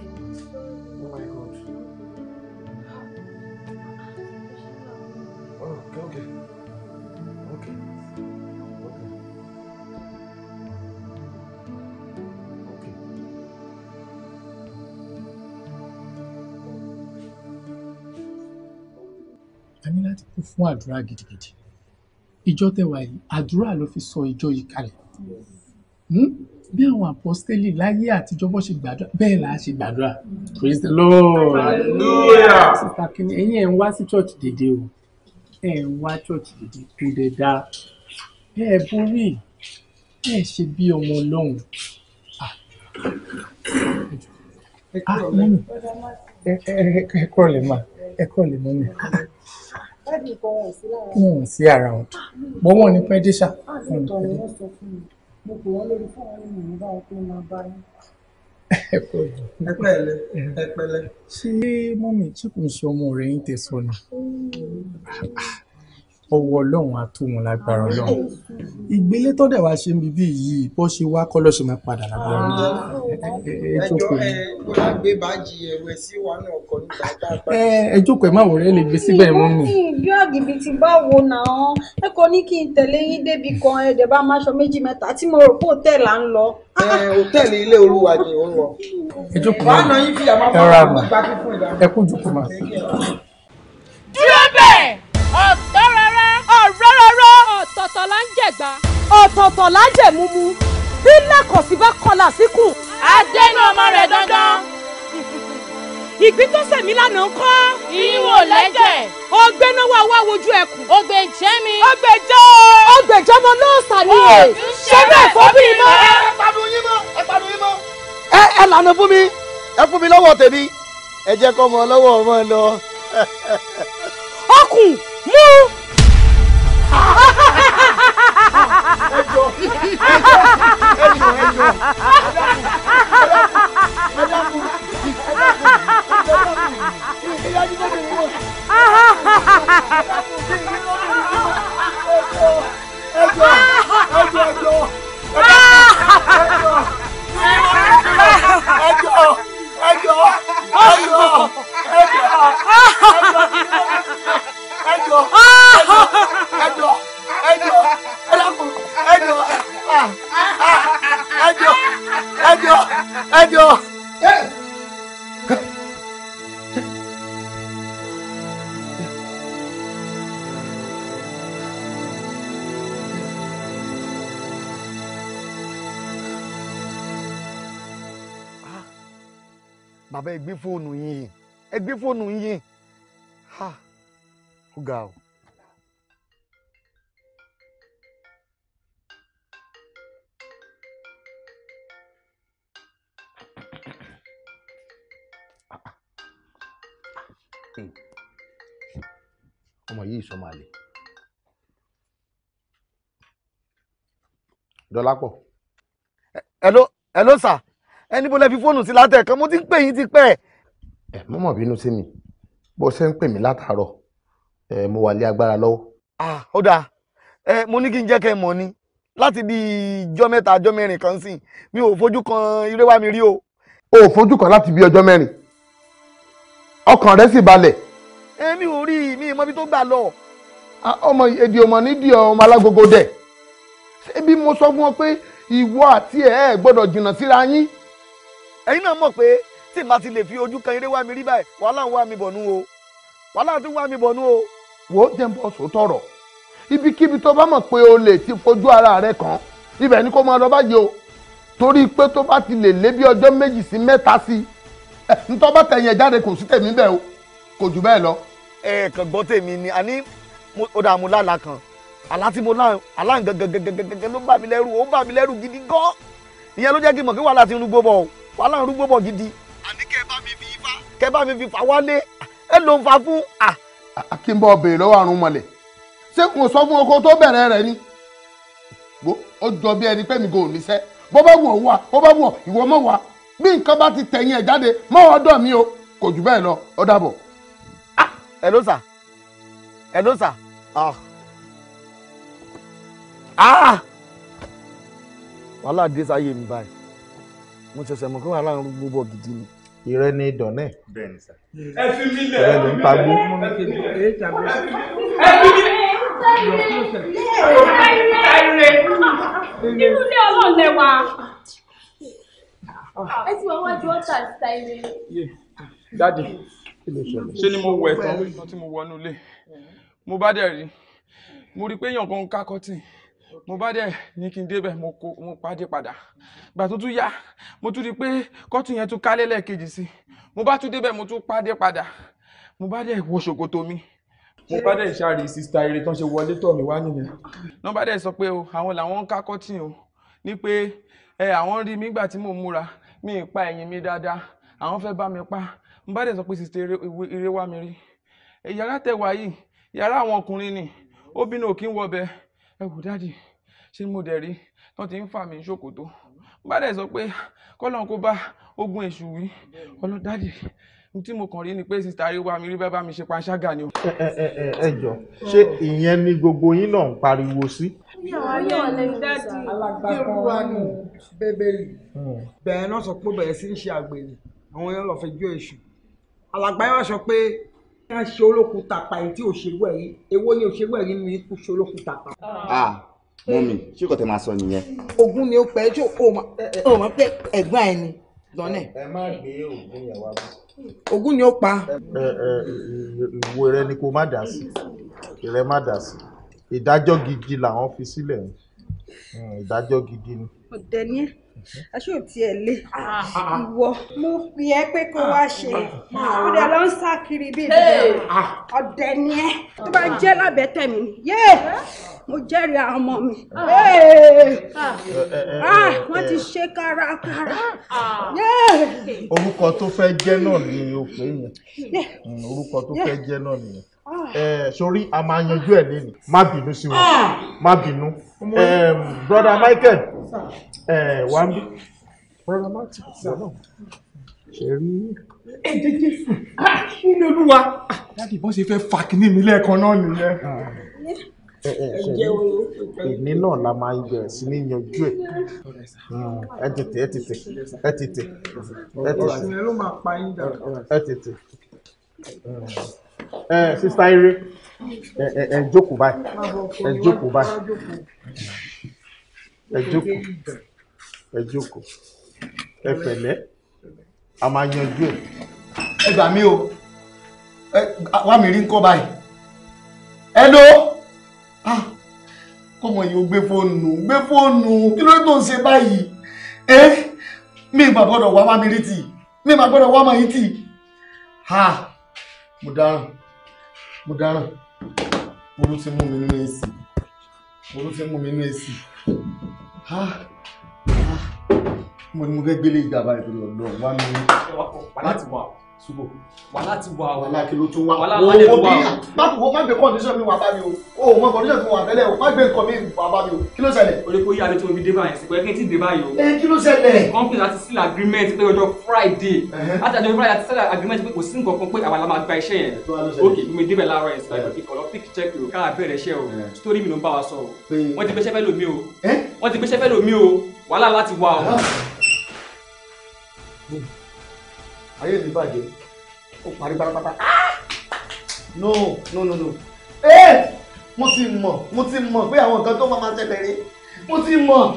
kún fún àdúrà gidigidi ìjọ tẹwà yìí àdúrà ló fi sọ ìjọ yìí kalẹ̀ hm? bí àwọn apọ́sítélì láyé àtijọ́ bọ́ ṣe gbàdúrà bẹ́ẹ̀ là á ṣe gbàdúrà praise the lord hallelujah sister kini ẹ̀yin ẹ̀ ń wá sí church dédé o ẹ̀ ń wá church dédé kò dẹ̀ da ẹ̀ borí ẹ̀ ṣe bí ọmọ ọlọ́run ẹ̀ kọ́ lè má ẹ̀ kọ́ lè mọ́ mi dáàbì gan wọn ò sí lára wọn. wọn ò sí ara wọn bọ́ ah, wọn ní pẹ́ díṣà. àlùtọ̀ ni wọ́n sọ fún mi mo pè wọ́n lórí fóònù mi ní báwọn pé máa bá yín. ẹ pẹ̀lẹ́ ẹ pẹ̀lẹ́. ṣé mọ́mí tí kò ń ṣe ọmọ rẹ̀ ń tẹ̀ sọnù ọwọ́ ọlọ́run á lágbára ah, ọlọ́run ìgbélé tó dẹ̀ wá ṣe ń bíbí yìí bó ṣe wá kọ́ lọ́sẹ̀ máa padà lágbára ah, ọlọ́run. ẹjọ́ ẹ kó lágbé bá jí sí wa náà ẹ jókòó ẹ má wọrẹ lè gbé síbẹ̀ mọ́ mi. bí àgìbì ti bá wo náà ẹ kò ní kí n tẹ̀lé yín débi kan ẹ bá máṣọ méjì mẹ́ta tí mo rò pé òtẹ́ẹ̀lì à ń lọ. òtẹ́ẹ̀lì ilé olúwa ni ò ń lọ. ẹ jókòó máa ẹ rà mà ẹ kú jókòó mà. dúró bẹ́ẹ̀ ọ̀tọ̀ rárá ọ̀rọ̀ rárá ọ̀tọ̀tọ̀ là ń jẹ̀gbá ọ̀tọ̀tọ̀ là ń jẹ̀múmú bí lákọ̀sí bá kọlà ìgbín tó sẹ̀mí lánàá ńkọ́. ìwò lẹ́jẹ̀. ọgbẹ́ náà wà wá wojú ẹkùn. ọgbẹ́ jẹ́ mi. ọgbẹ́ jẹ́ o. ọgbẹ́ jẹ́ mo náà sàní ẹ̀. ṣé bẹ́ẹ̀ fọ́bìrì mọ́. ẹ pàdù yín mọ́ ẹ pàdù yín mọ́. ẹ ẹ lànà fún mi ẹ fún mi lọ́wọ́ tèmi ẹ jẹ́ kọ́ mọ lọ́wọ́ ọmọ lọ. ọkùn mú. ha ha ha ha ha ha ha ha ha ha ha ha ha ha ẹjọ ẹjọ bàbá ẹ gbé fóònù yín ẹ gbé fóònù yín ha ó ga o. ọmọ yìí sọmọ àlè dọlápọ̀. hello hello sir ẹni bó lẹ fi fóònù sí látẹ̀kan mo ti ń pè yín ti pẹ́. ẹ mọ mọ bínú sí mi bó ṣe ń pè mí látàárọ̀ ẹ mo wà lé agbára lọ́wọ́. ah ó dáa ẹ mo ní kí n jẹ́ kẹ́ ẹ mọ̀ ni láti bí ijọ́ mẹ́ta ijọ́ mẹ́rin kan sìn mi ò fojú kan iré wa mi rí o. o ò fojú kan láti bí ọjọ́ mẹ́rin ọkàn rẹ sì balẹ̀. ẹ mi ò rí mi ìmọ̀ bí tó gbà lọ. ọmọ èdè ọmọ nídìí ọmọ alágogo dẹ̀ ṣé bí mo sọ fún ọ pé ìwọ àti ẹ ẹ jìnnà síra yín ẹ̀yin náà mọ̀ pé tí màá ti lè fi ojú kan eré wá mi rí báyìí wàhálà ń wá mi bọ̀ o wàhálà tún wá mi bọ̀ nú o. wò ó jẹ́ ń bọ́ sòótọ́ rọ̀ ibikíbi tó bá mọ̀ pé o lè ti fojú ara rẹ kàn ibẹ̀ ni kó máa lọ báyìí o torí pé tó bá ti lè lé bí ọjọ́ méjì sí mẹ́ta sí ntọ́ bá tẹ̀yìn ẹ̀ jáde kò sí tèmi bẹ́ẹ̀ o kò jù bẹ́ẹ̀ lọ. ẹ kàn gbọ́ tèmi ni àní ó dàá mo lálàá kan àlá tí mo lá àlá gangan gangan gangan ló ń bà mí lẹ́rù ó ń bà mí lẹ́rù gidi gan ìyẹn ló jẹ́ wàhálà ń rúgbó bọ̀ gidi. àní kẹ́ ẹ bá mi fi ifá. kẹ́ ẹ bá mi fi fà wálé ẹ ló ń fa fún. akínbọ̀ béèrè lọ́wọ́ àrùn mọ̀lẹ̀ ṣé kò sọ fún oko tó bẹ̀rẹ̀ rẹ̀ ni ó jọ bí ẹni pé mi kò níṣẹ́ bó bá wù ọ́ wà bó bá wù ọ́ ìwọ mọ̀ wà bí nǹkan bá ti tẹ̀yìn ẹ̀ jáde mọ́ ọ̀dọ̀ mi o kò jù bẹ́ẹ̀ lọ ó dàbọ̀. ẹ ló sà ẹ ló sà wàhálà dé sáyé mi báyìí mo ṣẹ̀ṣẹ̀ mọ̀ pé wàhálà ń rúgbó gidi ni. ìrẹ́ ni dọ̀nẹ́. bẹ́ẹ̀ni sà. ẹ fi mi lẹ̀ ẹ fi mi lẹ̀ ẹ fi mi lẹ̀ ẹ fi mi lẹ̀ nínú ilé ọlọ́ọ̀lẹ̀ wa ẹ ti wọ́n wájú ọ̀tà síta ire. dáàdì ṣé ni mo wẹ̀ tán tí mo wọnú ilé mo bá dẹ̀ rí mo rí i pé èèyàn kan ń ká kọ́tìn mo bá dẹ̀ ní kí n débẹ̀ mo kó mo pàdé padà gbà tó tún yá mo tún rí i pé kọ́tù yẹn tún kálẹ̀ lẹ́ẹ̀kejì sí mo bá tún débẹ̀ mo tún pàdé padà mo bá dẹ̀ wọ ṣòkòtò mi mo bá dẹ̀ ṣàrí sista eré tán ṣe wọlé tọ̀ mí wá nìyẹn náà bá dẹ̀ sọ pé o àwọn làwọn ń ká kọ́tì o ní pé ẹ àwọn rí mi gbà tí mo múra mi ì pa ẹ̀yìn mi dáadáa àwọn fẹ́ bá mi pa mo bá dẹ̀ sọ pé sista eré wá mi rí yàrá tẹwàá yìí yàrá àwọn ọkùnrin ni obìnrin ò kí ń wọbẹ̀ ẹ wò dáàdì ṣé mo dẹ̀ rí tán ti ń fà mí ṣòkòtò bá dẹ̀ sọ pé kọ́lọ́n kó bá ogun èṣù wí ọlọ́ dáàdì tí mo kàn rí ni pé sista ayé wa mi rí bẹ́ẹ̀ bá mi ṣe panṣágà ni o. ẹ ẹ ẹ ẹ jọ ṣé ìyẹn ni gbogbo yín náà ń pariwo sí. alagbakan bẹbẹrì bẹ́ẹ̀ náà sọ pé bẹ̀rẹ̀ sí ń ṣe àgbèrè àwọn yẹn lọ fẹjọ́ èṣù alàgbà sọ pé ká ṣe olókùn tàpá èyí tí ò ṣe wẹ̀ yìí èwo ni ò ṣe wẹ̀ yìí ni kò ṣe olókùn tàpá. Ah, ah, mọ́mì ṣé kò tẹ́ máa sọ nìyẹn. ogun ni ó pẹ́ tí o mọ̀ pé ẹ̀gbọ́n ẹ̀ ni lọ́nà. ẹ má gbé ogun yẹn wá bá. ogun ni ó pa. ìwé rẹ ni kò má dà sí ìrẹ má dà sí ìdájọ́ gidi làwọn fi sílẹ̀ hmm, ìdájọ́ gidi ni. ọ̀dẹ̀ ni ẹ́ aṣọ òtí ẹ lé ah. ìwọ mo fi ẹ pé kó wá ṣe ah. ó dẹ lọ ń sá kiri bí ìbílẹ̀ ọ̀dẹ ah. ni ẹ tó bá jẹ́ lábẹ́ tẹ̀mí yé mo jẹ́rìí àwọn ọmọ mi eh, eh, eh, wọ́n ti ṣe kárakára. orúkọ tó fẹ́ jẹ́ náà ni o pè yẹn hmm, orúkọ tó fẹ́ jẹ́ náà nìyẹn sórí a máa yanjú ẹ̀ lẹ́nu má bínú sí wọn má bínú um, brother Michael wà ń bí brother Michael wà náà ṣe rí. ẹ jẹjẹ nínú olúwa láti bọ́ ṣe fẹ́ fa kínní mi lẹ́ẹ̀kan náà nìyẹn. Èmi náà la máa bẹ̀rẹ̀ sí ní yanjú ẹ̀. Ẹ tètè ẹ tètè ẹ tètè ẹ tètè ẹ tètè. Sista Ire ẹ ẹ jókòó báyìí ẹ jókòó báyìí ẹ jókòó ẹ jókòó ẹ pẹ̀lẹ́ a máa yanjú ẹ. ẹ gbà mí o ẹ wá mi rí ń kọ́ báyìí ẹ ló ah, kọ́mọ yìí ó gbé fóònù gbé fóònù kí ló tó ń ṣe báyìí ẹ mi ìgbà gbọ́dọ̀ wá wá mi rí tì mi ìgbà gbọ́dọ̀ wá máa yí tì ha mo dáràn mo dáràn. Olú ti mú mi nínú èsì. Olú ti mú mi nínú èsì. Mo ní mo fẹ́ gbélé ìgbà báyìí torí ọ̀dọ́ mi. Láti wà ṣùgbọ́n wàhálà ti wà o. wàhálà kí ló tún wà. wàhálà máa wà o. báwo má gbé condition mi wà bá o o mọ condition mi wà tẹ́lẹ̀ o má gbé nǹkan mi wà bá o kí ló ṣẹlẹ̀. o lè kó yíyá tó omi dé báyìí sí pé kí n ti dé báyìí o. ẹ eh, kí ló ṣẹlẹ̀. company láti seal agreement pé ọjọ́ friday láti àjọ friday láti seal agreement pé kò sí nǹkan kan pé àwa la máa gba iṣẹ́ yẹn. ok mi débẹ̀ láàárọ̀ yẹn síbẹ̀ ìkọ̀lọ́ check o káà ayé mi bàjẹ́ ó parí pátápátá no no no no ee mo ti mọ̀ mo ti mọ̀ pé àwọn nǹkan tó máa máa ṣẹlẹ̀ rí mo ti mọ̀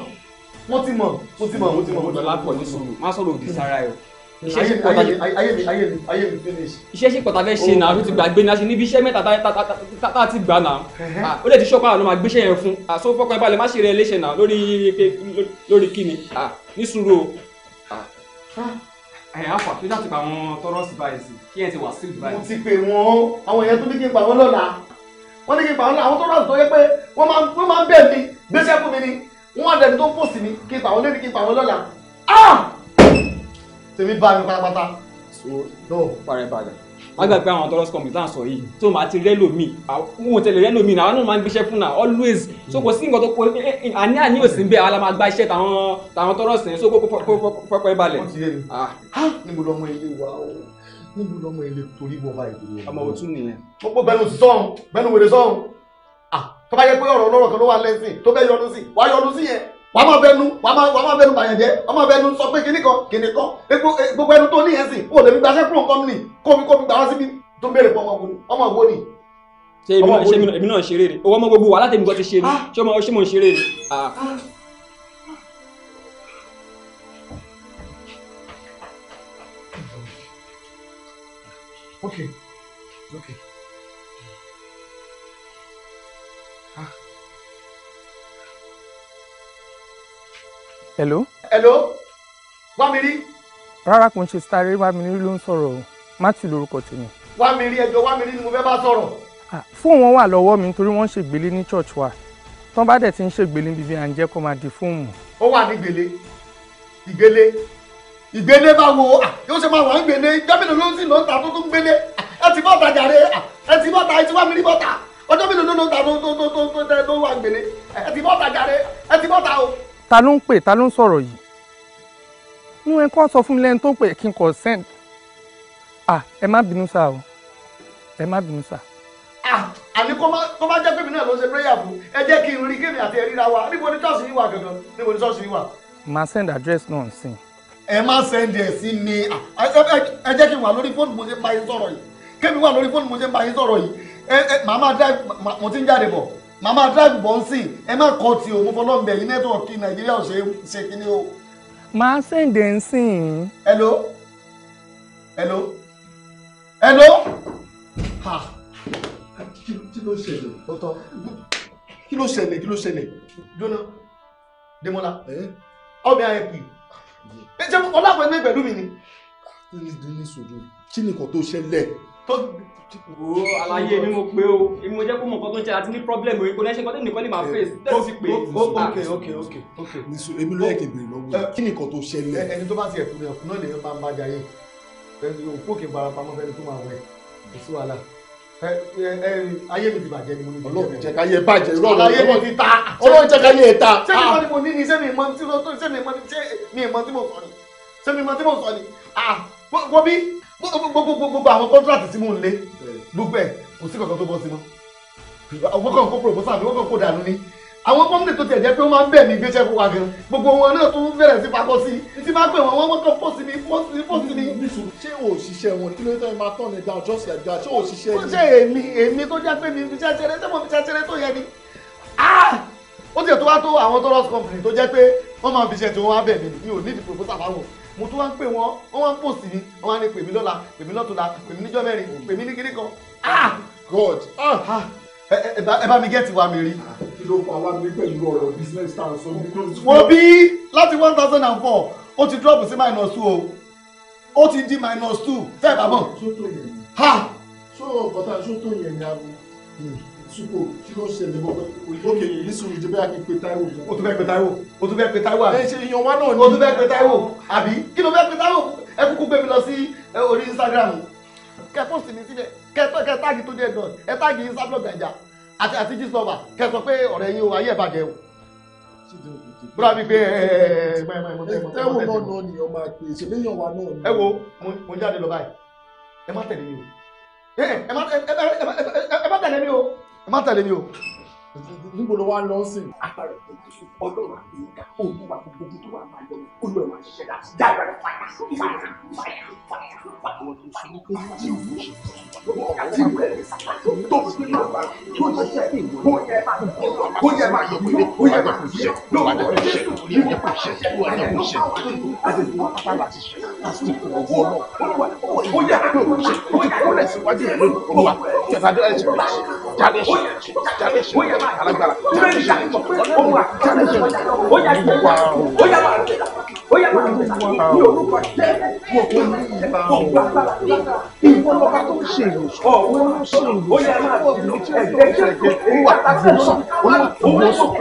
mo ti mọ̀ mo ti mọ̀ mo ti mọ̀ mo ti mọ̀. ọ̀la pọ̀ ní sùúrù má sọ̀rọ̀ òdì sára ẹ̀ o iṣẹ́ ṣe pọ̀ tàbí ayé mi ayé mi ayé mi finish. iṣẹ́ ṣe pọ̀ tàbí ṣe oh. náà ló ti gbàgbé náà ṣe níbi iṣẹ́ mẹ́ta tá a ti gbà náà ah, ó lè ti ṣọ́pá àná máa gbéṣẹ́ yẹn fún àṣọ ah, fọ́kàn ẹ̀ balẹ̀ má ṣe rẹ̀ léṣe náà lórí lórí kíni ah, ní sùúrù o ẹ̀yìn afa kí o jáde pa àwọn tọrọ sí báyìí sí kí ẹ ti wà sílùú báyìí. mo ti pè wọn o àwọn èèyàn tó ní kí n pa wọn lọ́la wọn ní kí n pa wọn lọ́la àwọn tọrọ àti tọ́jú pé wọ́n máa ń bẹ̀ mi gbéṣẹ́ fún mi ni wọ́n á dẹni tó ń pò sí mi kí n pa wọn lórí kí n pa wọn lọ́la. Ah! tèmi bá mi pátápátá. so no. parẹ́ balẹ̀ má gbàgbé àwọn tọrọ sọkọ mi tá sọ yìí tó máa ti rẹ́lò mi àwọn tẹ̀lé rẹ́lò mi àwọn náà máa ń gbéṣẹ́ fún náà always so kò sí nǹkan tó kọ àní àní òsì ń àwọn la iṣẹ́ tàwọn tàwọn tọrọ sìn so kó fọpẹ́ balẹ̀. Ah. níbo lọmọ ilé wa o níbo lọmọ ilé torí bọba ìdúró. ọmọ òtún nìyẹn. gbogbo bẹnu sọhún bẹnu wèrè sọhún ah. tó yẹ pé ọ̀rọ̀ ọlọ́rọ̀ kan ló wà lẹ́sìn tó bẹ́ yọdún wàá máa bẹnu wàá máa bẹnu bàyànjẹ́ wàá máa bẹnu sọ pé kíní kan kíní kan eh, gbogbo ẹnu tó ní yẹn sìn ó lè fi gbaṣẹ́ kúrò nǹkan mi kómi kómi gbà wá síbi tó ń béèrè fún ọmọ òwò ni ṣe èmi náà ṣeré rè owó ọmọ gbogbo wà látẹ̀mí kan ti ṣe ni ah. ṣé mo ṣe mo ṣeré rè. ok ok hello. hello wá mi rí. rárá kò ń ṣe sáré wá mi rí ló ń sọ̀rọ̀ Matthew lórúkọ tèmi. wá mi rí ẹjọ́ wá mi rí ni mo fẹ́ bá sọ̀rọ̀. fóònù wọn wà lọ́wọ́ mi nítorí wọ́n ń ṣègbélé ní church wa tán bá dẹ̀ ti ń ṣègbélé bíbí à ń jẹ́ kó máa di fóònù. ó wà ní gbélé ìgbélé ìgbélé bá wo yóò ṣe máa wà ń gbélé gómìnà ló ń sìn lọ́ta tó tó ń gbélé ẹ ti bọ́ta jàre ẹ ti bọ́ta ẹ ti wá mi rí bọ́ta ọjọ́ mélòó ló ń ta tó tó tó tó wà gbélé ẹ ti bọ́ta jàre ẹ ti bọ́ta o ta ló ń pè ta ló ń sọ̀rọ̀ yìí inú ẹ kọ́ sọ fún mi lẹ́nu tó pè kí n kò send ah ẹ má bínú sá o ẹ má bínú sá. àní kó má jẹ́ pèmí náà ló ń ṣe prayer fún ẹ jẹ́ kí n rí kémi àti ẹ̀ríra wa níbo ni ṣọ́ọ̀ṣì yìí wà gangan níbo ni ṣọ́ọ̀ṣì yìí wà. màá send address náà sí i ẹ má sẹ́ndì ẹ̀ sí ni ẹ jẹ́ kí n wà lórí fóònù mo ṣe ń bá yín sọ̀rọ̀ yìí kémi wà lórí fóònù mo ṣe ń bá yín sọ̀rọ̀ yìí ẹ ẹ màá máa dá mo ti ń jáde bọ̀ màmá drive bọ̀ ń sìn ẹ má kọ́ ti o mo fọlọ́ ń bẹ̀ yín nẹ́tíwọ̀kì nàìjíríà ò ṣe kíní o. màá ṣèǹdẹ̀ ń sìn. hello hello hello ha kí ló ṣẹlẹ̀ lọ́tọ̀ kí ló ṣẹlẹ̀ kí ló ṣẹlẹ̀ jóná Démọ́lá ọbẹ̀ ayẹ̀pì ṣé ọlọ́pàá ẹgbẹ́ pẹ̀lú mi ni. kí ni kò tó ṣẹlẹ̀. tó wo àlàyé mi mo pé o èmi mo jẹ́ kó mọ̀ nǹkan tó ń ṣe àti ní pọ́blẹ́mù yìí kò ní ṣe nǹkan tó nìkan lè máa face tẹ́lẹ̀ sí pé. Ah, ok ok ok ok. nisu èmi ló yẹ kí n bèrè lọ́wọ́ yìí eh, kí nìkan tó ṣẹlẹ̀. ẹni tó bá ti ẹ̀kú ẹ̀kú náà lè máa ń bá jayé òkú òkè barapamọ́ fẹ́ni tó máa wẹ̀ kò sí wàhálà ayé mi ti bàjẹ́ ni mo ní. Ọlọ́run jẹ́ ká yẹ bàjẹ́ rọrùn ayé mi ti ta. Ọlọ́run jẹ́ ká yẹ ta. sẹ́mi ah. mọ́ ni mo ní ni sẹ́mi mọ́ tí mo sọ ni sẹ́mi mọ́ tí mo sọ ni sẹ́mi mọ́ tí mo sọ ni. wọ́n gbogbo àwọn kọ́ńtrátì tí mò ń lé gbogbo ẹ̀ kò sí kankan tó bọ́ sí mọ́ àwọn kan kó proposal àbí wọ́n kàn kó dànù ni àwọn kọ́mìnì tó tẹ̀ jẹ́ pé wọ́n máa ń bẹ̀ mí gbéṣẹ́ fún wa gan gbogbo wọn náà tún bẹ̀rẹ̀ sí fakọ́ sí i tí máa pè wọ́n wọ́n kàn pọ̀ sí mi pọ̀ sí mi pọ̀ sí mi. bísù ṣé òṣìṣẹ́ wọn kí ló tẹ́ máa tán ni down just like that ṣé òṣìṣẹ́ yìí. ó ṣe èmi èmi tó já pé mi fi ṣàṣẹrẹ ṣé mo fi ṣàṣẹrẹ tó yẹ ni. Ah! ó tiẹ̀ tó wá tó àwọn tó lọ́sí company mo tún wá ń pè wọ́n wọ́n wá ń pò sí mi wọ́n wá ní pèmí lọ́la pèmí lọ́tùla pèmí níjọ́ mẹ́rin pèmí ní kíní kan ah god ah ẹ bá mi gẹ́ẹ̀tì wa mi rí. kí ló fa wa mi pẹ̀lú ọ̀rọ̀ business tá à ń sọ ní close. wo bí láti one thousand and four ó ti drop sí minus two o ó ti di minus two fẹ́ẹ̀ bá bọ̀. sótò yẹn ni. ha. sóòkọ̀tà sótò yẹn ni a bọ̀. Hmm. Suko kí ló ṣẹlẹ̀ bọ́ òkè nísìnyí ti bẹ́ẹ̀ kí pe Táíwò. O tún fẹ́ pe Táíwò. O tún fẹ́ pe Táíwò àbí. Ẹ ṣe iyan wa náà ni. O tún fẹ́ pe Táíwò àbí. Kí ló fẹ́ pe Táíwò? Ẹ kúkú gbé mi lọ sí orí Instagram. Kẹ pọ́sì mi síbẹ̀. Kẹ táàgì tó jẹ́ dọ̀t. Ẹ táàgì Instablog àjà àti àti Gistlover. Kẹ sọ pé ọ̀rẹ́ yín o ayé ẹ̀ bàjẹ́ o. Búra mi pé ẹ̀ẹ́dẹ̀ẹ́dẹ̀. Táíwò náà náà ni ọmọ àgbè ìṣèlú iyan wa náà ni. Ẹ wo mo jáde lọ báyìí. Ẹ má tẹ̀lé mi o. Ẹ má tẹ̀lé mi o má tẹ̀lé mi o níbo ló wá lọ sí. agbára ìpè jésù ọlọ́run àgbéyìnká olúwa gbogbo tó wà máa lọ olúwa máa ṣiṣẹ́ dá dára fàyà fàyà fàyà fàyà fàyà tí ìlú ṣe tí ìlú ẹ̀ tó fi máa bá tó yẹ jẹ́ kó yẹ máa kó yẹ máa yọ̀wé kó yẹ máa yẹ ló wà lọ́wọ́ ṣe níbi kò ṣe ló wà lọ́wọ́ ṣe àdéhùn wọn bá láti ṣe àti ọwọ́ lọ ó yẹ kó ṣe ó yẹ kó lẹ̀ síwájú ìlú olúwa tẹ̀sán alágbára. Túbẹ̀ ní ìjà ìjọ pé ó wà. Ó yà wà. Ó yà wà ó yà máa lù wá ní orúkọ jẹ́ gbogbo gbogbo agbára ìwọ lọba tó ń ṣe ìwòsàn ọ̀wọ́ ló ṣe ìwòsàn ó yà máa lù wá ẹ̀jẹ̀ jẹ́ olúwa ìwòsàn olúwa ìwòsàn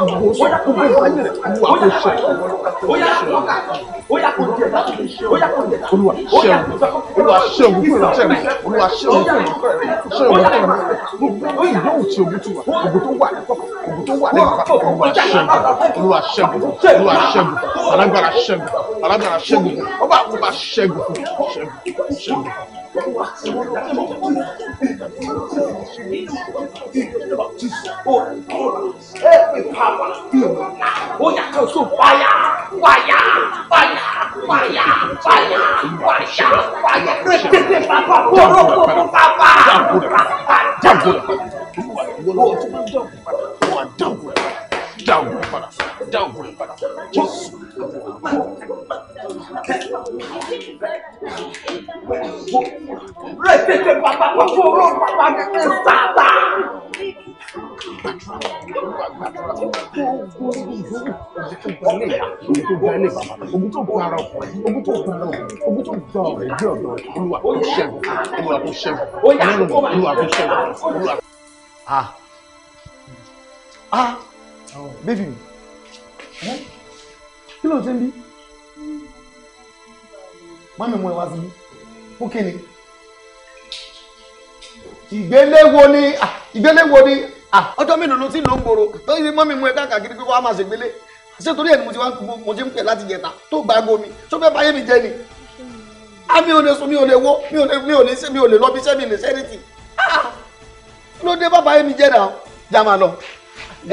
olúwa ìwòsàn gbogbo ayé rẹ̀ olúwa kò ṣe olúwa kò jẹ olúwa ṣẹ́wọ̀n olúwa ṣẹ́wọ̀n fún ìrọ̀lẹ́ olúwa ṣẹ́wọ̀n fún ìrọ̀lẹ́ ṣẹ́wọ̀n fún ìrọ̀lẹ́ gbogbo ìyóò tí ogun tó wà ogun tó wà ogun tó wà lẹ́yìn olúwa ṣẹ́gun olúwa ṣẹ́gun olúwa ṣẹ́gun alágbára alágbára ṣẹ́gun alágbára ṣẹ́gun ọba àkóbá ṣẹ́gun ṣẹ́gun ṣẹ́gun. Every power filled Oh, dá ògùn Ah! Ah! baby, mi kí ló ń ṣe ń bí mọ́mí mú ẹ wá sí bí fún kí ni ìgbéléwo ni ìgbéléwo ni ọjọ́ mélòó ló ti lò ń gbòòrò tó ń ṣe mọ́mí mú ẹ káàkiri pé wàá máa ṣègbélé ṣé torí ẹ̀ ni mo ti wá mo ti ń pè láti jẹta tó gbàgbọ́ mi tó fẹ́ báyé mi jẹ ni a mi ò lè sùn mi ò lè wo mi ò lè mi ò lè ṣe mi ò lè lọ bí iṣẹ́ mi lè ṣe é nìtì ló dé bàbá yẹn mi jẹ́ dà ó já máa lọ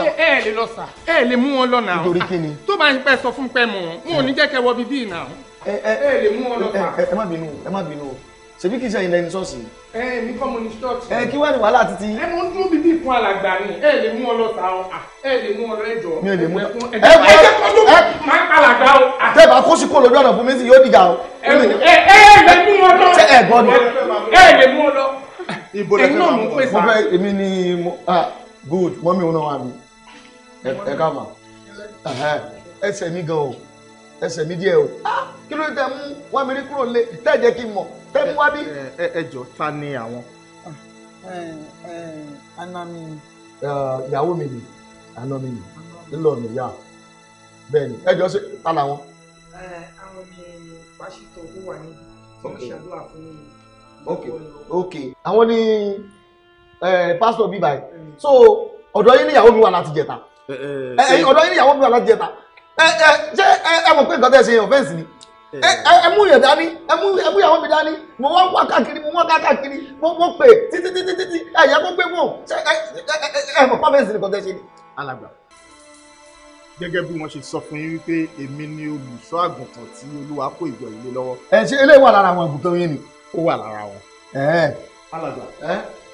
ẹ ẹ lè lọ sà ẹ lè mú wọn lọ́nà àwọn tó bá ń pẹ́ sọ fún pẹ́ mọ̀ wọn wọn ò ní jẹ́ kẹ́ wọ bíbí ìnà àwọn ẹ lè mú wọn lọ sà. ẹ má bínú ẹ má bínú o ṣebí kì í ṣe ẹ̀yin lẹni ṣọ́ọ̀ṣì. ẹ mi kọ́ mo ní ṣọ́ọ̀ṣì. ẹ kí wàá ní wàhálà títí. ẹ mo ń dún bíbí ìkun alàgbà ni ẹ lè mú wọn lọ sà ọ ẹ lè mú wọn lẹjọ. mi ò lè mú ẹ ẹ ẹ jẹ kó ló máa ń palàgbà o. tẹ́ bá kó sí kó lójú ọ̀nà fún mi sí yóò dìjà o. ẹ ẹ lè mú wọn lọ. ẹ gbọ́ mi. ẹ lè mú wọn lọ. ìbò lẹ́fẹ̀ẹ́ máa ń bọ̀ mo fẹ́ èmi ni ah, good mọ́mí òun náà wà mí ẹ ká mà ẹsẹ̀ mi gan o ẹsẹ̀ mi díẹ̀ o ah, kí ló tẹ mú wá mi rí kúrò lé tẹ́ jẹ́ kí n mọ̀ tẹ́ mú wá bí. ẹ ẹ jọ ta ni àwọn. Ah. àna mi ni. ìyàwó mi ni àna mi ni ńlọ mi yá bẹ́ẹ̀ ni ẹ jọ ṣe ta làwọn. àwọn ni pásítọ̀ tó wà níbi tó fún mi. ok ok àwọn ni pásítọ̀ bíbáyìí mm. so ọ̀dọ̀ yín níyàwó mi wà láti jẹta ẹ̀yin eh, eh, eh, ọ̀dọ́ yín ìyàwó mi ọ̀la jẹta ẹ ẹ ṣé ẹ mọ̀ pé nǹkan tẹ̀ ṣe yẹn ọ̀fẹ́ǹsì ni ẹ mú yẹn dání ẹ mú ẹ mú ìyàwó mi dání mo wá wá káàkiri mo wá káàkiri mo mo pè títí títí títí ẹ̀yà kó gbé mọ̀ ṣé ẹ ẹ mọ̀ pàfẹ́ǹsì nìkan tẹ̀ ṣe ni. alàgbà gẹ́gẹ́ bí wọ́n ṣe sọ fún yín wípé èmi ni olùṣọ́ àgùntàn tí olúwa kó ìjọ ilé lọ́wọ́. ẹ ṣe eléyìí wà lára àwọn àgùntàn yín ni ó wà lára wọn. alàgbà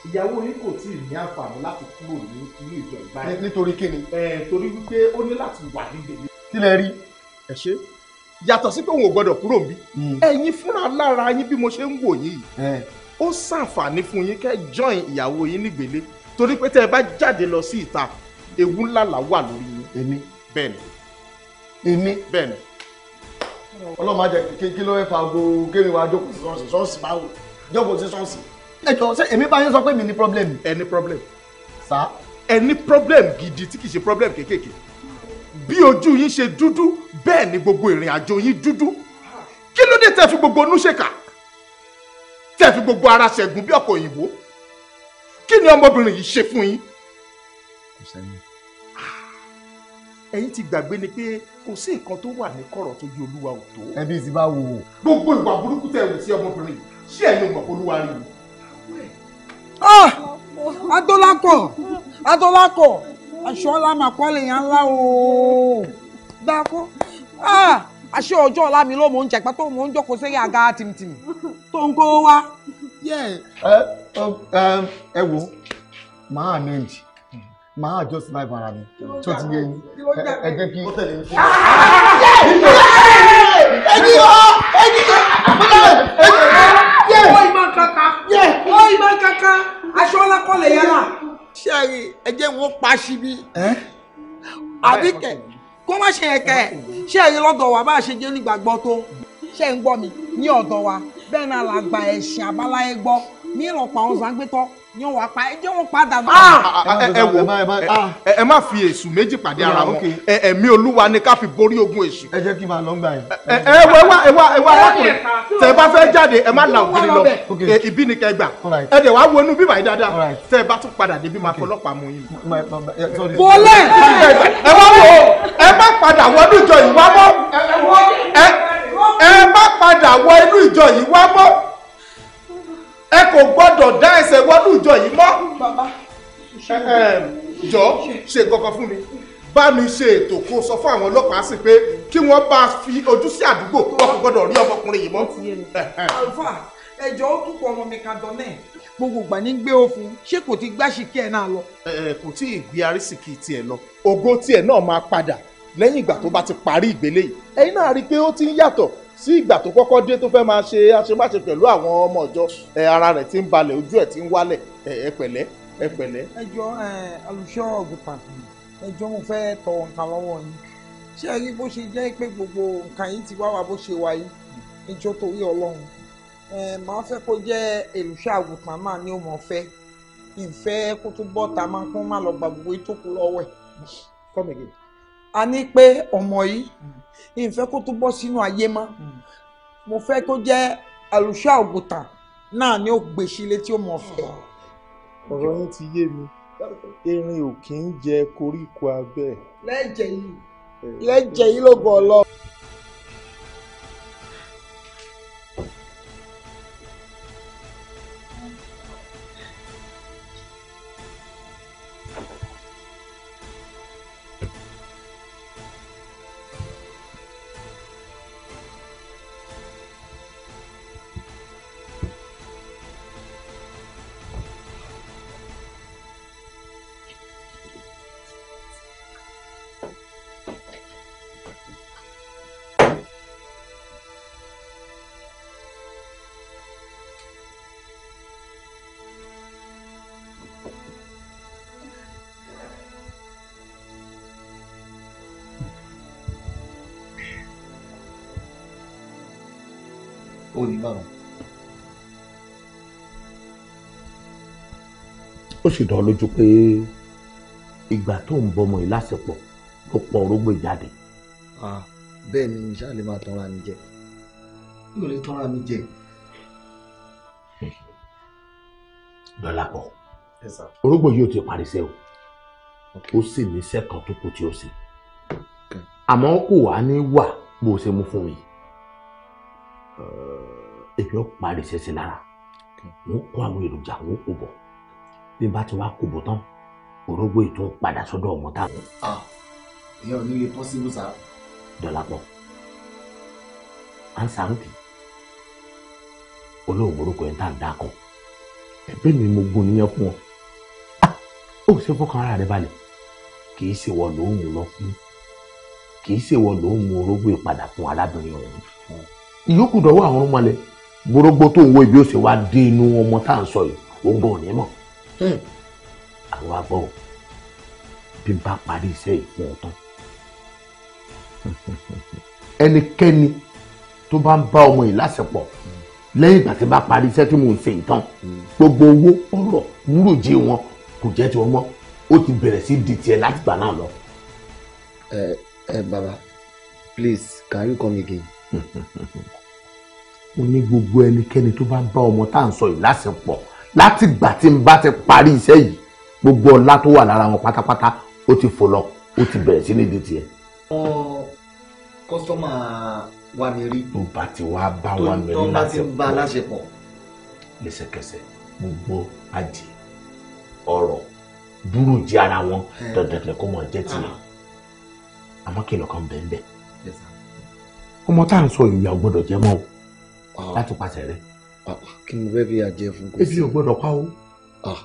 ìyàwó yín kò tí ì ní àǹfààní láti kúrò ní inú ìjọ ìbáyìí. nítorí kíni. ẹ torí wípé ó ní láti wà níbẹ̀ ni. kílẹ̀ rí ẹ ṣe yàtọ̀ sí pé òun ò gbọ́dọ̀ kúrò níbí hmm. ẹ̀yin fúnra lára yín bí mo ṣe ń wò yín yìí ó ṣàǹfààní fún yín kẹ́ join ìyàwó yín nígbélé torí pé tẹ́ ẹ bá jáde lọ sí ìta ewu ńlá là wà lórí yín. èmi bẹ́ẹ̀ ni èmi bẹ́ẹ̀ ni. ọlọ́mọ ajẹ́ kékeré ló fẹ́ fa aago kéwìn wa jókòó sí ṣọ́ọ̀ṣì ṣọ́ọ̀ṣì báwo jókòó sí ṣọ́ọ̀ṣì ẹ jọ ṣé èmi bá yín sọ pé mi ní problem. ẹ ní problem. sá. ẹ ní problem gidi tí kì í ṣe problem kéékèèké bí ojú yín ṣe dúdú bẹ́ẹ̀ ni gbogbo ìrìn àjò yín dúdú kí ló dé tẹ́ fi gbogbo inú ṣèkà tẹ́ fi gbogbo ara ṣẹ̀gùn bí ọ̀pọ̀ òyìnbó kí ni ọmọbìnrin yìí ṣe fún yín. Ah, ẹ̀yin ti gbàgbé ni pé kò sí nǹkan tó wà ní kọ̀rọ̀ tó di olúwa ò tó. ẹbí ti bá wò ó. gbogbo ìwà burúkú tẹ́ wù sí ọmọbìnrin yìí ṣé ẹ̀yin ò mọ̀ olúwa rí i. adọ́lákọ̀ adọ́lákọ̀ aṣọ́lá mà kọ́lé yẹn ńlá ooo dáko aṣọ ọjọ́ ọ̀la mi ló mò ń jẹ pé tó mò ń jókòó sẹ́yìn àga tìmìtìmì tó ń kó wá. ẹ wo màá màá just live ara mi tó ti yé yín ẹ jẹ́ kí. ẹni yọ ọyìn máa ń kaka ọyìn máa ń kaka aṣọ ọlákọlẹ̀ yàrá. sẹ́ẹ̀rì ẹ̀jẹ̀ wo pa síbi àbíkẹ́ kó má ṣe ẹ̀kẹ́ sẹ́ẹ̀rì lọ́dọ̀ wa bá a ṣe jẹ́ onígbàgbọ́ tó ṣe ń gbọ́ mi ní ọ̀dọ̀ wa bẹ́ẹ̀ náà la gba ẹ̀sìn àbáláyé gbọ́ ní ìrọ̀pọ̀ àwọn zàǹgbẹ́tọ́ yóò wá pa ẹjọ́ wọn padà bọ̀. Ah! Ah, ah, eh, eh, ẹ wò eh, ẹ má fi èṣù méjì pàdé ara wọn ẹ̀mí olúwa ni ká fi borí ogun èṣù. ẹ jẹ́ kí n máa lọ gbà yẹn. ẹ wọ ẹ wá ẹ wá ẹ wá arákùnrin tẹ bá fẹ́ jáde ẹ má la ògiri lọ ibi ni kẹgbà ẹ dẹ̀ wá wọnú bíbà yìí dáadáa tẹ bá tún padà débi máa fọlọ́pàá mú yín. bọ́lẹ̀ ẹ wá wò ó ẹ má padà wọnú ìjọ yìí wá mọ́ ẹ má padà wọ inú ìjọ yìí wá mọ́ ẹ kò gbọ́dọ̀ dá ẹsẹ̀ wọnú ìjọ yìí mọ́ jọ ṣe kankan fún mi bá mi ṣe ètò kó sọ fún àwọn ọlọ́pàá sí pé kí wọ́n bá fi ojú sí àdúgbò wọn kò gbọ́dọ̀ rí ọmọkùnrin yìí mọ́. àlùfáà ẹjọ ó tún kọ ọmọ mi ká dán náà. gbogbo ìgbà ní gbé òfun ṣé kò ti gbàṣíkí ẹ náà lọ. ẹ kò tí ì gbé arísìkì tiẹ̀ lọ ògo tiẹ̀ náà máa padà lẹ́yìn ìgbà tó bá ti parí ìgbélé yìí ẹ̀yin náà rí i pé ó ti ń yàtọ̀ sí ìgbà tó kọ́kọ́ dé tó fẹ́ máa ṣe àṣemáṣe pẹ̀lú àwọn ọmọ ìjọ ara rẹ̀ ti ń balẹ̀ ojú ẹ̀ ti ń wálẹ̀ ẹ pẹ̀lẹ́ ẹ pẹ̀lẹ́. ẹ jọ olùṣọ́ ọ̀gùntàn ẹ jọ mo fẹ́ tọrọ nǹkan lọ́wọ́ yín ṣé ẹ rí bó ṣe jẹ́ pé gbogbo nǹkan yìí ti wá wa bó ṣe wáyé ìjọ torí ọlọ́run màá fẹ́ kó jẹ́ olùṣọ́ àgùntàn máa ní òmò fẹ́ ìfẹ́ kó tó bọ́ ta máa kún má lọ gbàgbọ́ ètò kú lọ́wọ́ ẹ̀. come a ní pé ọmọ yìí hmm. ìfẹ́ kó tó bọ́ sínú ayé mọ́ hmm. mo fẹ́ kó jẹ́ àlùṣà ògùtà náà ni ó gbèsílé tí ó mọ̀ fẹ́. Hmm. ọ̀rọ̀ yín ti yé mi erin ò kì í jẹ koríko abẹ́. lẹ́jẹ̀ yìí eh, lẹ́jẹ̀ yìí ló gbọ́ ọ lọ. onímọ̀ràn. ó sì dán lójú pé ìgbà tó ń bọmọ yìí lásìkò ló pọ orógbó ìjáde. bẹ́ẹ̀ ni mi ṣáà lè máa tanra mi jẹ mi ò lè tanra mi jẹ. Dọ́lápọ̀ orógbó yìí ò ti parí iṣẹ́ o ó sì ní iṣẹ́ kan tó kù tí ó ṣe àmọ́ kò wá ní wà bó ṣe mú fún mi yóò parí ṣẹṣẹ lára wọn kó àwọn èròjà wọn kò bọ bí n bá ti wá kò bọ tán orógbó ìtún padà sọ́dọ̀ ọmọ tá. Ah, ìyá ò ní lè possible sá. dọ̀làpọ̀ ansa ń kì olóògùn orúkọ yẹn tá à ń dá kan ẹgbẹ́ mi mo gun níyẹn fún ọ ah, ó ṣe fọkàn ara rẹ balẹ̀ kì í ṣe wọ ló ń mú lọ fún kì í ṣe wọ ló ń mú orógbó ìpadà fún arábìnrin ọ̀hún ìyókù dọ̀wọ́ àwọn ọmọ rẹ gbórógbó tó ń wo ibi ó sì wá dé inú ọmọ tá à ń sọ yìí ó hmm. gbọ́ òní mọ̀ àwọn agbọ́ ò bí n bá parí iṣẹ́ yìí fún ọ tán ẹnikẹ́ni tó bá ń bá ọmọ yìí láṣepọ̀ lẹ́yìn ìgbà tí n bá parí iṣẹ́ tí mò ń ṣe ìtàn gbogbo owó ọ̀rọ̀ wúròjì wọn kò jẹ́ tiwọn mọ́ ó ti bẹ̀rẹ̀ sí di tiẹ̀ láti gbà náà lọ. ẹ ẹ baba please can you come again. mo ní gbogbo ẹnikẹ́ni tó bá bá ọmọ tá à ń sọ yìí lásìpọ̀ láti gbà tí n bá ti parí iṣẹ́ yìí gbogbo ọlá tó wà lára wọn pátápátá ó ti fò lọ ó ti bẹ̀rẹ̀ sí ní di tiẹ̀. wọn kọ́sítọ́mà wa ni rí. tó bá ti wá bá wa mẹ́rin láṣepọ̀ tó bá ti bá láṣepọ̀. lẹ́sẹ̀kẹsẹ̀ gbogbo adì ọ̀rọ̀ dúró jẹ́ ara wọn dandanlẹ̀ kó mọ̀ jẹ́ tiẹ̀ ah. àmọ́ kìlọ̀ kan bẹ́ẹ̀ bẹ́ẹ̀ ọmọ tá à ń sọ ìyá Ah. láti pàṣẹ rẹ. Ah, kí ni mo fẹ́ fi àjẹ fún kò sí. ebi ò gbọ́dọ̀ pa o. Ah,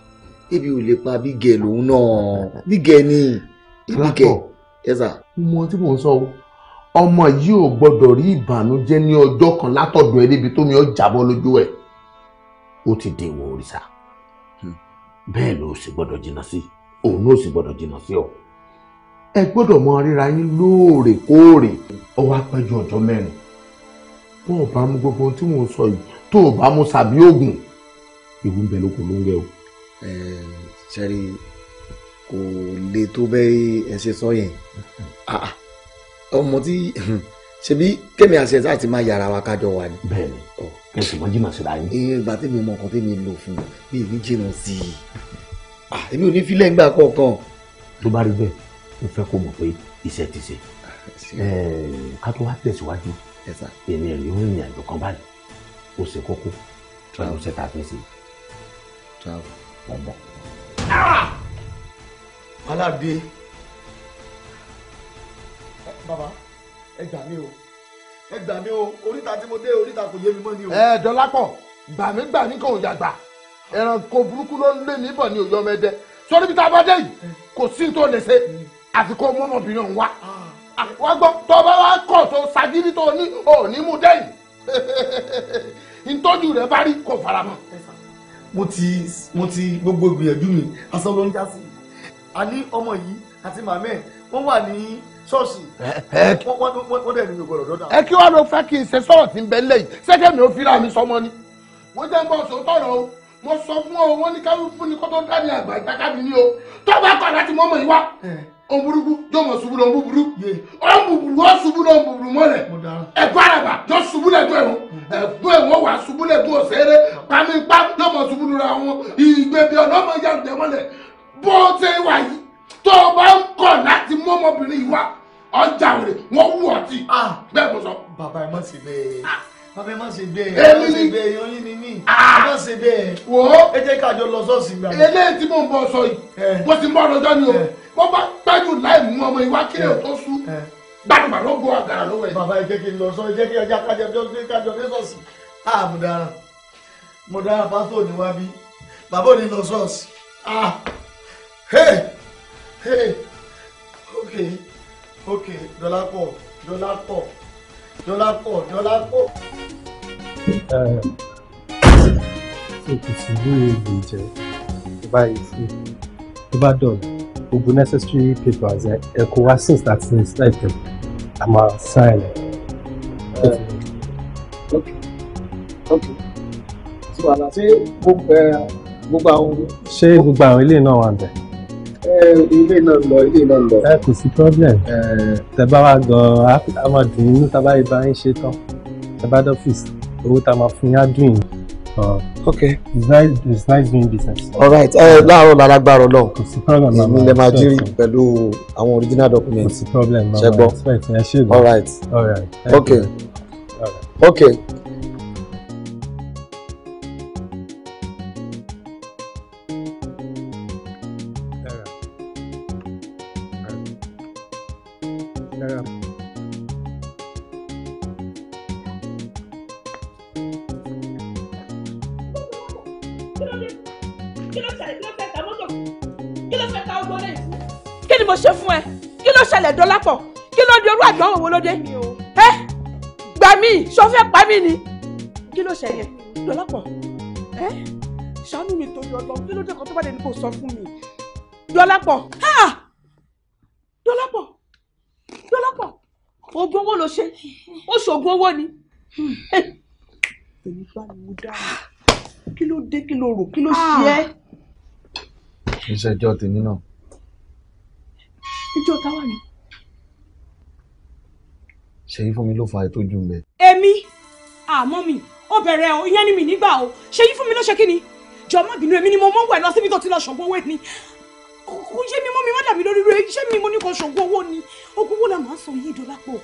ebi ò lè pa bígẹ̀ lòun náà bígẹ̀ ni bígẹ̀ ẹ̀sà. mo tí mò ń sọ o ọmọ yìí ò gbọ́dọ̀ rí ìbànújẹ́ ní ọjọ́ kan látọ̀dọ̀ ẹ níbi tó mi ọ́ jábọ́ lójú ẹ̀ ó ti dèwọ̀ òrìṣà hmm. bẹ́ẹ̀ ló sì gbọ́dọ̀ jìnnà sí òun ló sì gbọ́dọ̀ jìnnà sí ọ ẹ gbọ́dọ̀ mọ ríra yín lóòrèkóòrè ọwọ́ apẹ́jọ ọjọ́ mẹ́rin tó o bá mú gbogbo tí mò ń sọ yìí tó o bá mú sàbí oògùn ìwú ń bẹ lóko ló ń gẹ o. ẹ ṣẹ́rí kò le tó bẹ́ẹ̀ ẹ ṣe sọ yẹn ah, ah, ọmọ tí ṣebí kémi àṣẹ láti máa yàrá wa kájọ wa ni. bẹ́ẹ̀ni kẹsì mọ jìnnà síra yín. iye ìgbà tí mi mọ nǹkan tí mi lò fún mi ì ní jìnnà sí i ah, èmi ò ní filẹ̀ ńgbà kọ̀ọ̀kan. tó bá rí bẹ́ẹ̀ mo fẹ́ kó mọ̀ pé iṣẹ́ ti ṣe ká tó wá tẹ̀síwájú ẹ̀sà èmi rí ìrìn àjò kan báyìí ó ṣe kókó travel ṣe tà fún sí travel dáadáa. aládé bàbá ẹ gbà mí o ẹ gbà mí o oríta tí mo dé oríta kò yé mi mọ́ ni o. ẹ dọ́lápọ̀ gbàmígbà ní kò yàgbà ẹranko burúkú ló ń lé níbọ̀ ní òyọ́mẹdẹ sọ́dún bí tá a bá dé yìí kò sí tó lè ṣe àfikún ọmọbìnrin ọ̀hún wá. Ah. Ah, wá gbọ́ tó bá wá kọ̀ tó sagiri tó ní òní mú dẹ́yìn ntọ́jú rẹ̀ bá rí kò fara mọ́. mo ti mo ti gbogbo ìgbìyànjú mi aṣọ ló ń já sí i a ní ọmọ yìí àti màmá wọ́n wà ní ṣọ́ọ̀ṣì wọ́n dẹ̀ ní mi dọ́dà. ẹ kí wàá ló fẹ́ kí n ṣe sọ̀rọ̀ ń bẹ lẹ́yìn ṣé kẹ́mi ò fira mi sọmọ ni. wọ́n jẹ́ ń bọ̀ sótọ́rọ̀ o mo sọ fún ọ wọn ní kárú fún ni kó tó dá ní àgbà ìtakábi ni o tó bá kọ̀ láti mọ́mọ́ yìí wá ohun burúkú jọmọ ṣubú lọ búburú ọ̀n búburú ọ̀ ṣubú lọ búburú mọ́lẹ̀ ẹ̀gbọ́n àràbà jọ ṣubú lẹ́gbọ́n ẹ̀wọ̀n mm. ẹ̀gbọ́n ẹ̀wọ̀n wà ṣubú lẹ́gbọ́n ọ̀sẹ̀rẹ̀ pamípa jọmọ ṣubú lura wọn ìgbẹ́bí ọlọ́mọ ìyá ìdẹ́mọ́lẹ̀ bó ṣe wà yìí tó o bá ń kọ̀ láti mọ́mọ́bìnrin yìí wá ọjà rẹ̀ wọ́n wù ọtí ah. bẹ́ẹ̀ mo sọ. bàbá ẹ má sì bẹ́ẹ̀. Ah bàbá má ṣe bẹ́ẹ̀ ẹ má ṣe bẹ́ẹ̀ yan yín ni mí ah! ẹ má ṣe bẹ́ẹ̀ wò ó ẹ jẹ́ ká jọ lọ sọ́ọ̀sì gbà. eléyìí tí mò ń bọ̀ sọ yìí eh. mo ti ń bọ̀ ni o eh. wọ́n bá gbájú láì mú ọmọ ìwá kílẹ̀ eh. tó sú gbàdúgbà ló gbọ́ àgàrà lọ́wọ́ bàbá ẹ jẹ́ kí n lọ sọ ẹ jẹ́ kí ọjà kájọ dé kájọ dé sọ́ọ̀sì. a ah, mo dára mo dára pásítọ̀ ní wá bí bàbá ò ní lọ sọ́ọ̀sì. ah hey hey okay okay dọ́là pọ̀ dọ́là pọ̀. Dọ́lápọ̀ Dọ́lápọ̀. ṣèkìtì lóye lè jẹ tó bá yìí sí tó bá dọ̀rọ̀ gbogbo necessary papers ẹ kó wá since that since that time a máa sign ok ok tí wàhálà ṣé gbogbo àwọn. ṣé gbogbo àwọn ilé náà wà bẹ́ẹ̀. Eh, ilé náà lọ ilé náà lọ. ẹ eh, kò sí problem eh. tẹ́bá wa gan-an a máa dùn inú tá a bá yẹ bá ń ṣe tán tẹ́bá dọ́fíìsì owó tá a máa fún yín dùn yín. okay it's nice it's nice doing business. all right láàárọ̀ lálágbára ọlọ́run kò sí problem mama èmi lè máa jírí pẹ̀lú àwọn original documents kò sí problem mama all right all right okay okay. mi ni kí ló ṣẹlẹ̀ dọ́lápọ̀ ẹ́ ṣàánú mi torí ọlọ́ kí ló jẹ́ kan tó bá dé ní kò sọ fún mi dọ́lápọ̀ dọ́lápọ̀ dọ́lápọ̀ oògùn owó ló ṣe ó ṣoògùn owó ni èmi bá mi mú dáa kí ló dé kí ló rò kí ló ah! ṣe ẹ́. iṣẹ́ ìjọ tèmi náà. ìjọ táwa ni. ṣèyí fún mi ló fa ètò jù ń bẹ. èmi àmọ́ ah, mi ó bẹ̀rẹ̀ o ìyẹn ni mi nígbà o ṣe yí fún mi ló ṣe kí ni jọ má bínú èmi ni mo mọ wẹ̀ lọ síbi tó ti lọ ṣògbọ́n owó ni kò yé mi mọ́ mi má dàbí lórí rẹ ṣé mi mo ní kò ṣògbọ́n owó ni ogun wo la máa ń sọ yìí dọ́lápọ̀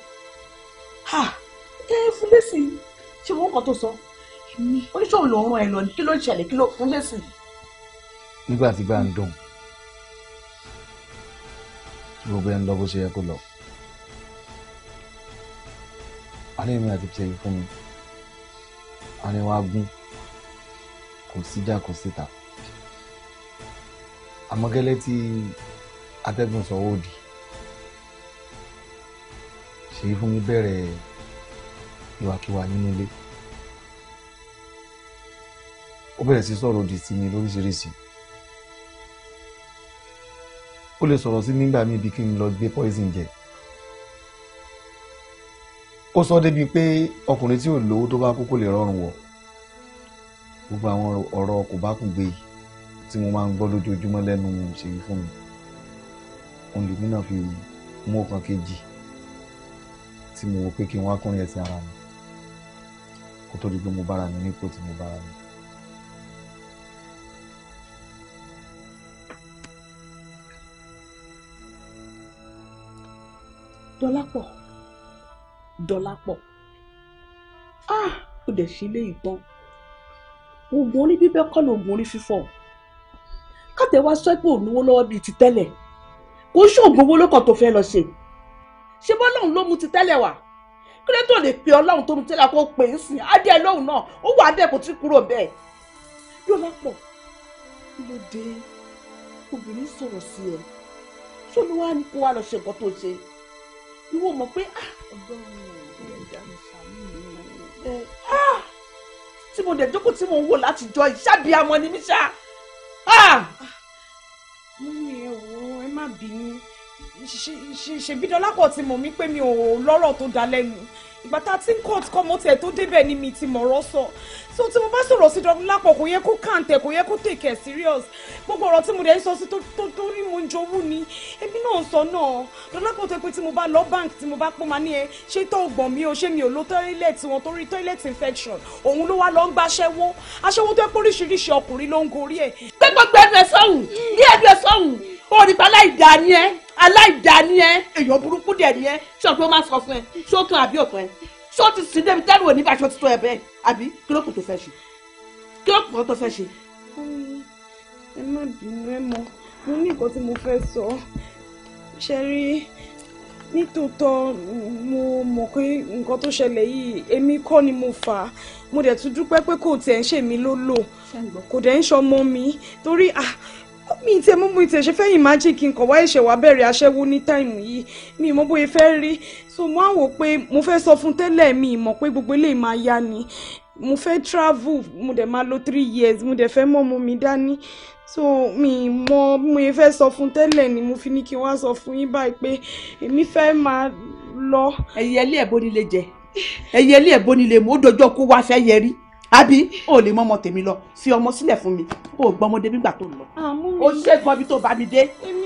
ha ẹ fún lẹ́sìn ṣé mo ń kọ́ tó sọ oníṣòwò ló ń rán ẹ lọ kí ló ń ṣẹlẹ̀ kí ló fún lẹ́sìn. nígbà tí bá ń dùn tí gbogbo ẹ ń lọ bó ṣe yẹ kó lọ alẹ́ mi àti tẹ̀lé fún mi àárín wa gún kò síjà kò síta àmọ́ gẹ́lẹ́ tí atẹ́gùn sọ ó di ṣèyí fún mi bẹ̀rẹ̀ ìwàkiwà nínú ilé ó bẹ̀rẹ̀ sí sọ̀rọ̀ òdì sí mi lóríṣiríṣi ó lè sọ̀rọ̀ sí nígbà míì bí kí n lọ gbé poison jẹ ó sọ débi pé ọkùnrin tí ò lówó tó bá kú kò lè rọrùn wọ̀ gbogbo àwọn ọ̀rọ̀ kò bá kùn gbé yìí tí mo máa ń gbọ́ lójoojúmọ́ lẹ́nu ṣèyí fún mi òun lèmi náà fi mú ọkàn kejì tí mo wò pé kí n wá kún yẹn ara mi kó tó di pé mo bára mi nípò tí mo bára mi. Dọlápọ̀. Dọlápọ̀ ah ó dẹ̀ ṣe ilé ìtàn oògùn orí bíbẹ́ kọ́ ló oògùn orí fífọ́ káàtẹ́ wá sọ pé òníwó lọ́wọ́ bíi ti tẹ́lẹ̀ kò sí oògùn owó lókàn tó fẹ́ lọ ṣe ṣé bọ́lọ́hún ló mú ti tẹ́lẹ̀ wá kí ló tó lè pe ọlọ́run tó mú tẹ́lẹ̀ kó pè é sìn adé lóhùn náà ó wà á dẹ̀ kó tí kúrò bẹ́ẹ̀ Dọlápọ̀ kí ló dé obìnrin sọ̀rọ̀ sí ẹ ṣó ló wá kó wá lọ ṣe nǹkan tó ṣe ìwọ mọ̀ pé ah, ọgọ́rùn-ún ẹ̀dá mi sàmì mi o ah, ah, tí mo dẹ̀ jókòó tí mo ń wò láti jọ ìṣàbí amọ ni mí ṣá. mú mi ẹ wò ẹ má bínú ṣèbídọ́lápọ̀ ti mọ̀ mí pé mi ò lọ́rọ̀ tó dá lẹ́nu ìgbà tá a ti ń court kọ́ mo tiẹ̀ tó débẹ̀ ni mi ti mọ̀rọ̀ sọ so tí mo bá sọ̀rọ̀ sí dr lápò kò yẹ kó kàǹtẹ̀ kò yẹ kó take it serious gbogbo ọ̀rọ̀ tí mo dẹ̀ ń sọ sí tó tó rí mo ń jowú ni èmi náà sọ náà dr lápò tó pé tí mo bá lọ bank tí mo bá pọ́n máa ní ẹ ṣé tó gbọ̀n mi o ṣé mi ò lo toilet wọn torí toilet infection òun ló wá lọ ń gbaṣẹ́wó aṣẹ́wó tó pé oríṣiríṣi ọkùnrin ló ń gorí ẹ̀. pé gbogbo ẹnu ẹ ní ẹnu ẹ òrìpá aláìdá ni ẹ aláìdá ni ẹ èèyàn burúkú dẹ̀ ni ẹ ṣọ́ọ́ má sọ fún ẹ ṣókàn àbí òpin ṣé ó ti sìn débi tẹ́lú òní bá aṣọ ti tó ẹ bẹ́ẹ̀ àbí kí ló kù tó fẹ́ ṣe kí ló kù tó fẹ́ ṣe. ẹ má bínú ẹ mọ mo ní nǹkan tí mo fẹ́ sọ ṣe rí nítòótọ́ mo mọ̀ pé nǹkan tó ṣẹlẹ̀ yìí èmi kọ́ ni mo fà á mo dẹ̀ tún dúpẹ́ pé kò tiẹ̀ ń ṣèmi ló kò dẹ̀ ń ṣọmọ mi torí ah mi tiẹ̀ mú mi tiẹ̀ ṣe fẹ́ imagine kí n kọ̀ wá ìṣẹ̀ wá bẹ̀rẹ̀ aṣẹ́wó ní táìmù yìí mi mọ bóyá fẹ́ rí so mo á wò pé mo fẹ́ sọ fún tẹ́lẹ̀ mi mọ̀ pé gbogbo eléyìí máa yá ni mo fẹ́ travel mo dẹ̀ máa lò three years mo dẹ̀ fẹ́ mọ́ mo mi dání so mi mọ mo fẹ́ sọ fún tẹ́lẹ̀ ni mo fi ní kí n wá sọ fún yín báyìí pé èmi fẹ́ máa lọ. ẹyẹ ilé ẹ̀bọ́nilé jẹ ẹyẹ ilé ẹ̀bọ́nilé mo dọjọ́ kó wá fẹ́ yẹrí àbí o lè mọ́mọ tèmi lọ fi ọmọ sílẹ̀ fún mi o gbọ́ ọmọdé nígbà tó lọ. o ṣe gbọ́n bí tó bá mi dé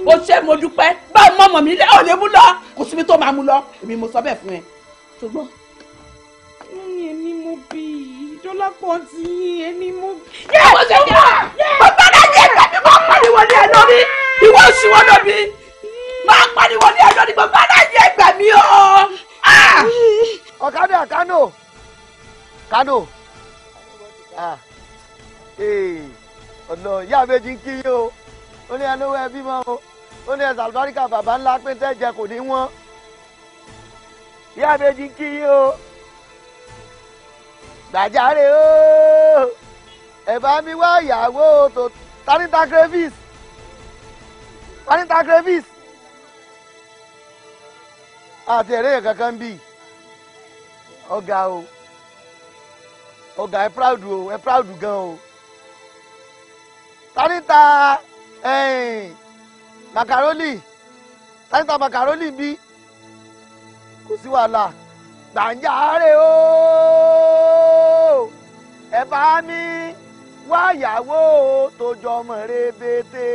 o ṣe mo dúpẹ́ báwo mọ́ ọmọ mi lé o lè mú lọ kò síbi tó máa mú lọ èmi mo sọ bẹ́ẹ̀ fún ẹ. ṣùgbọ́n. ní èmi mo bí ìjọlá pọ̀ sí èmi mo. yẹ ẹ ṣe wá mo gbọ́dọ̀ yẹ ẹgbẹ́ mi máa pariwo ní ẹ lórí ìwọ oṣù wọn lóbi máa pariwo ní ẹ lórí gbọ́dọ̀ yẹ ẹgbẹ́ mi o. ọ̀kadà Kano Kano. Ah. ọ̀nà ìyá méjì ń kiri o ó ní ẹlówó ẹbí mọ́ o ó ní ẹsẹ̀ àlùbáríkà bàbá ńlá pé tẹ́jẹ kò ní wọ́n ìyá méjì ń kiri o gbàjáre o ẹ mi wá ìyàwó tó tanita crevis tanita crevis àti ẹ̀rẹ́yẹ̀ kankan bíi ọ̀gá o ọ̀gá ẹ proud o ẹ proud gan o tanita macaroni tanita macaroni bí kò sí wàhálà gbàǹjàre o ẹ bá mi wáyàwó tó jọmọ rebete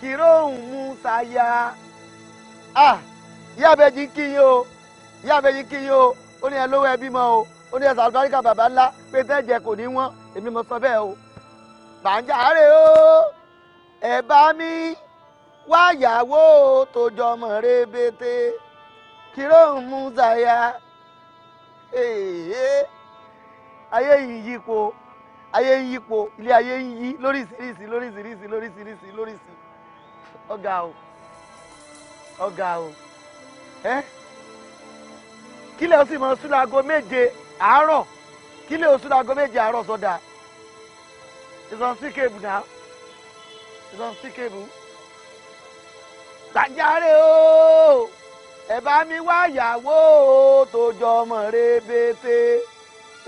kìrọ̀hún mú ṣáyà ah ìyá abẹ́jì kí yín o ìyá abẹ́jì kí yín o ó ní ẹ lówó ẹbí mọ́ o ó ní ẹ̀sà àlùbáríkà bàbá ńlá pé bẹ́ẹ̀ jẹ kò ní wọ́n èmi mo sọ bẹ́ẹ̀ o gbàǹjà rè o ẹ bá mi wá yàwó tó jọmọ rebete kíró ń mú zaya ayé yìí yípo ayé ń yípo ilé ayé ń yí lóríṣiríṣi lóríṣiríṣi lóríṣiríṣi lóríṣi ọgá o ọgá o ẹ kílẹ̀ ó sì mọ sùn láago méje àárọ̀ kí lè oṣù dàgọ́ méje àárọ̀ sọ́dà ìsọ̀n sí kébù náà ìsọ̀n sí kébù. gbàjáre o ẹ bá mi wá yàwó o tó jọ ọmọ rebete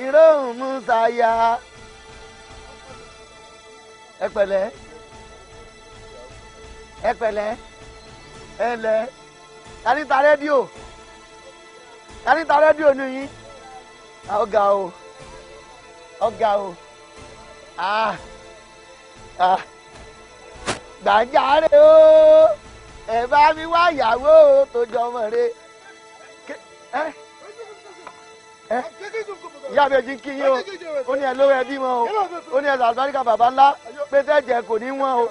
ìrọ̀rùn mú ṣáyà. ẹ pẹ̀lẹ́ ẹ pẹ̀lẹ́ ẹ lẹ́ tani ta rédíò tani ta rédíò nìyí ọ̀gá o ọ̀gá o ah. Ah. gbàjáre o ẹ bá mi wá ìyàwó tó jọmọ re ẹ ìyá mi ò jí kí yín o ó ní ẹ lówó ẹbí mọ o ó ní ẹ làlùbáríkà bàbá ńlá pé tẹ́jẹ̀ kò ní wọ́n o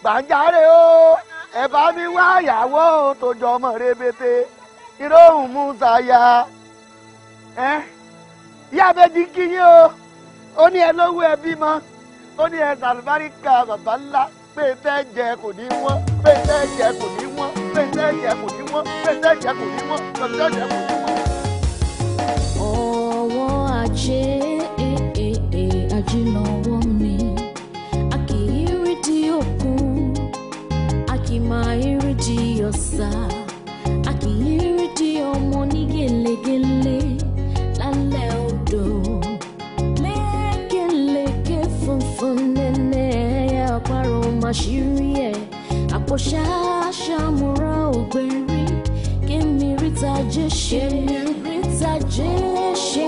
gbàjáre o ẹ bá mi wá ìyàwó tó jọmọ re bété iróhùn mú sáyà Eh? ìyá àbẹ̀jì ń kí yín o ó ní ẹ lówó ẹ bímọ ó ní ẹ sàlùbáríkà bàbá ńlá pé tẹ́ jẹ kò ní wọ́n pé tẹ́ jẹ kò ní wọ́n pé tẹ́ jẹ kò ní wọ́n pé tẹ́ jẹ kò ní wọ́n pé tẹ́ jẹ kò ní wọ́n. ọwọ́ ajé ajínáwó mi a kì í rí di òkun a kì máa rí di ọ̀sà a kì í rí di ọmọ ní gẹ́lẹ́gẹ́lẹ́ alẹ́ odò lékeleke funfun nẹ́nẹ́ ẹ̀yà ọ̀parun màṣírí ẹ̀ àpò ṣáṣá múra ògbẹ́rí kémi ríta jẹ́ ṣe kémi ríta jẹ́ ṣe.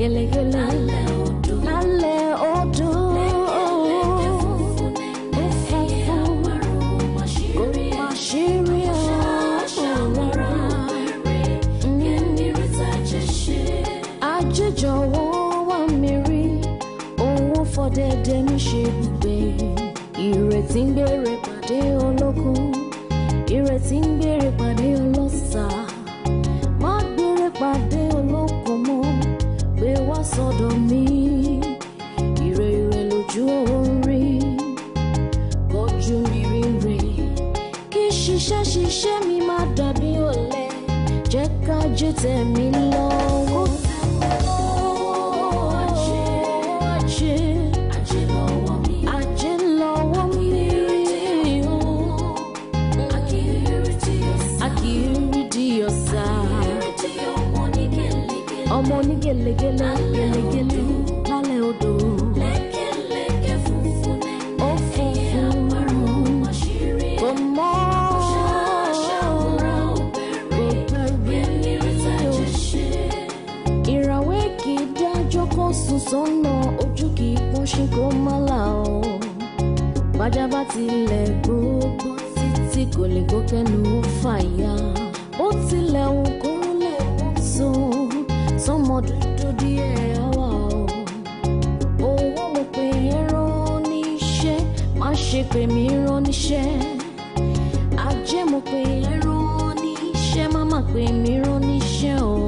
Gele, gele. ìrètí ń gbére pàdé olókun ìrètí ń gbére pàdé ọlọ́sà má gbére pàdé olóko mọ́ gbé wá sọ́dọ̀ mi ire ire lójú orí kojú mi rere kí ṣiṣẹ́ ṣiṣẹ́ mi má dàbí ọ̀lẹ jẹ́ ká jẹ́ tẹ̀mí lọ́wọ́. gẹ́lẹ́gẹ́lẹ́ gẹ́lẹ́gẹ́lẹ́ lálẹ́ odò. lẹ́kẹ̀lẹ́kẹ̀ funfun lẹ́yìn ẹ̀yẹ àpárọ̀ ọmọ ṣírí ẹ̀. ọmọ ṣàṣàwòrán òbẹ̀rẹ̀ ẹ̀mí rẹ̀ ṣe. ìràwé kì díẹ̀ ọwọ́ o mo pè é rán níṣẹ́ má ṣe pè mí rán níṣẹ́ ajé mo pè é rán níṣẹ́ má má pè rán níṣẹ́ o.